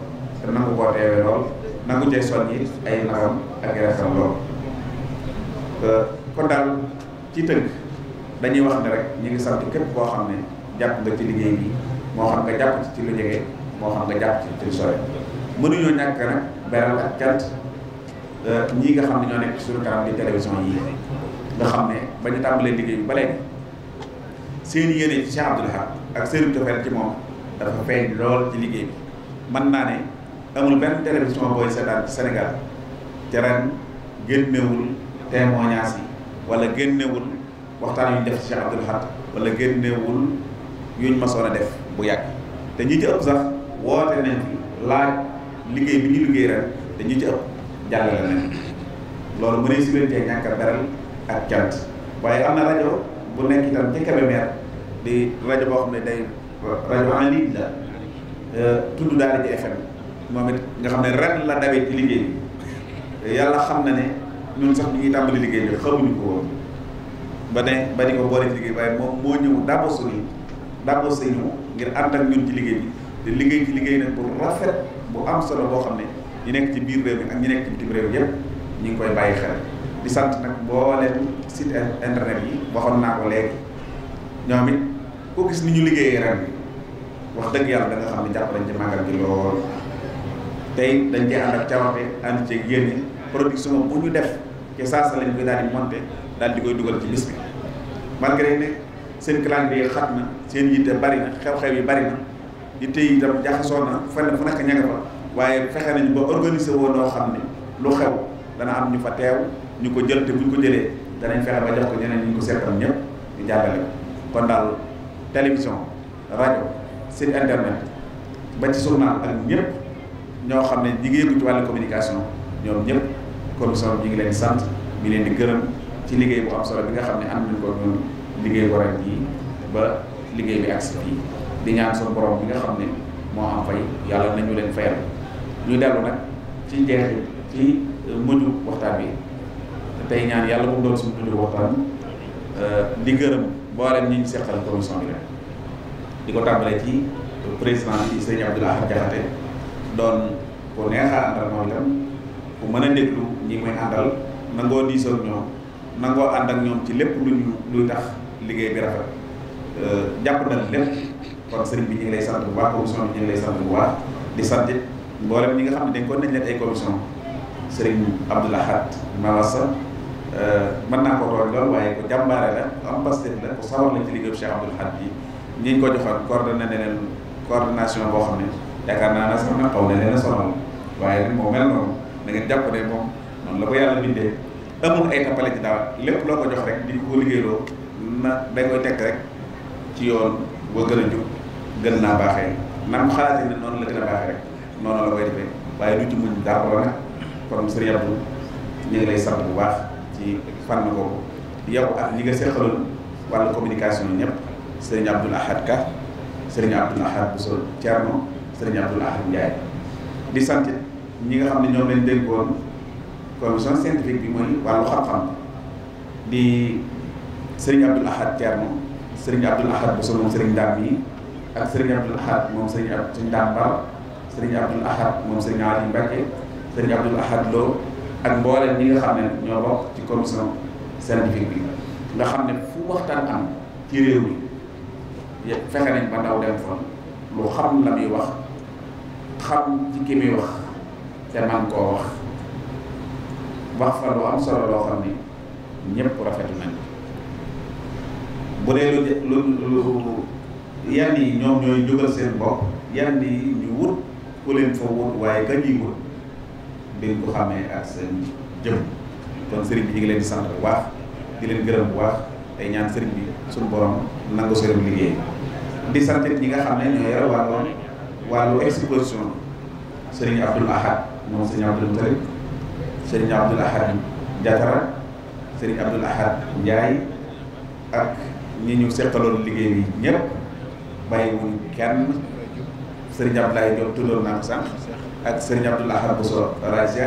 S6: te nangu koo teewee lool nangu cee soññi ay magam ak i rafetam lool. Euh, kon dal ci tënk dañuy wax ne rek ñu ngi sant képp koo xam ne jàpp nga ci liggéey bi moo xam nga jàpp ci ci lu jege moo xam nga jàpp ci ci lu sore mënuñoo ñàkk nag beral ak cant euh, ñii nga xam ne ñoo nekk ci suñu kanam di télévision yi nga xam ne ba ñu tàmbalee liggéey bi ba léegi seen yéene ci Cheikh Abdoul Ahad ak seen cofeel ci moom dafa feeñ lool ci liggéey bi mën naa ne amul benn télévision booy seetaan ci Sénégal ca ren génnewul témoignage yi wala génnewul waxtaan yu ñu def ci Cheikh Abdoul Ahad wala génnewul yuñ masoon a def bu yàgg te ñi ci ëpp sax woote nañ fi laaj liggéey bi ñu liggéey ren te ñi ci ëpp jàllale nañ loolu mu si leen cee ñàkk a beral ak cant waaye am na rajo bu nekk itam ca Kébémer di rajo boo xam ne day rajo en ligne la euh, tudd daa di FM moom it nga xam ne ren la dawee ci liggéey bi yàlla xam na ne ñun sax bi ñuy tàmbali liggéey bi xamuñu ko woon ba ne ba ñu ko boole ci liggéey waaye moom moo ñëw dàbboosu ñu dàbboosu ñu ngir ànd ak ñun ci liggéey bi te liggéey ci liggéey nag bu rafet solo boo xam ne ñu nekk ci biir réew mi ak ñu nekk ci bitim réew yëpp ñu ngi koy bàyyi xel di sant nag mbooleem site internet yi waxoon naa ko léegi ñoom it ku gis ni ñu liggéeyee ren wax dëgg yàlla da xam ne jàpp nañ ci màggal gi lool tey dañ cee ànd ak cawarte ànd ceeg yéen production bu ñu def te saasa lañ koy daal di monté daal di koy dugal ci bis bi malgré ne seen calendrier xat na seen yitte bari na xew-xew yi bari na yitte yi itam jaxasoo na fenn fu nekk ña nga fa waaye fexe nañu ba organiser woo noo xam ne lu xew dana am ñu fa teew ñu ko jël te bu ñu ko jëlee danañ fexe ba jox ko ñeneen ñu ko seetal ñëpp ñu jàppale kon daal télévision rajo site internet ba ci journal ak ñëpp ñoo xam ne liggéey ko ci wàllu communication ñoom ñëpp. kon solo ñu ngi leen sant ñu leen di gërëm ci liggéey bu am solo bi nga xam ne am nañ ko ñun liggéey bu yi ba liggéey bi agsi fii di ñaan suñu borom bi nga xam ne moo am fay yàlla ñu leen fayal ñu dellu nag ci jeexi ci euh, mujj waxtaan bi tey ñaan yàlla bu mu doon suñu mujj waxtaan euh, di gërëm mboolem ñi ñu seqal commission bi rek di ko tàmbalee ci président bi sëñ Abdoul Ahad Diakhaté doon ku neex a àndal moom itam mën a déglu ñi muy àndal nangoo diisoo ak ñoom nangoo ànd ak ñoom ci lépp lu ñu luy tax liggéey bi rafet euh, jàpp na lépp kon sëriñ bi ñu ngi lay sant bu baax commission bi ñu ngi lay sant bu baax xam ne dañ ko nañ leen ay commission sëriñ Abdoul Ahad Mawassa euh, mën naa ko tooñ lool waaye ko jàmbaare la ko am pastif la ko sawar la ci liggéeyu Cheikh Abdoul Ahad bi ñi ñu ko joxoon coordonné ne leen coordination boo xam ne yaakaar naa ne a sonal moom mel noonu da jàpp ne moom noonu la ko yàlla bindee amul ay tappale ci dara lépp loo ko jox rek di ko liggéeyloo na day koy teg rek ci yoon boo gën a jub gën naa baaxee nam xalaatee ne noonu la gën a baaxee rek noonu la koy defee waaye du ci muñ dara nag kon Serigne Abdou ñu ci fànn ak ñi nga seqaloon wàllu communication yi ñëpp Serigne Abdoul Ahad Ka Serigne Abdoul Ahad Bousso Thierno Serigne Abdoul Ahad Ndiaye di sant ñi nga xam ne ñoom lañ dénkoon commission scientifique bi mooy wàllu xam-xam di sëriñ Abdoul Ahad Thierno sëriñ Abdoul Ahad Bousso moom sëriñ Dame yi ak sëriñ Abdoul Ahad moom sëriñ ab sëriñ Dame Bar sëriñ Abdoul Ahad moom sëriñ sëriñ Abdoul Ahad Lo ak mbooleem ñi nga xam ne ñoo bokk ci commission scientifique bi nga xam ne fu waxtaan am ci réew mi fexe nañ ba ndaw dem fa lu xam la muy wax xam ci ki wax te man koo wax wax fa lu am solo loo xam ni ñëpp rafet nañ ko bu dee lu lu yan yi ñoom ñooy jógal seen bopp yan ñu wut ku leen fa wut waaye ka ñuy wut dañ ko xamee ak seen jëm kon sëriñ bi ñu ngi leen di sant bu baax di leen gërëm bu baax tey ñaan sëriñ bi suñu borom nangu sëriñ liggéey di sant ñi nga xam ne ñoo yore wàllu wàllu exposition sëriñ Abdoul Ahad moom sëriñ Abdoul Mutalib sëriñ Abdoul Ahad Diatara sëriñ Abdoul Ahad Ndiaye ak ñi ñu seqaloon liggéey bi ñëpp bàyyi wuñ kenn sëriñ Abdoulaye Diop tuddoon naa ko sànq ak sëriñ Abdoul Ahad Bousso Raja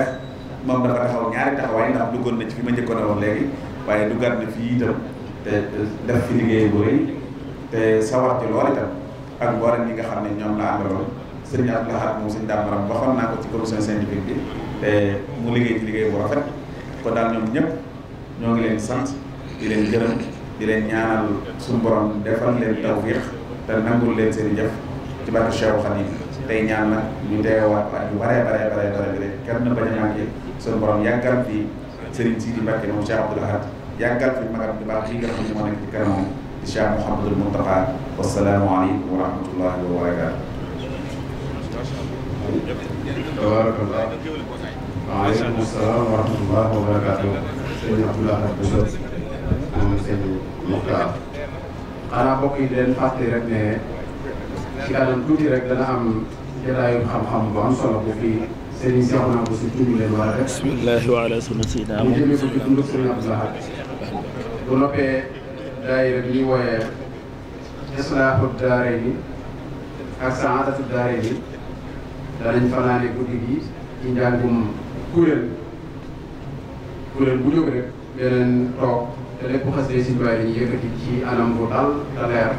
S6: moom dafa taxaw ñaari taxawaay ndax duggoon na ci fi ma njëkkoon a wax léegi waaye duggaat na fii itam te def fi liggéey bu rëy te sawar ci lool itam ak mboolem ñi nga xam ne ñoom la àndaloon. sëriñ Abdou Lahad moom sëñ naa ko ci commission scientifique bi te mu liggéey ci liggéey bu rafet kon ñoo ngi leen sant di leen gërëm di leen ñaanal suñu borom defal leen tawfiix te nangul leen ci barke Cheikh Khadim tey ñaan nag ñu teewaat ak yu bare bare a manqué suñu borom yàggal fi sëriñ Sidi Mbacke moom Cheikh Abdou Lahad yàggal fi magam di baax yi xam ne di Cheikh Mouhamadul Moustapha wasalaamu aleykum wa rahmatullahi tabarakallah waaleykum salaam wa rahmatullah wa barakaatu
S2: sëñ Abdoulah Abdou moom sëñ Muxtaar xanaa mbokk yi leen fàtte rek ne ci kanam tuuti rek dana am jotaayu xam-xam bu am solo bu fi sëñ Seexuna bu si tudd leen war a def bismillahi
S5: wa ala sunna sayyidina ñu jëmee
S2: ko ci dund sëñ Abdoulah bu noppee daayira bi ñuy wooyee islaahu daarayni danañ fanaane guddi gi ci njàngum kuréel kuréel bu jóg rek beneen toog te lépp xasee si baay dañuy yëkkati ci anam bu dal te leer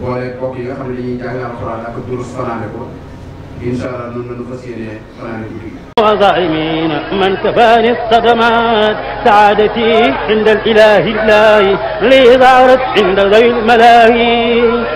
S2: boole bokk yi nga xam ne dañuy jàng alxuraan ak durus fanaane ko incha allah noonu la ñu fas yéenee fanaane guddi
S1: gi. وظالمين من كفاني الصدمات سعادتي عند الإله الله لي ظهرت عند ذوي الملاهي